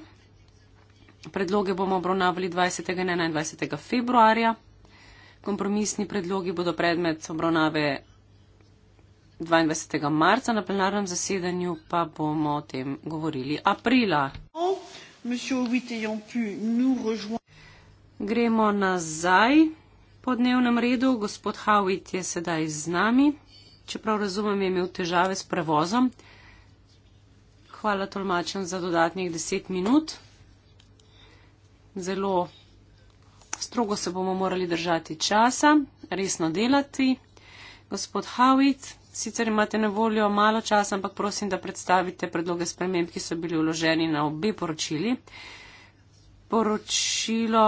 Predloge bomo obravnavali 20. in 21. februarja. Kompromisni predlogi bodo predmet obravnave 22. marca na plenarnem zasedanju, pa bomo o tem govorili aprila. Gremo nazaj po dnevnem redu. Gospod Howitt je sedaj z nami čeprav razumem, je imel težave s prevozom. Hvala tolmačem za dodatnih deset minut. Zelo strogo se bomo morali držati časa, resno delati. Gospod Howitt, sicer imate na voljo malo časa, ampak prosim, da predstavite predloge sprememb, ki so bili vloženi na obe poročili. Poročilo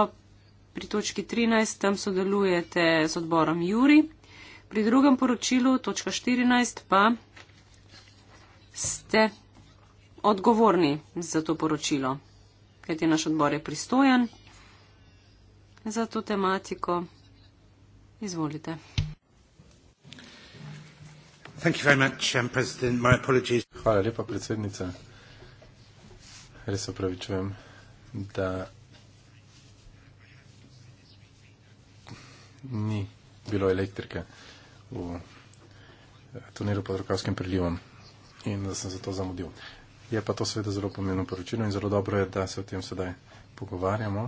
pri točki 13, tam sodelujete z odborom Juri. Pri drugem poročilu, točka 14, pa ste odgovorni za to poročilo, ker je naš odbor je pristojen za to tematiko. Izvolite. Much, um, Hvala lepa, predsednica. Res opravičujem, da ni bilo elektrike v eh, tunelu pod Rokavskim prilivom in da sem zato zamudil. Je pa to seveda zelo pomembno poročilo in zelo dobro je, da se o tem sedaj pogovarjamo,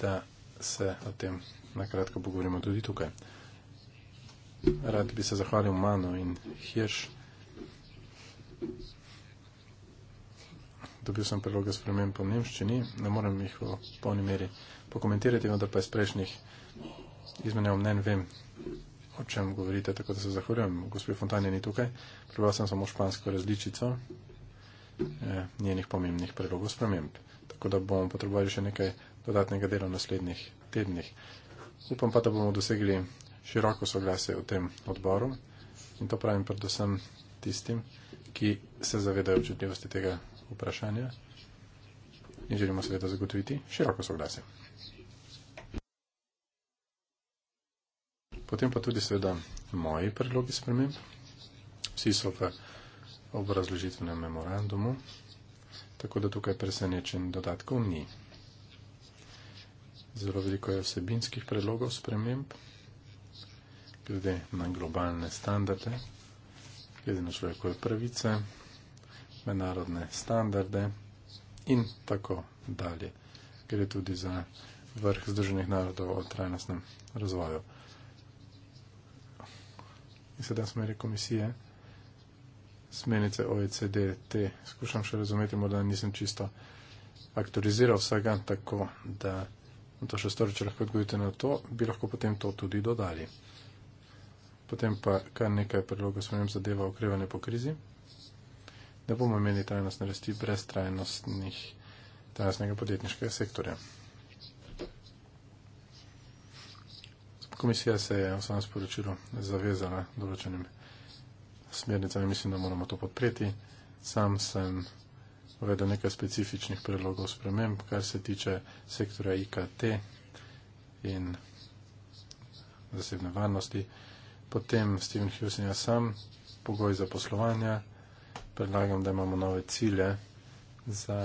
da se o tem nakratko pogovorimo tudi tukaj. Rad bi se zahvalil Manu in Hirš. Dobil sem priloge spremem po nemščini, ne morem jih v polni meri pokomentirati, vendar pa iz prejšnjih izmenjav mnen vem, o čem govorite, tako da se zahvaljujem. Gospod Fontanje ni tukaj. Prebral sem samo špansko različico eh, njenih pomembnih predlogov sprememb. Tako da bomo potrebovali še nekaj dodatnega dela v naslednjih tednih. Upam pa, da bomo dosegli široko soglasje v tem odboru. In to pravim predvsem tistim, ki se zavedajo občutljivosti tega vprašanja. In želimo seveda zagotoviti široko soglasje. Potem pa tudi seveda moji predlogi spremem. Vsi so v obrazložitvenem memorandumu, tako da tukaj presenečen dodatkov ni. Zelo veliko je vsebinskih predlogov sprememb, glede na globalne standarde, glede na človekove pravice, mednarodne standarde in tako dalje. Gre tudi za vrh Združenih narodov o trajnostnem razvoju in sedaj smeri komisije, smernice OECD, te skušam še razumeti, morda nisem čisto aktualiziral vsega, tako da to še storiče lahko odgovorite na to, bi lahko potem to tudi dodali. Potem pa kar nekaj predlogov smerim zadeva okrevanje po krizi, da bomo imeli trajnostne rasti brez trajnostnih, trajnostnega podjetniškega sektorja. komisija se je v svojem sporočilu zavezala določenim smernicami, mislim, da moramo to podpreti. Sam sem uvedel nekaj specifičnih predlogov sprememb, kar se tiče sektora IKT in zasebne varnosti. Potem Steven Hughes in jaz sam, pogoj za poslovanja, predlagam, da imamo nove cilje za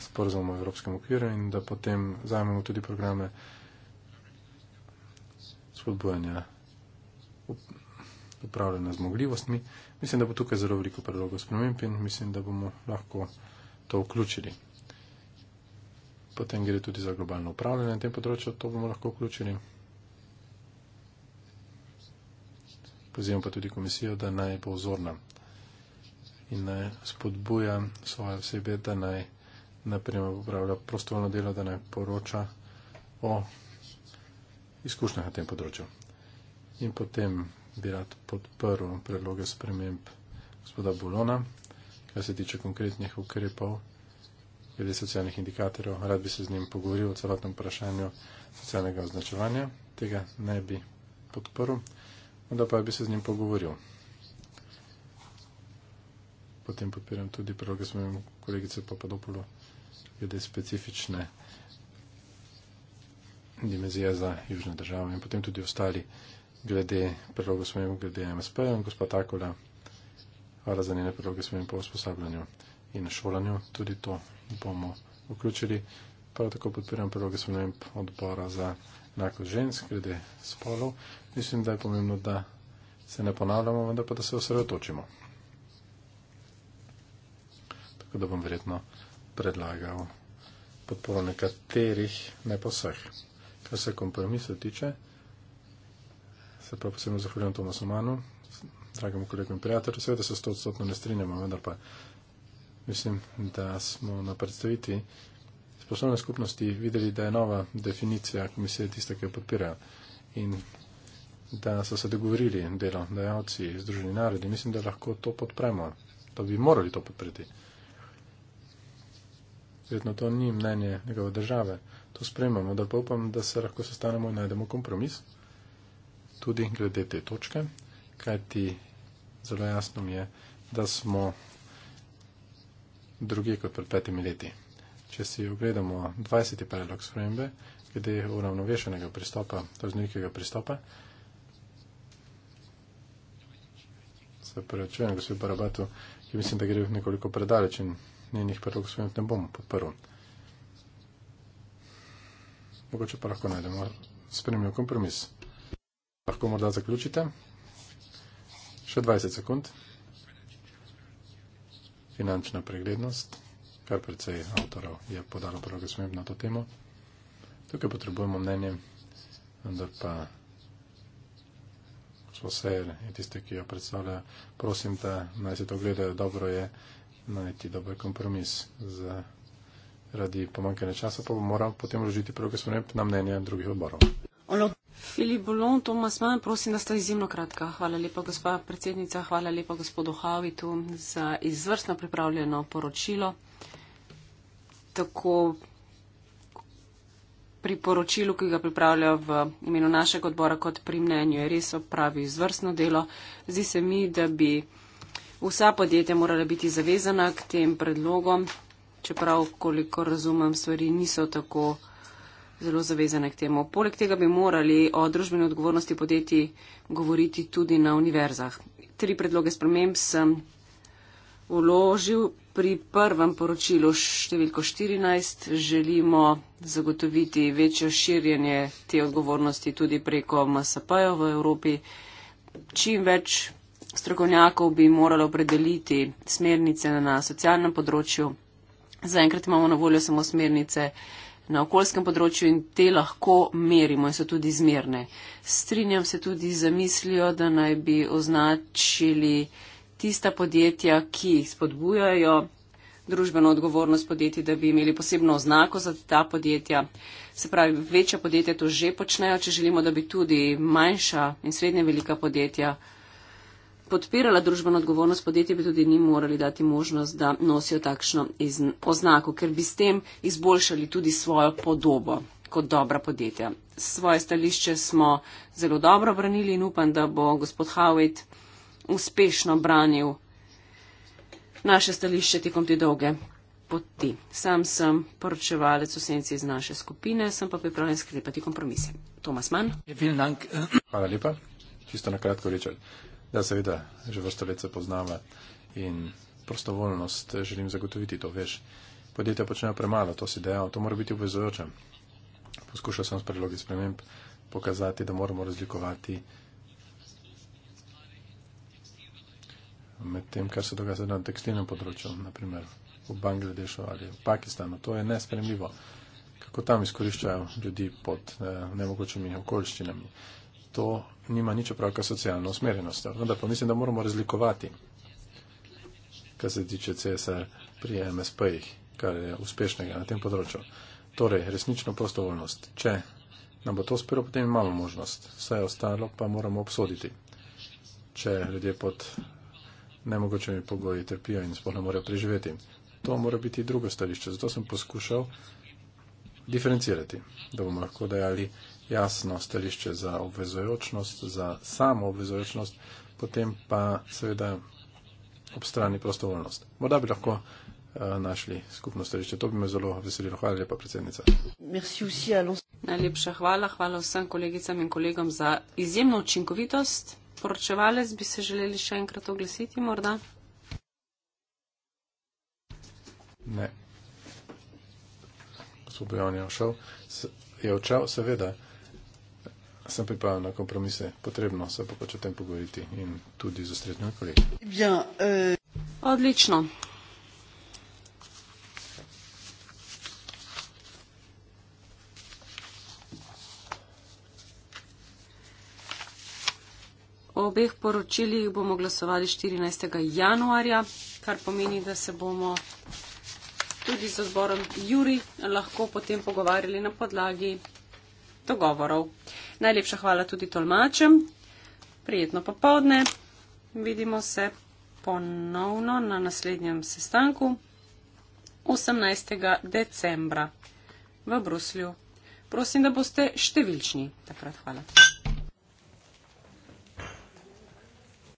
sporozum o Evropskem okviru in da potem zajmemo tudi programe spodbujanja upravljanja zmogljivostmi. Mislim, da bo tukaj zelo veliko predlogov sprememb in mislim, da bomo lahko to vključili. Potem gre tudi za globalno upravljanje na tem področju, to bomo lahko vključili. Pozivam pa tudi komisijo, da naj bo ozorna in naj spodbuja svoje osebe, da naj naprimer upravlja prostovoljno delo, da naj poroča o izkušnjah na tem področju. In potem bi rad podprl predloge sprememb gospoda Bolona, kar se tiče konkretnih ukrepov glede socialnih indikatorjev. Rad bi se z njim pogovoril o celotnem vprašanju socialnega označevanja. Tega ne bi podprl, vendar pa bi se z njim pogovoril. Potem podpiram tudi predloge sprememb kolegice Papadopolo glede specifične dimenzija za južne države in potem tudi ostali glede predloga s mojim, glede MSP in gospod Takola. Hvala za njene predloge s mojim po usposabljanju in šolanju. Tudi to bomo vključili. Prav tako podpiram predloge s mojim odbora za enako žensk glede spolov. Mislim, da je pomembno, da se ne ponavljamo, vendar pa da se osredotočimo. Tako da bom verjetno predlagal podporo nekaterih, ne pa vseh kar se kompromisa tiče. Se pa posebno zahvaljujem Tomasu Manu, dragemu kolegu in prijatelju. Seveda se sto odstotno ne strinjamo, vendar pa mislim, da smo na predstavitvi sposobne skupnosti videli, da je nova definicija komisije tista, ki jo podpirajo. In da so se dogovorili delo, dajalci, združeni narodi. Mislim, da lahko to podpremo, da bi morali to podpreti. Verjetno to ni mnenje njegove države to spremamo, da pa upam, da se lahko sestanemo in najdemo kompromis tudi glede te točke, kajti zelo jasno mi je, da smo drugi kot pred petimi leti. Če si ogledamo 20. paradoks spremembe, glede uravnovešenega pristopa, raznolikega pristopa, se prevečujem, gospod Barabatu, ki mislim, da gre nekoliko predaleč in njenih paradoks spremembe ne bom podprl mogoče pa lahko najdemo sprejemljiv kompromis. Lahko morda zaključite. Še 20 sekund. Finančna preglednost, kar predvsej avtorov je podalo prvega smem na to temo. Tukaj potrebujemo mnenje, vendar pa so sejer in tiste, ki jo predstavlja, prosim, da naj se to gledajo, dobro je najti dober kompromis za vse radi pomankanja časa, pa bom moral potem vložiti predloge sprememb na mnenje drugih odborov. Filip Bolon, Tomas Man, prosim, da ste izjemno kratka. Hvala lepa, gospa predsednica, hvala lepa, gospodu Havitu, za izvrstno pripravljeno poročilo. Tako pri poročilu, ki ga pripravlja v imenu našega odbora, kot pri mnenju, je res opravi izvrstno delo. Zdi se mi, da bi vsa podjetja morala biti zavezana k tem predlogom čeprav, koliko razumem, stvari niso tako zelo zavezane k temu. Poleg tega bi morali o družbeni odgovornosti podjetij govoriti tudi na univerzah. Tri predloge sprememb sem uložil pri prvem poročilu številko 14. Želimo zagotoviti večjo širjenje te odgovornosti tudi preko MSP-jo v Evropi. Čim več strokovnjakov bi moralo opredeliti smernice na socialnem področju. Zaenkrat imamo na voljo samo smernice na okoljskem področju in te lahko merimo in so tudi zmerne. Strinjam se tudi z mislijo, da naj bi označili tista podjetja, ki jih spodbujajo družbeno odgovornost podjetij, da bi imeli posebno oznako za ta podjetja. Se pravi, večja podjetja to že počnejo, če želimo, da bi tudi manjša in srednje velika podjetja podpirala družbeno odgovornost podjetja, bi tudi njim morali dati možnost, da nosijo takšno oznako, ker bi s tem izboljšali tudi svojo podobo kot dobra podjetja. Svoje stališče smo zelo dobro branili in upam, da bo gospod Howitt uspešno branil naše stališče tekom te dolge poti. Sam sem poročevalec osenci iz naše skupine, sem pa pripravljen sklepati kompromise. Tomas Mann. Hvala lepa. Čisto na kratko rečem. Ja, seveda, že vrsto let se poznava in prostovoljnost eh, želim zagotoviti, to veš. Podjetja počnejo premalo, to si dejal, to mora biti obvezujoče. Poskušal sem s predlogi sprememb pokazati, da moramo razlikovati med tem, kar se dogaja na tekstilnem področju, naprimer v Bangladešu ali v Pakistanu. To je nespremljivo, kako tam izkoriščajo ljudi pod eh, nemogočimi okoliščinami to nima nič opravka s socialno usmerjenostjo. Vendar pa mislim, da moramo razlikovati, kar se tiče CSR pri MSP-jih, kar je uspešnega na tem področju. Torej, resnično prostovoljnost. Če nam bo to uspelo, potem imamo možnost. Vse ostalo pa moramo obsoditi. Če ljudje pod nemogočimi pogoji trpijo in sploh ne morejo preživeti. To mora biti drugo stališče. Zato sem poskušal diferencirati, da bomo lahko dejali jasno stališče za obvezojočnost, za samo obvezojočnost, potem pa seveda ob strani prostovoljnost. Morda bi lahko eh, našli skupno stališče. To bi me zelo veselilo. Hvala lepa, predsednica. Najlepša hvala. Hvala vsem kolegicam in kolegom za izjemno učinkovitost. Poročevalec bi se želeli še enkrat oglasiti, morda? Ne. Gospod Bojan je ošel. Je očel, seveda sem pripravljen na kompromise, potrebno se pa pač o tem pogovoriti in tudi z ustreznimi kolegi. Ja, eh. Odlično. O obeh poročilih bomo glasovali 14. januarja, kar pomeni, da se bomo tudi z odborom Juri lahko potem pogovarjali na podlagi dogovorov. Najlepša hvala tudi tolmačem. Prijetno popovdne. Vidimo se ponovno na naslednjem sestanku 18. decembra v Bruslju. Prosim, da boste številčni. Takrat hvala.